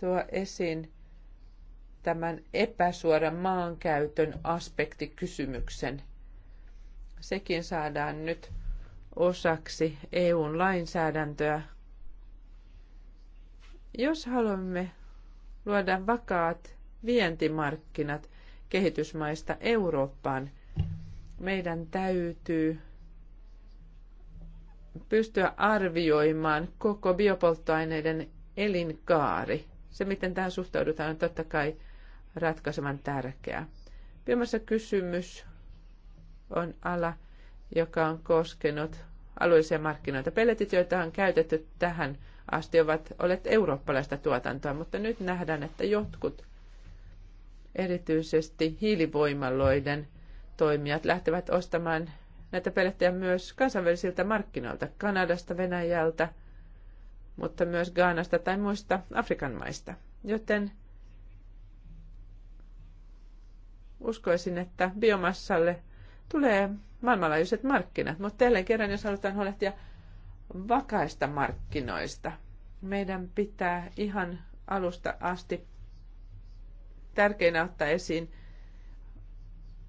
tuo esiin tämän epäsuoran maankäytön aspektikysymyksen. Sekin saadaan nyt osaksi EUn lainsäädäntöä. Jos haluamme luoda vakaat vientimarkkinat kehitysmaista Eurooppaan, meidän täytyy pystyä arvioimaan koko biopolttoaineiden elinkaari. Se, miten tähän suhtaudutaan, on totta kai ratkaisevan tärkeää. Biomassa kysymys on ala, joka on koskenut alueellisia markkinoita. Pelletit, joita on käytetty tähän asti, ovat olleet eurooppalaista tuotantoa, mutta nyt nähdään, että jotkut, erityisesti hiilivoimaloiden toimijat, lähtevät ostamaan näitä pelettejä myös kansainvälisiltä markkinoilta, Kanadasta, Venäjältä, mutta myös Gaanasta tai muista Afrikan maista. Joten uskoisin, että biomassalle tulee maailmanlaajuiset markkinat, mutta jälleen kerran, jos halutaan huolehtia vakaista markkinoista, meidän pitää ihan alusta asti tärkeinä ottaa esiin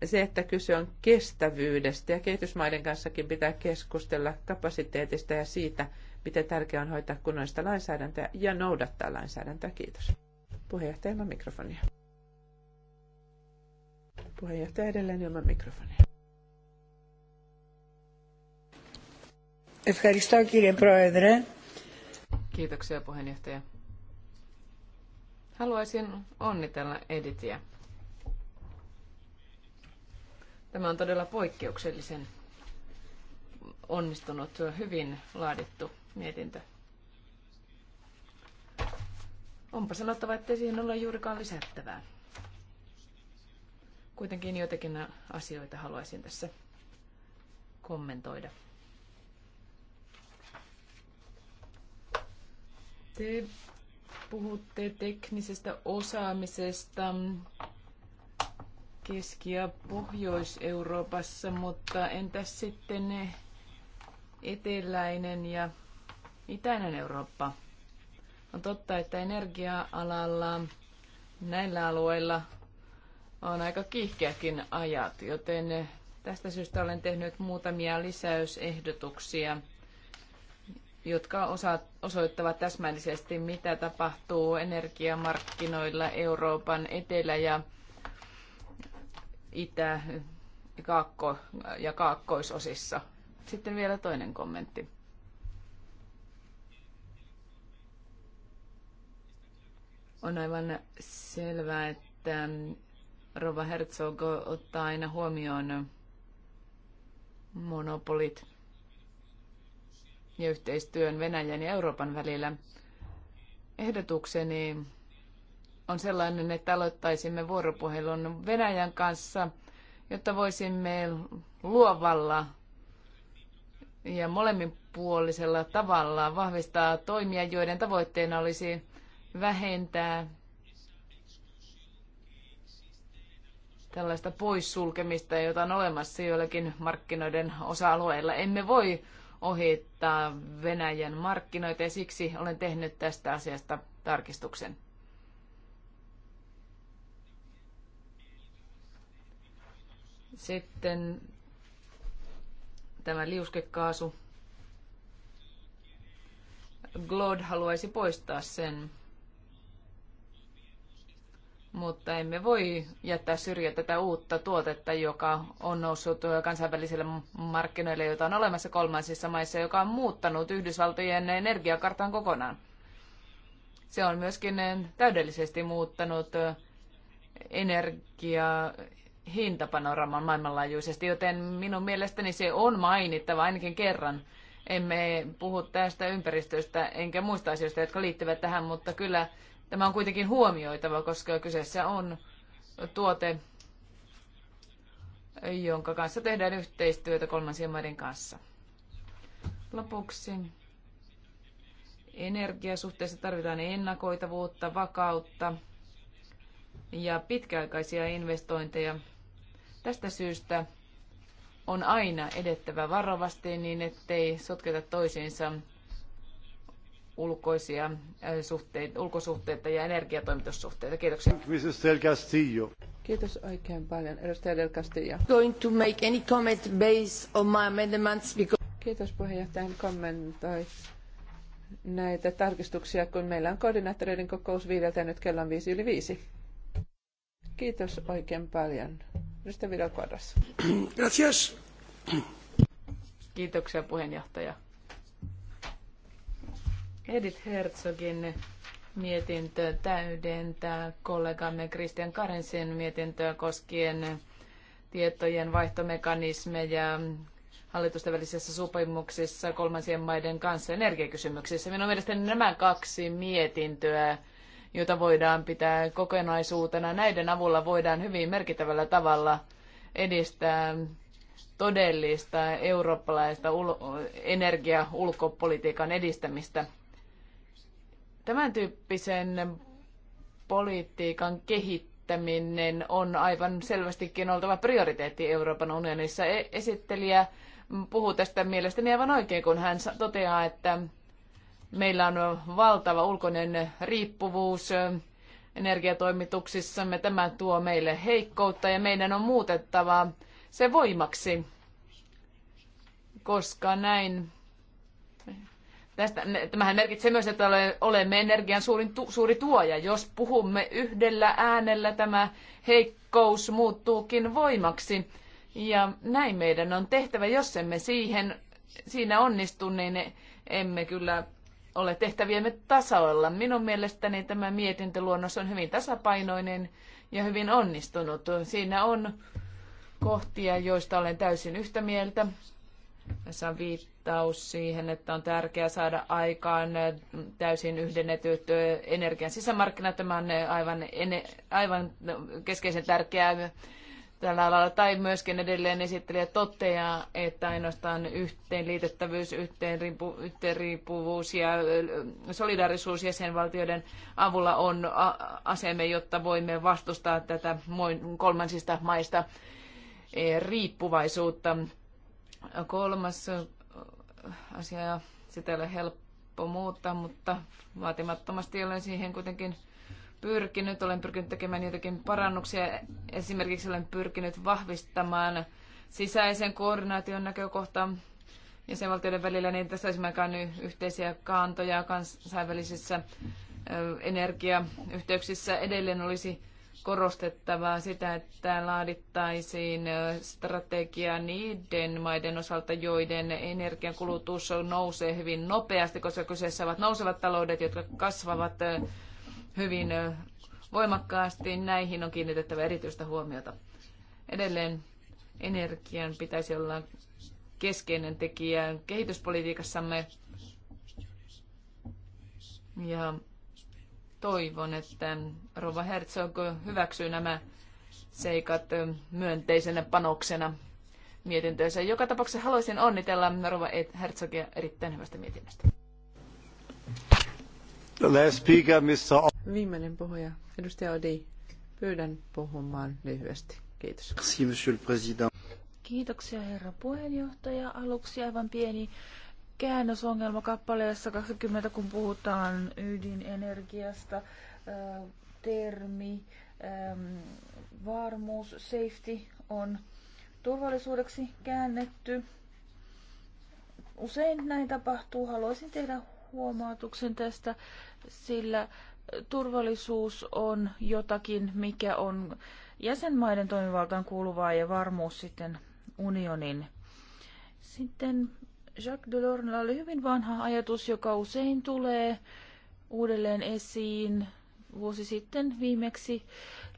se, että kyse on kestävyydestä ja kehitysmaiden kanssakin pitää keskustella kapasiteetista ja siitä, miten tärkeää on hoitaa kunnollista lainsäädäntöä ja noudattaa lainsäädäntöä. Kiitos. Puheenjohtaja ilman mikrofonia. Puheenjohtaja edelleen ilman mikrofonia. Kiitoksia puheenjohtaja. Haluaisin onnitella Editiä Tämä on todella poikkeuksellisen onnistunut, hyvin laadittu mietintö. Onpa sanottava, ettei siihen ole juurikaan lisättävää. Kuitenkin joitakin asioita haluaisin tässä kommentoida. Te puhutte teknisestä osaamisesta, Keski- ja Pohjois-Euroopassa, mutta entäs sitten ne eteläinen ja itäinen Eurooppa? On totta, että energia-alalla näillä alueilla on aika kiihkeäkin ajat, joten tästä syystä olen tehnyt muutamia lisäysehdotuksia, jotka osoittavat täsmällisesti, mitä tapahtuu energiamarkkinoilla Euroopan etelä- ja itä- kaakko- ja kaakkoisosissa. Sitten vielä toinen kommentti. On aivan selvää, että Rova Herzog ottaa aina huomioon monopolit ja yhteistyön Venäjän ja Euroopan välillä. Ehdotukseni on sellainen, että aloittaisimme vuoropuhelun Venäjän kanssa, jotta voisimme luovalla ja molemminpuolisella tavalla vahvistaa toimia, joiden tavoitteena olisi vähentää tällaista poissulkemista, jota on olemassa joillakin markkinoiden osa-alueilla. Emme voi ohittaa Venäjän markkinoita ja siksi olen tehnyt tästä asiasta tarkistuksen. Sitten tämä liuskekaasu. Glod haluaisi poistaa sen, mutta emme voi jättää syrjään tätä uutta tuotetta, joka on noussut kansainvälisille markkinoille, jota on olemassa kolmansissa maissa, joka on muuttanut Yhdysvaltojen energiakartan kokonaan. Se on myöskin täydellisesti muuttanut energia, hintapanoraman maailmanlaajuisesti, joten minun mielestäni se on mainittava ainakin kerran. Emme puhu tästä ympäristöstä enkä muista asioista, jotka liittyvät tähän, mutta kyllä tämä on kuitenkin huomioitava, koska kyseessä on tuote, jonka kanssa tehdään yhteistyötä kolmansien maiden kanssa. Lopuksi energiasuhteessa tarvitaan ennakoitavuutta, vakautta ja pitkäaikaisia investointeja. Tästä syystä on aina edettävä varovasti niin, ettei sotketa toisiinsa ulkoisia äh, suhteita, ulkosuhteita ja energiatoimitussuhteita. Kiitoksia. Mrs. Del Castillo. Kiitos oikein paljon, edustaja Del Castillo. Going to make any comment based on my amendments because... Kiitos puheenjohtaja, hän kommentoi näitä tarkistuksia, kun meillä on koordinaattoreiden kokous viideltä ja nyt kello on viisi yli viisi. Kiitos oikein paljon. Mr. Vidal Quadras. Gracias. Kiitoksia puheenjohtaja. Edith Herzogin mietintö täydentää kollegamme Christian Karensin mietintöä koskien tietojen vaihtomekanismeja hallitusten välisissä sopimuksissa kolmansien maiden kanssa energiakysymyksissä. Minun mielestäni nämä kaksi mietintöä jota voidaan pitää kokonaisuutena. Näiden avulla voidaan hyvin merkittävällä tavalla edistää todellista eurooppalaista energia-ulkopolitiikan edistämistä. Tämän tyyppisen politiikan kehittäminen on aivan selvästikin oltava prioriteetti Euroopan unionissa. E- esittelijä puhuu tästä mielestäni aivan oikein, kun hän toteaa, että Meillä on valtava ulkoinen riippuvuus energiatoimituksissamme. Tämä tuo meille heikkoutta ja meidän on muutettava se voimaksi, koska näin Tästä, tämähän merkitsee myös, että olemme energian suurin, suuri tuoja. Jos puhumme yhdellä äänellä, tämä heikkous muuttuukin voimaksi. Ja näin meidän on tehtävä. Jos emme siihen, siinä onnistu, niin emme kyllä ole tehtäviemme tasoilla. Minun mielestäni tämä mietintöluonnos on hyvin tasapainoinen ja hyvin onnistunut. Siinä on kohtia, joista olen täysin yhtä mieltä. Tässä on viittaus siihen, että on tärkeää saada aikaan täysin yhdennetyt energian sisämarkkinat. Tämä on aivan, aivan keskeisen tärkeää tällä lailla, tai myöskin edelleen esittelijä toteaa, että ainoastaan yhteenliitettävyys, yhteen yhteenriippuvuus ja solidaarisuus jäsenvaltioiden avulla on asemme, jotta voimme vastustaa tätä kolmansista maista e, riippuvaisuutta. Kolmas asia, sitä ei ole helppo muuttaa, mutta vaatimattomasti olen siihen kuitenkin pyrkinyt. Olen pyrkinyt tekemään jotakin parannuksia. Esimerkiksi olen pyrkinyt vahvistamaan sisäisen koordinaation näkökohtaa jäsenvaltioiden välillä, niin tässä esimerkiksi yhteisiä kaantoja kansainvälisissä energiayhteyksissä edelleen olisi korostettavaa sitä, että laadittaisiin strategia niiden maiden osalta, joiden energiankulutus nousee hyvin nopeasti, koska kyseessä ovat nousevat taloudet, jotka kasvavat hyvin voimakkaasti. Näihin on kiinnitettävä erityistä huomiota. Edelleen energian pitäisi olla keskeinen tekijä kehityspolitiikassamme. Ja toivon, että Rova Herzog hyväksyy nämä seikat myönteisenä panoksena mietintöönsä. Joka tapauksessa haluaisin onnitella Rova Herzogia erittäin hyvästä mietinnöstä. Speaker, Mr. Viimeinen puhuja, edustaja Odi. Pyydän puhumaan lyhyesti. Kiitos. Merci, monsieur le président. Kiitoksia herra puheenjohtaja. Aluksi aivan pieni käännösongelma kappaleessa 20, kun puhutaan ydinenergiasta. Termi, varmuus, safety on turvallisuudeksi käännetty. Usein näin tapahtuu. Haluaisin tehdä huomautuksen tästä, sillä turvallisuus on jotakin, mikä on jäsenmaiden toimivaltaan kuuluvaa ja varmuus sitten unionin. Sitten Jacques Delornella oli hyvin vanha ajatus, joka usein tulee uudelleen esiin vuosi sitten viimeksi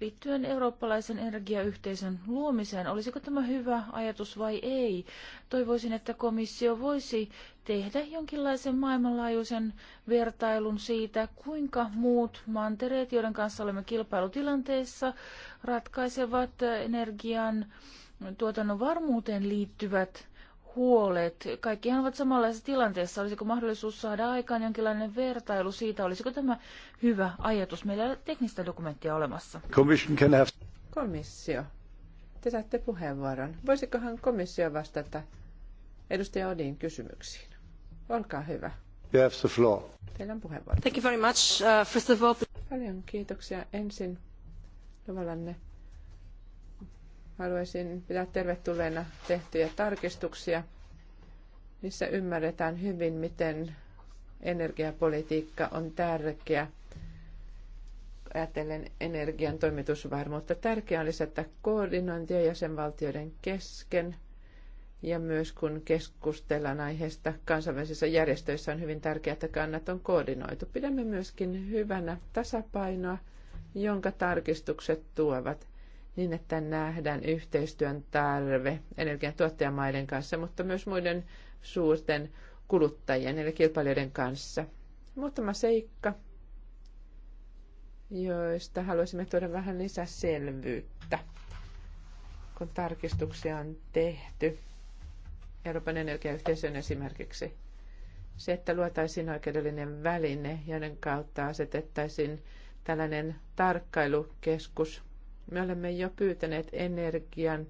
liittyen eurooppalaisen energiayhteisön luomiseen. Olisiko tämä hyvä ajatus vai ei? Toivoisin, että komissio voisi tehdä jonkinlaisen maailmanlaajuisen vertailun siitä, kuinka muut mantereet, joiden kanssa olemme kilpailutilanteessa, ratkaisevat energian tuotannon varmuuteen liittyvät huolet. Kaikkihan ovat samanlaisessa tilanteessa. Olisiko mahdollisuus saada aikaan jonkinlainen vertailu siitä, olisiko tämä hyvä ajatus? Meillä ei ole teknistä dokumenttia olemassa. Komissio. Te saatte puheenvuoron. Voisikohan komissio vastata edustaja Odin kysymyksiin? Olkaa hyvä. You have the floor. Teillä on puheenvuoro. Thank you very much. Uh, first of all... Paljon kiitoksia ensin luvallanne Haluaisin pitää tervetulleena tehtyjä tarkistuksia. missä ymmärretään hyvin, miten energiapolitiikka on tärkeä ajatellen energian toimitusvarmuutta. Tärkeää on lisätä koordinointia jäsenvaltioiden kesken ja myös kun keskustellaan aiheesta kansainvälisissä järjestöissä on hyvin tärkeää, että kannat on koordinoitu. Pidämme myöskin hyvänä tasapainoa, jonka tarkistukset tuovat niin, että nähdään yhteistyön tarve energiantuottajamaiden kanssa, mutta myös muiden suurten kuluttajien eli kilpailijoiden kanssa. Muutama seikka, joista haluaisimme tuoda vähän lisää selvyyttä, kun tarkistuksia on tehty. Euroopan energiayhteisön esimerkiksi se, että luotaisiin oikeudellinen väline, joiden kautta asetettaisiin tällainen tarkkailukeskus me olemme jo pyytäneet energian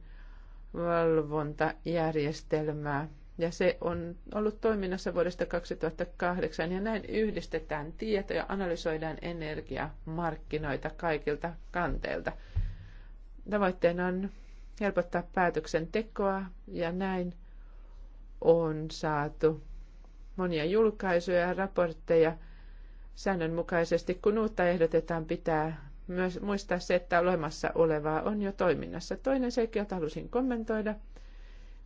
valvontajärjestelmää ja se on ollut toiminnassa vuodesta 2008 ja näin yhdistetään tietoja, analysoidaan energiamarkkinoita kaikilta kanteilta. Tavoitteena on helpottaa päätöksentekoa ja näin on saatu monia julkaisuja ja raportteja säännönmukaisesti, kun uutta ehdotetaan, pitää myös muistaa se, että olemassa olevaa on jo toiminnassa. Toinen seikka, jota halusin kommentoida,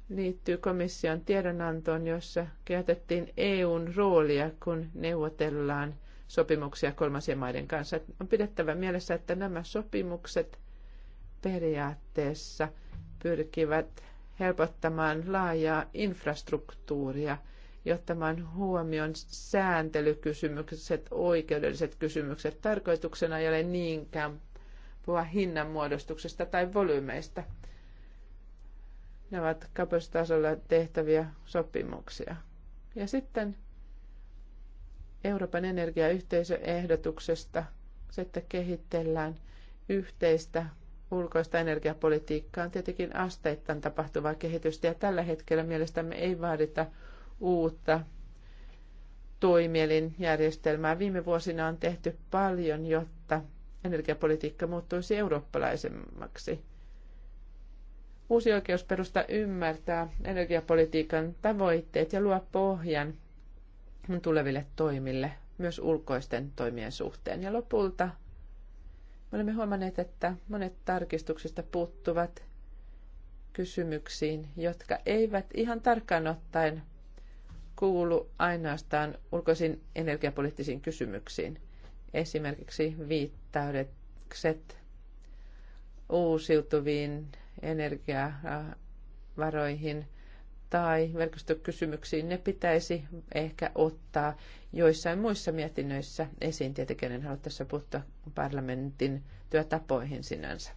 liittyy komission tiedonantoon, jossa käytettiin EUn roolia, kun neuvotellaan sopimuksia kolmansien maiden kanssa. On pidettävä mielessä, että nämä sopimukset periaatteessa pyrkivät helpottamaan laajaa infrastruktuuria – johtamaan huomioon sääntelykysymykset, oikeudelliset kysymykset. Tarkoituksena ei ole niinkään puhua hinnanmuodostuksesta tai volyymeista. Ne ovat kapasitasolla tehtäviä sopimuksia. Ja sitten Euroopan energiayhteisöehdotuksesta sitten että kehitellään yhteistä ulkoista energiapolitiikkaa tietenkin asteittain tapahtuvaa kehitystä ja tällä hetkellä mielestämme ei vaadita uutta toimielinjärjestelmää. Viime vuosina on tehty paljon, jotta energiapolitiikka muuttuisi eurooppalaisemmaksi. Uusi oikeusperusta ymmärtää energiapolitiikan tavoitteet ja luo pohjan tuleville toimille, myös ulkoisten toimien suhteen. Ja lopulta me olemme huomanneet, että monet tarkistuksista puuttuvat kysymyksiin, jotka eivät ihan tarkkaan ottaen kuulu ainoastaan ulkoisiin energiapoliittisiin kysymyksiin. Esimerkiksi viittaudekset uusiutuviin energiavaroihin – tai verkostokysymyksiin, ne pitäisi ehkä ottaa joissain muissa mietinnöissä esiin. Tietenkin en halua tässä puuttua parlamentin työtapoihin sinänsä.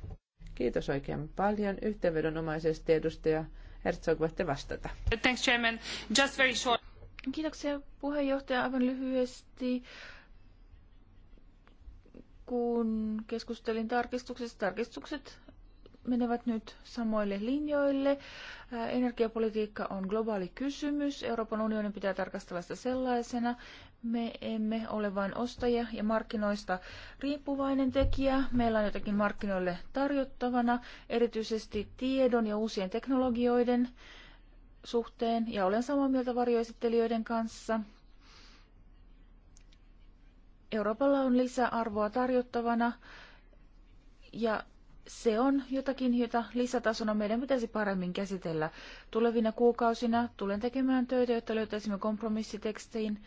Kiitos oikein paljon. Yhteenvedonomaisesti edustaja Herzog, voitte vastata. Thanks, Chairman. Just very short. Kiitoksia puheenjohtaja aivan lyhyesti. Kun keskustelin tarkistuksista, tarkistukset menevät nyt samoille linjoille. Energiapolitiikka on globaali kysymys. Euroopan unionin pitää tarkastella sitä sellaisena. Me emme ole vain ostajia ja markkinoista riippuvainen tekijä. Meillä on jotakin markkinoille tarjottavana, erityisesti tiedon ja uusien teknologioiden suhteen, ja olen samaa mieltä varjoesittelijöiden kanssa. Euroopalla on lisää arvoa tarjottavana, ja se on jotakin, jota lisätasona meidän pitäisi paremmin käsitellä. Tulevina kuukausina tulen tekemään töitä, jotta löytäisimme kompromissitekstiin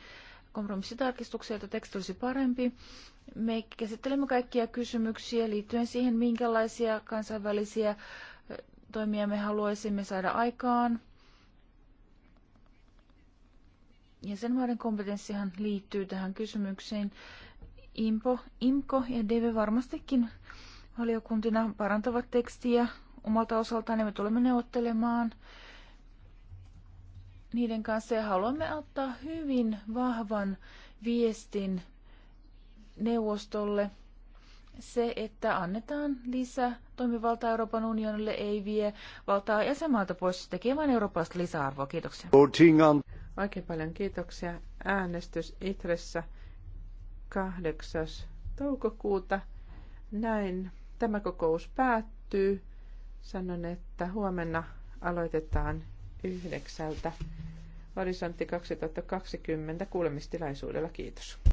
kompromissitarkistuksia, jotta teksti olisi parempi. Me käsittelemme kaikkia kysymyksiä liittyen siihen, minkälaisia kansainvälisiä toimia me haluaisimme saada aikaan. jäsenmaiden kompetenssihan liittyy tähän kysymykseen. Impo, IMKO ja DV varmastikin valiokuntina parantavat tekstiä omalta osaltaan ja me tulemme neuvottelemaan niiden kanssa ja haluamme antaa hyvin vahvan viestin neuvostolle. Se, että annetaan lisää toimivaltaa Euroopan unionille, ei vie valtaa jäsenmaalta pois, se tekee vain lisäarvoa. Kiitoksia. Oikein paljon kiitoksia. Äänestys Itressä 8. toukokuuta. Näin tämä kokous päättyy. Sanon, että huomenna aloitetaan yhdeksältä. Horisontti 2020 kuulemistilaisuudella. Kiitos.